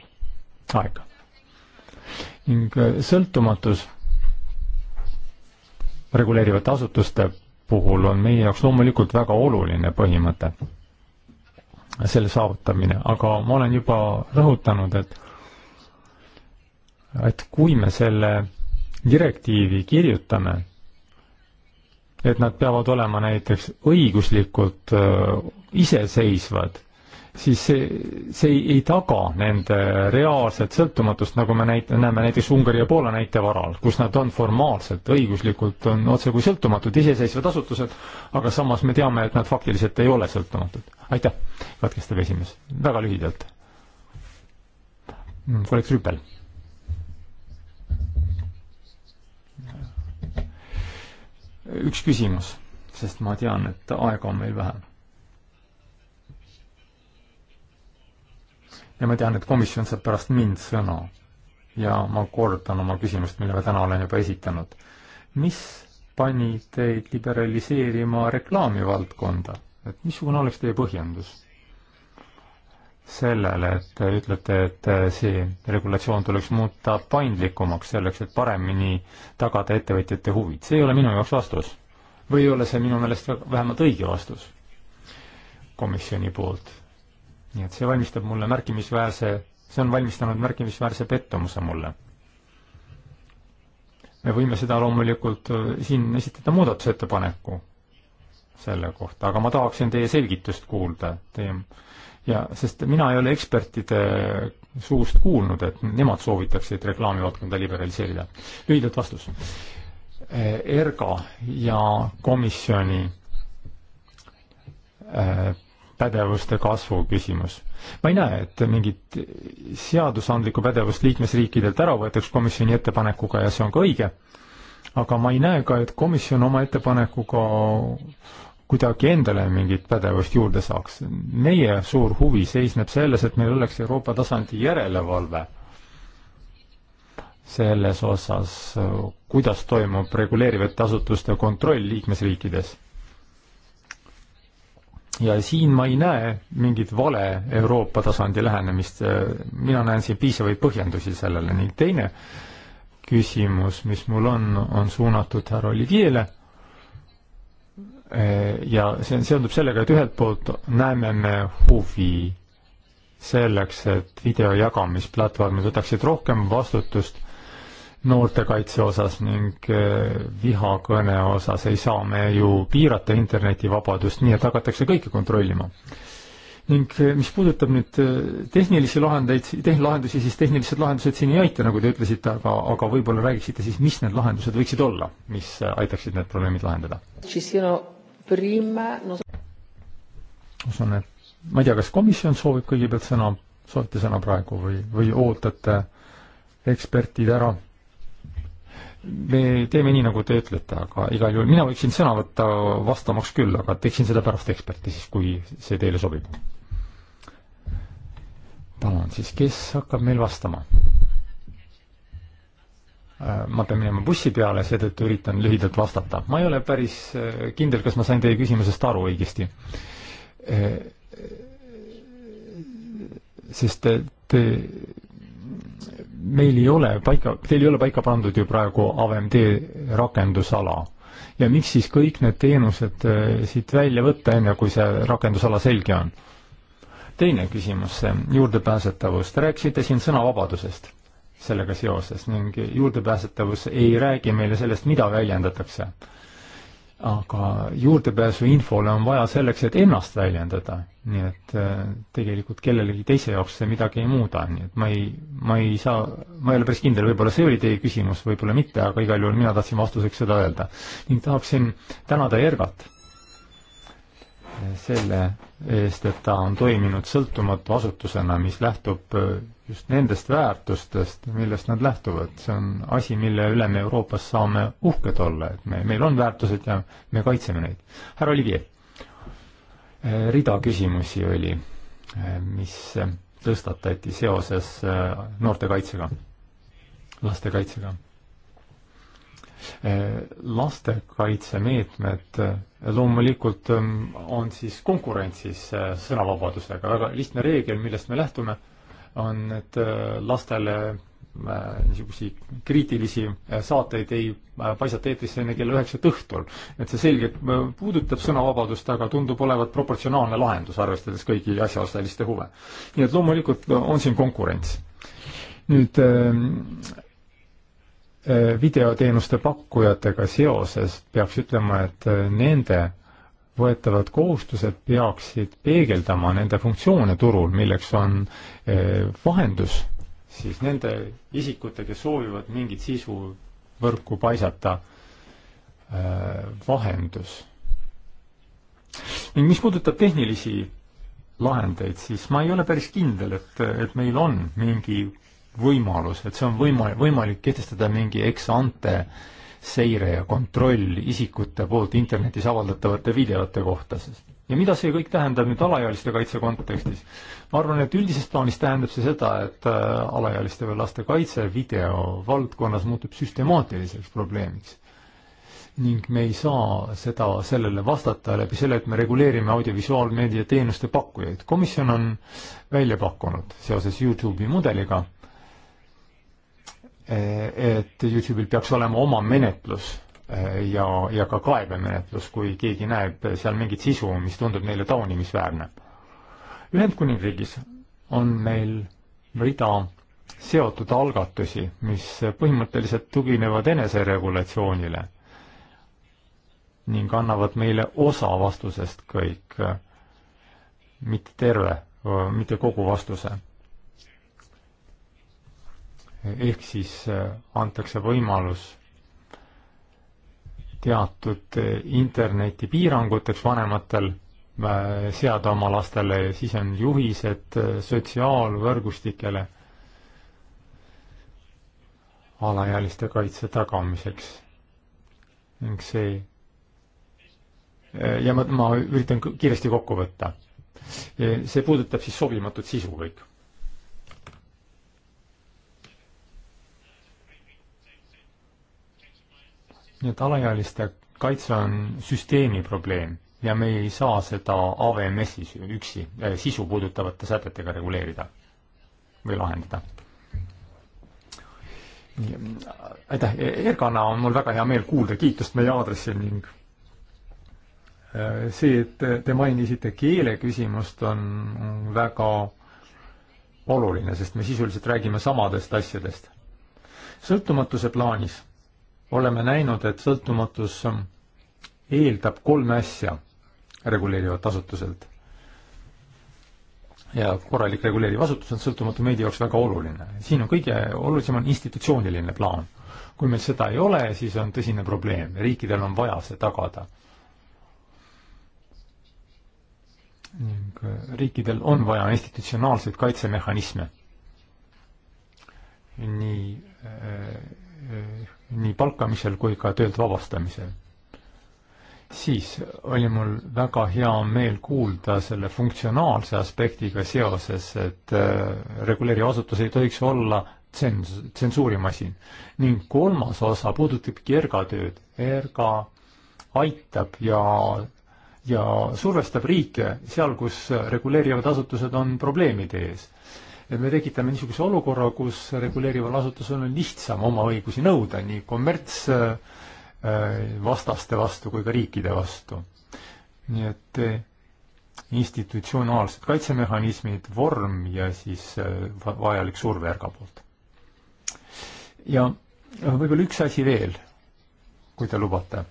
aega. ning sõltumatus reguleerivate asutuste puhul on meie jaoks loomulikult väga oluline põhimõte, selle saavutamine, aga ma olen juba rõhutanud, et et kui me selle direktiivi kirjutame, et nad peavad olema näiteks õiguslikult äh, iseseisvad, siis see, see ei, ei taga nende reaalset sõltumatust, nagu me näit-, näeme näiteks Ungari ja Poola näite varal, kus nad on formaalselt, õiguslikult on otsekui sõltumatud, iseseisvad asutused, aga samas me teame, et nad faktiliselt ei ole sõltumatud. aitäh, katkestab esimees, väga lühidalt. kolleeg Rüüpel üks küsimus, sest ma tean, et aega on meil vähe. ja ma tean, et komisjon saab pärast mind sõna. ja ma kordan oma küsimust, mille ma täna olen juba esitanud. mis pani teid liberaliseerima reklaamivaldkonda? et missugune oleks teie põhjendus? sellele, et te ütlete, et äh, see regulatsioon tuleks muuta paindlikumaks selleks, et paremini tagada ettevõtjate huvid. see ei ole minu jaoks vastus. või ei ole see minu meelest vähemalt õige vastus komisjoni poolt. nii et see valmistab mulle märkimisväärse, see on valmistanud märkimisväärse pettumuse mulle me võime seda loomulikult äh, siin esitada muudatusettepaneku selle kohta, aga ma tahaksin teie selgitust kuulda, teie ja sest mina ei ole ekspertide suust kuulnud, et nemad soovitaksid reklaamivaldkonda liberaliseerida. lühidalt vastus. Eh, ERGA ja komisjoni eh, pädevuste kasvu küsimus. ma ei näe, et mingit seadusandlikku pädevust liikmesriikidelt ära võetaks komisjoni ettepanekuga ja see on ka õige, aga ma ei näe ka, et komisjon oma ettepanekuga kuidagi endale mingit pädevust juurde saaks. meie suur huvi seisneb selles, et meil oleks Euroopa tasandi järelevalve selles osas, kuidas toimub reguleerivate asutuste kontroll liikmesriikides. ja siin ma ei näe mingit vale Euroopa tasandi lähenemist, mina näen siin piisavaid põhjendusi sellele ning teine küsimus, mis mul on, on suunatud härra Olivierile Eh, ja see seondub sellega, et ühelt poolt näeme me huvi selleks, et video jagamisplatvormid võtaksid rohkem vastutust noortekaitse osas ning eh, vihakõne osas ei saa me ju piirata internetivabadust, nii et hakatakse kõike kontrollima. ning eh, mis puudutab nüüd tehnilisi lahendeid, tehn-, lahendusi, siis tehnilised lahendused siin ei aita, nagu te ütlesite, aga, aga võib-olla räägiksite siis, mis need lahendused võiksid olla, mis aitaksid need probleemid lahendada? prima no.... usun, et ma ei tea, kas komisjon soovib kõigepealt sõna, soovite sõna praegu või, või ootate ekspertid ära? me teeme nii, nagu te ütlete, aga igal juhul mina võiksin sõna võtta vastamaks küll, aga teeksin seda pärast eksperti siis, kui see teile sobib. palun siis, kes hakkab meil vastama? Äh, ma pean minema bussi peale, seetõttu üritan lühidalt vastata. ma ei ole päris äh, kindel, kas ma sain teie küsimusest aru õigesti. Äh, sest te, te, meil ei ole paika, teil ei ole paika pandud ju praegu AVMD rakendusala. ja miks siis kõik need teenused siit välja võtta, enne kui see rakendusala selge on? teine küsimus, juurdepääsetavus, te rääkisite siin sõnavabadusest sellega seoses ning juurdepääsetavus ei räägi meile sellest, mida väljendatakse. aga juurdepääsu infole on vaja selleks, et ennast väljendada. nii et äh, tegelikult kellelegi teise jaoks see midagi ei muuda, nii et ma ei, ma ei saa, ma ei ole päris kindel, võib-olla see oli teie küsimus, võib-olla mitte, aga igal juhul mina tahtsin vastuseks seda öelda. ning tahaksin tänada Ergat selle eest, et ta on toiminud sõltumatu asutusena, mis lähtub äh, just nendest väärtustest, millest nad lähtuvad. see on asi, mille üle me Euroopas saame uhked olla, et me, meil on väärtused ja me kaitseme neid. härra Olivier, eh, rida küsimusi oli, eh, mis tõstatati seoses eh, noortekaitsega, lastekaitsega lastekaitsemeetmed loomulikult on siis konkurentsis sõnavabadusega, väga lihtne reegel, millest me lähtume on, et äh, lastele äh, niisugusi kriitilisi äh, saateid ei paisata eetrisse enne kella üheksat õhtul. et see selgelt puudutab sõnavabadust, aga tundub olevat proportsionaalne lahendus, arvestades kõigi asjaosaliste huve. nii et loomulikult on siin konkurents. nüüd videoteenuste pakkujatega seoses peaks ütlema, et nende võetavad kohustused peaksid peegeldama nende funktsioone turul, milleks on eh, vahendus siis nende isikute, kes soovivad mingit sisu võrku paisata, eh, vahendus. ning mis puudutab tehnilisi lahendeid, siis ma ei ole päris kindel, et, et meil on mingi võimalus, et see on võima-, võimalik kehtestada mingi ex-ante äh, seire ja kontroll isikute poolt internetis avaldatavate videote kohta, sest ja mida see kõik tähendab nüüd alaealiste kaitse kontekstis? ma arvan, et üldises plaanis tähendab see seda, et äh, alaealiste või laste kaitse video valdkonnas muutub süstemaatiliseks probleemiks. ning me ei saa seda, sellele vastata läbi selle, et me reguleerime audiovisuaalmeedia teenuste pakkujaid. komisjon on välja pakkunud seoses Youtube'i mudeliga et Youtube'il peaks olema oma menetlus eh, ja, ja ka kaebemenetlus, kui keegi näeb seal mingit sisu, mis tundub neile taunimisväärne. Ühendkuningriigis on meil rida seotud algatusi, mis põhimõtteliselt tuginevad eneseregulatsioonile ning annavad meile osa vastusest kõik, mitte terve, mitte kogu vastuse ehk siis äh, antakse võimalus teatud äh, internetipiiranguteks vanematel äh, seada oma lastele ja siis on juhised sotsiaalvõrgustikele alaealiste kaitse tagamiseks. ning see ja ma, ma üritan kiiresti kokku võtta. see puudutab siis sobimatut sisu kõik nii et alaealiste kaitse on süsteemi probleem ja me ei saa seda AVMS-is üksi äh, sisu puudutavate sätetega reguleerida või lahendada. aitäh, e-, Erkana on mul väga hea meel kuulda kiitust meie aadressil ning äh, see, et te mainisite keele küsimust, on väga oluline, sest me sisuliselt räägime samadest asjadest. sõltumatuse plaanis oleme näinud, et sõltumatus eeldab kolme asja reguleerivat asutuselt. ja korralik reguleeriv asutus on sõltumatu meedia jaoks väga oluline. siin on kõige olulisem on institutsiooniline plaan. kui meil seda ei ole, siis on tõsine probleem, riikidel on vaja see tagada. ning riikidel on vaja institutsionaalseid kaitsemehhanisme. nii äh, äh nii palkamisel kui ka töölt vabastamisel. siis oli mul väga hea meel kuulda selle funktsionaalse aspektiga seoses, et äh, reguleeriv asutus ei tohiks olla tsens-, tsensuurimasin. ning kolmas osa puudutabki ERGA tööd. ERGA aitab ja, ja survestab riike seal, kus reguleerivad asutused on probleemide ees me tekitame niisuguse olukorra, kus reguleerival asutusel on lihtsam oma õigusi nõuda nii kommertsvastaste äh, äh, vastu kui ka riikide vastu. nii et äh, institutsionaalsed kaitsemehhanismid, vorm ja siis vajalik surve ERGA poolt. ja võib-olla üks asi veel, kui te lubate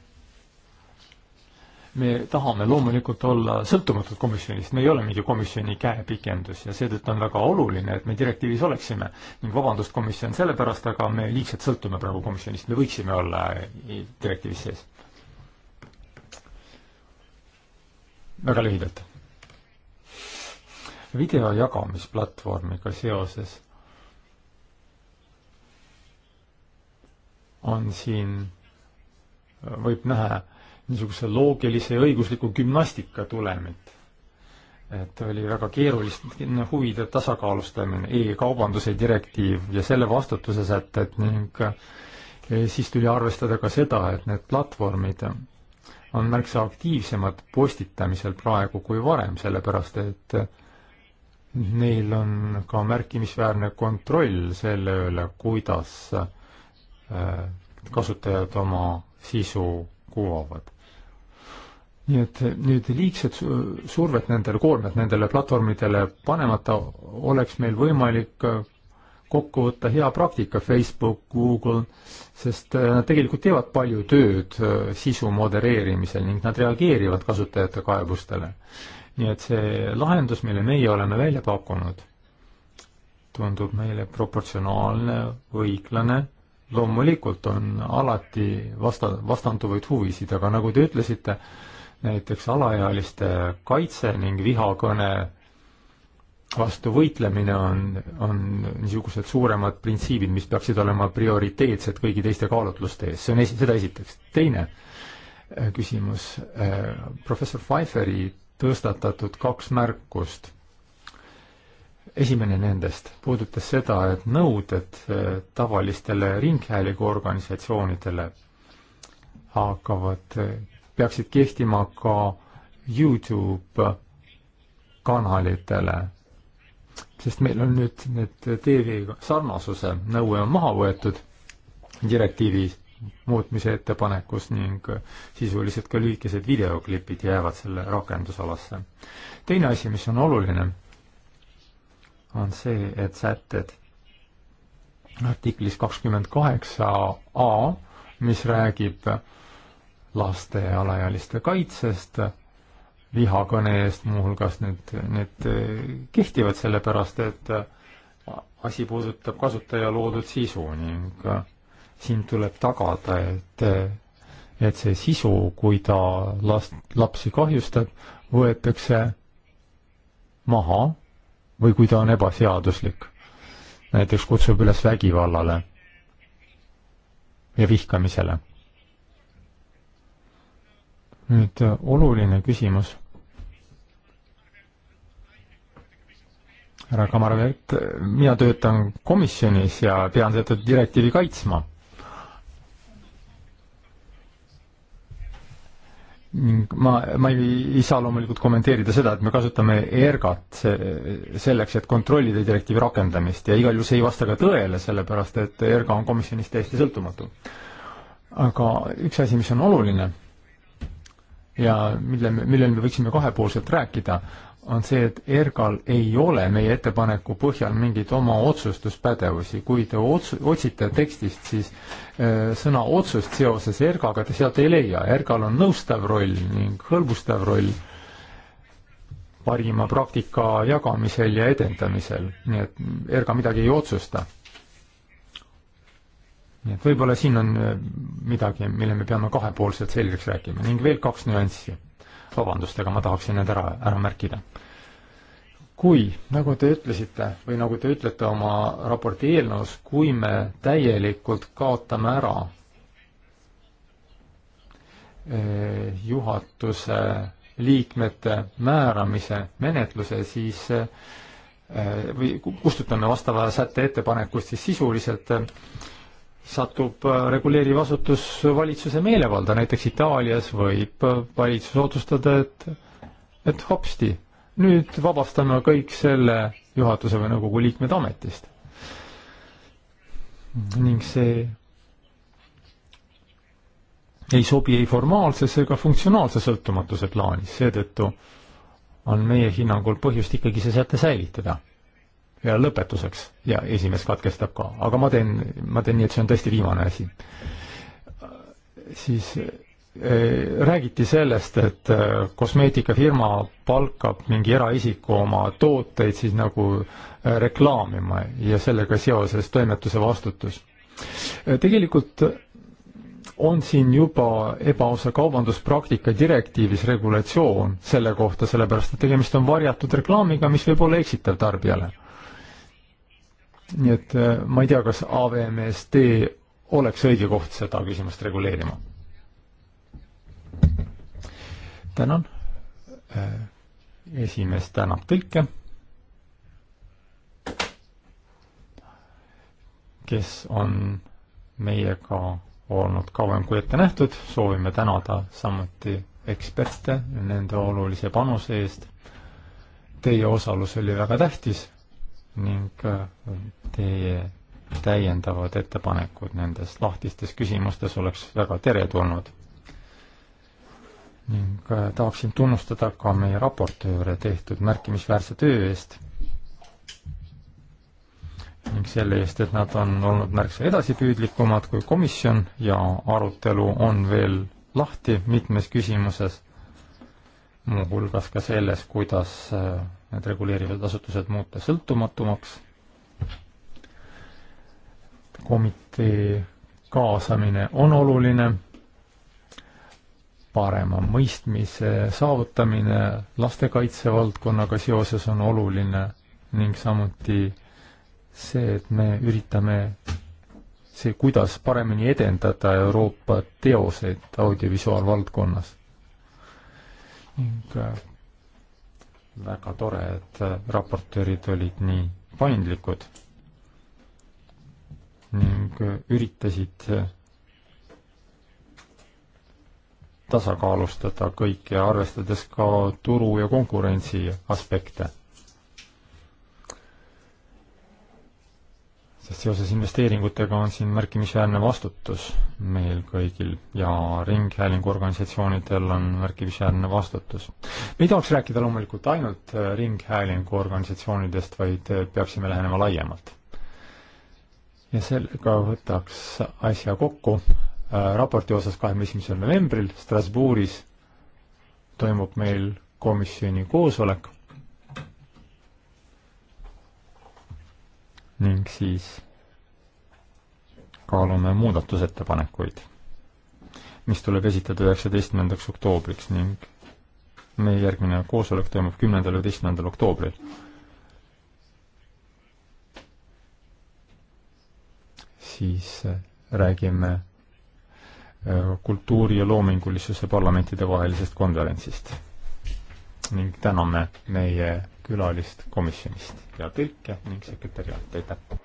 me tahame loomulikult olla sõltumatud komisjonist, me ei ole mingi komisjoni käepikendus ja seetõttu on väga oluline, et me direktiivis oleksime. ning vabandust, komisjon sellepärast, aga me liigselt sõltume praegu komisjonist, me võiksime olla äh, direktiivis sees. väga lühidalt. video jagamisplatvormiga seoses on siin, võib näha niisuguse loogilise ja õigusliku gümnastika tulemit. et oli väga keeruline huvide tasakaalustamine e, e-kaubanduse direktiiv ja selle vastutuse sätted ning e, siis tuli arvestada ka seda, et need platvormid on märksa aktiivsemad postitamisel praegu kui varem, sellepärast et neil on ka märkimisväärne kontroll selle üle, kuidas e, kasutajad oma sisu kuvavad nii et nüüd liigset survet nendele, koormet nendele platvormidele panemata oleks meil võimalik äh, kokku võtta hea praktika, Facebook, Google, sest äh, nad tegelikult teevad palju tööd äh, sisu modereerimisel ning nad reageerivad kasutajate kaebustele. nii et see lahendus, mille meie oleme välja pakkunud, tundub meile proportsionaalne, õiglane, loomulikult on alati vasta-, vastanduvaid huvisid, aga nagu te ütlesite, näiteks alaealiste kaitse ning vihakõne vastu võitlemine on, on niisugused suuremad printsiibid, mis peaksid olema prioriteetsed kõigi teiste kaalutluste ees, see on esi-, seda esiteks. teine äh, küsimus, äh, professor Pfeifferi tõstatatud kaks märkust. esimene nendest puudutas seda, et nõuded äh, tavalistele ringhäälinguorganisatsioonidele hakkavad peaksid kehtima ka Youtube kanalitele. sest meil on nüüd need TV sarnasuse nõue on maha võetud direktiivi muutmise ettepanekus ning sisuliselt ka lühikesed videoklipid jäävad selle rakendusalasse. teine asi, mis on oluline, on see, et sätted artiklis kakskümmend kaheksa A, mis räägib äh, laste ja alaealiste kaitsest, vihakõne eest muuhulgas need, need eh, kehtivad sellepärast, et eh, asi puudutab kasutaja loodud sisu ning eh, siin tuleb tagada, et, et see sisu, kui ta last, lapsi kahjustab, võetakse maha või kui ta on ebaseaduslik. näiteks kutsub üles vägivallale ja vihkamisele nüüd äh, oluline küsimus. härra Kamarvet, mina töötan komisjonis ja pean seda direktiivi kaitsma. ning ma, ma ei, ei saa loomulikult kommenteerida seda, et me kasutame ERGAt selleks, et kontrollida direktiivi rakendamist ja igal juhul see ei vasta ka tõele, sellepärast et ERGA on komisjonist täiesti sõltumatu. aga üks asi, mis on oluline ja mille, millel me võiksime kahepoolselt rääkida, on see, et ERGAL ei ole meie ettepaneku põhjal mingeid oma otsustuspädevusi. kui te ots-, otsite tekstist, siis öö, äh, sõna otsust seoses ERGAga te sealt ei leia. ERGAL on nõustav roll ning hõlbustav roll parima praktika jagamisel ja edendamisel, nii et ERGA midagi ei otsusta nii et võib-olla siin on äh, midagi, mille me peame kahepoolselt selgeks rääkima ning veel kaks nüanssi. vabandust, aga ma tahaksin need ära, ära märkida. kui, nagu te ütlesite või nagu te ütlete oma raporti eelnõus, kui me täielikult kaotame ära äh, juhatuse liikmete määramise menetluse, siis äh, või kustutame vastava sätte ettepanekust, siis sisuliselt satub äh, reguleeriv asutus valitsuse meelevalda, näiteks Itaalias võib äh, valitsus otsustada, et, et hopsti, nüüd vabastame kõik selle juhatuse või nõukogu liikmed ametist. ning see ei sobi ei formaalses ega funktsionaalse sõltumatuse plaanis, seetõttu on meie hinnangul põhjust ikkagi see säte säilitada ja lõpetuseks ja esimees katkestab ka, aga ma teen, ma teen nii, et see on tõesti viimane asi. siis eh, räägiti sellest, et eh, kosmeetikafirma palkab mingi eraisiku oma tooteid siis nagu eh, reklaamima ja sellega seoses toimetuse vastutus. tegelikult on siin juba ebaausa kaubanduspraktika direktiivis regulatsioon selle kohta, sellepärast et tegemist on varjatud reklaamiga, mis võib olla eksitav tarbijale nii et äh, ma ei tea, kas AVMSD oleks õige koht seda küsimust reguleerima. tänan. Äh, esimees tänab tõlke, kes on meiega olnud kauem kui ette nähtud, soovime tänada samuti eksperte nende olulise panuse eest. Teie osalus oli väga tähtis ning äh, teie täiendavad ettepanekud nendes lahtistes küsimustes oleks väga teretulnud. ning äh, tahaksin tunnustada ka meie raportööre tehtud märkimisväärse töö eest ning selle eest, et nad on olnud märksa edasipüüdlikumad kui komisjon ja arutelu on veel lahti mitmes küsimuses, muuhulgas ka selles, kuidas äh, need reguleerivad asutused muuta sõltumatumaks, komitee kaasamine on oluline, parema mõistmise saavutamine lastekaitse valdkonnaga seoses on oluline ning samuti see, et me üritame see, kuidas paremini edendada Euroopa teoseid audiovisuaalvaldkonnas. ning äh, väga tore, et äh, raportöörid olid nii paindlikud ning äh, üritasid äh, tasakaalustada kõike, arvestades ka turu ja konkurentsi aspekte sest seoses investeeringutega on siin märkimisväärne vastutus meil kõigil ja ringhäälinguorganisatsioonidel on märkimisväärne vastutus. me ei tahaks rääkida loomulikult ainult äh, ringhäälinguorganisatsioonidest, vaid äh, peaksime lähenema laiemalt. ja sellega võtaks asja kokku äh, raporti osas kahekümne esimesel novembril Strasbourgis toimub meil komisjoni koosolek ning siis kaalume muudatusettepanekuid, mis tuleb esitada üheksateistkümnendaks oktoobriks ning meie järgmine koosolek toimub kümnendal, üheteistkümnendal oktoobril. siis äh, räägime äh, kultuuri ja loomingulisuse parlamentidevahelisest konverentsist ning täname meie külalist komisjonist ja tõlke ning sekretäriaat, aitäh!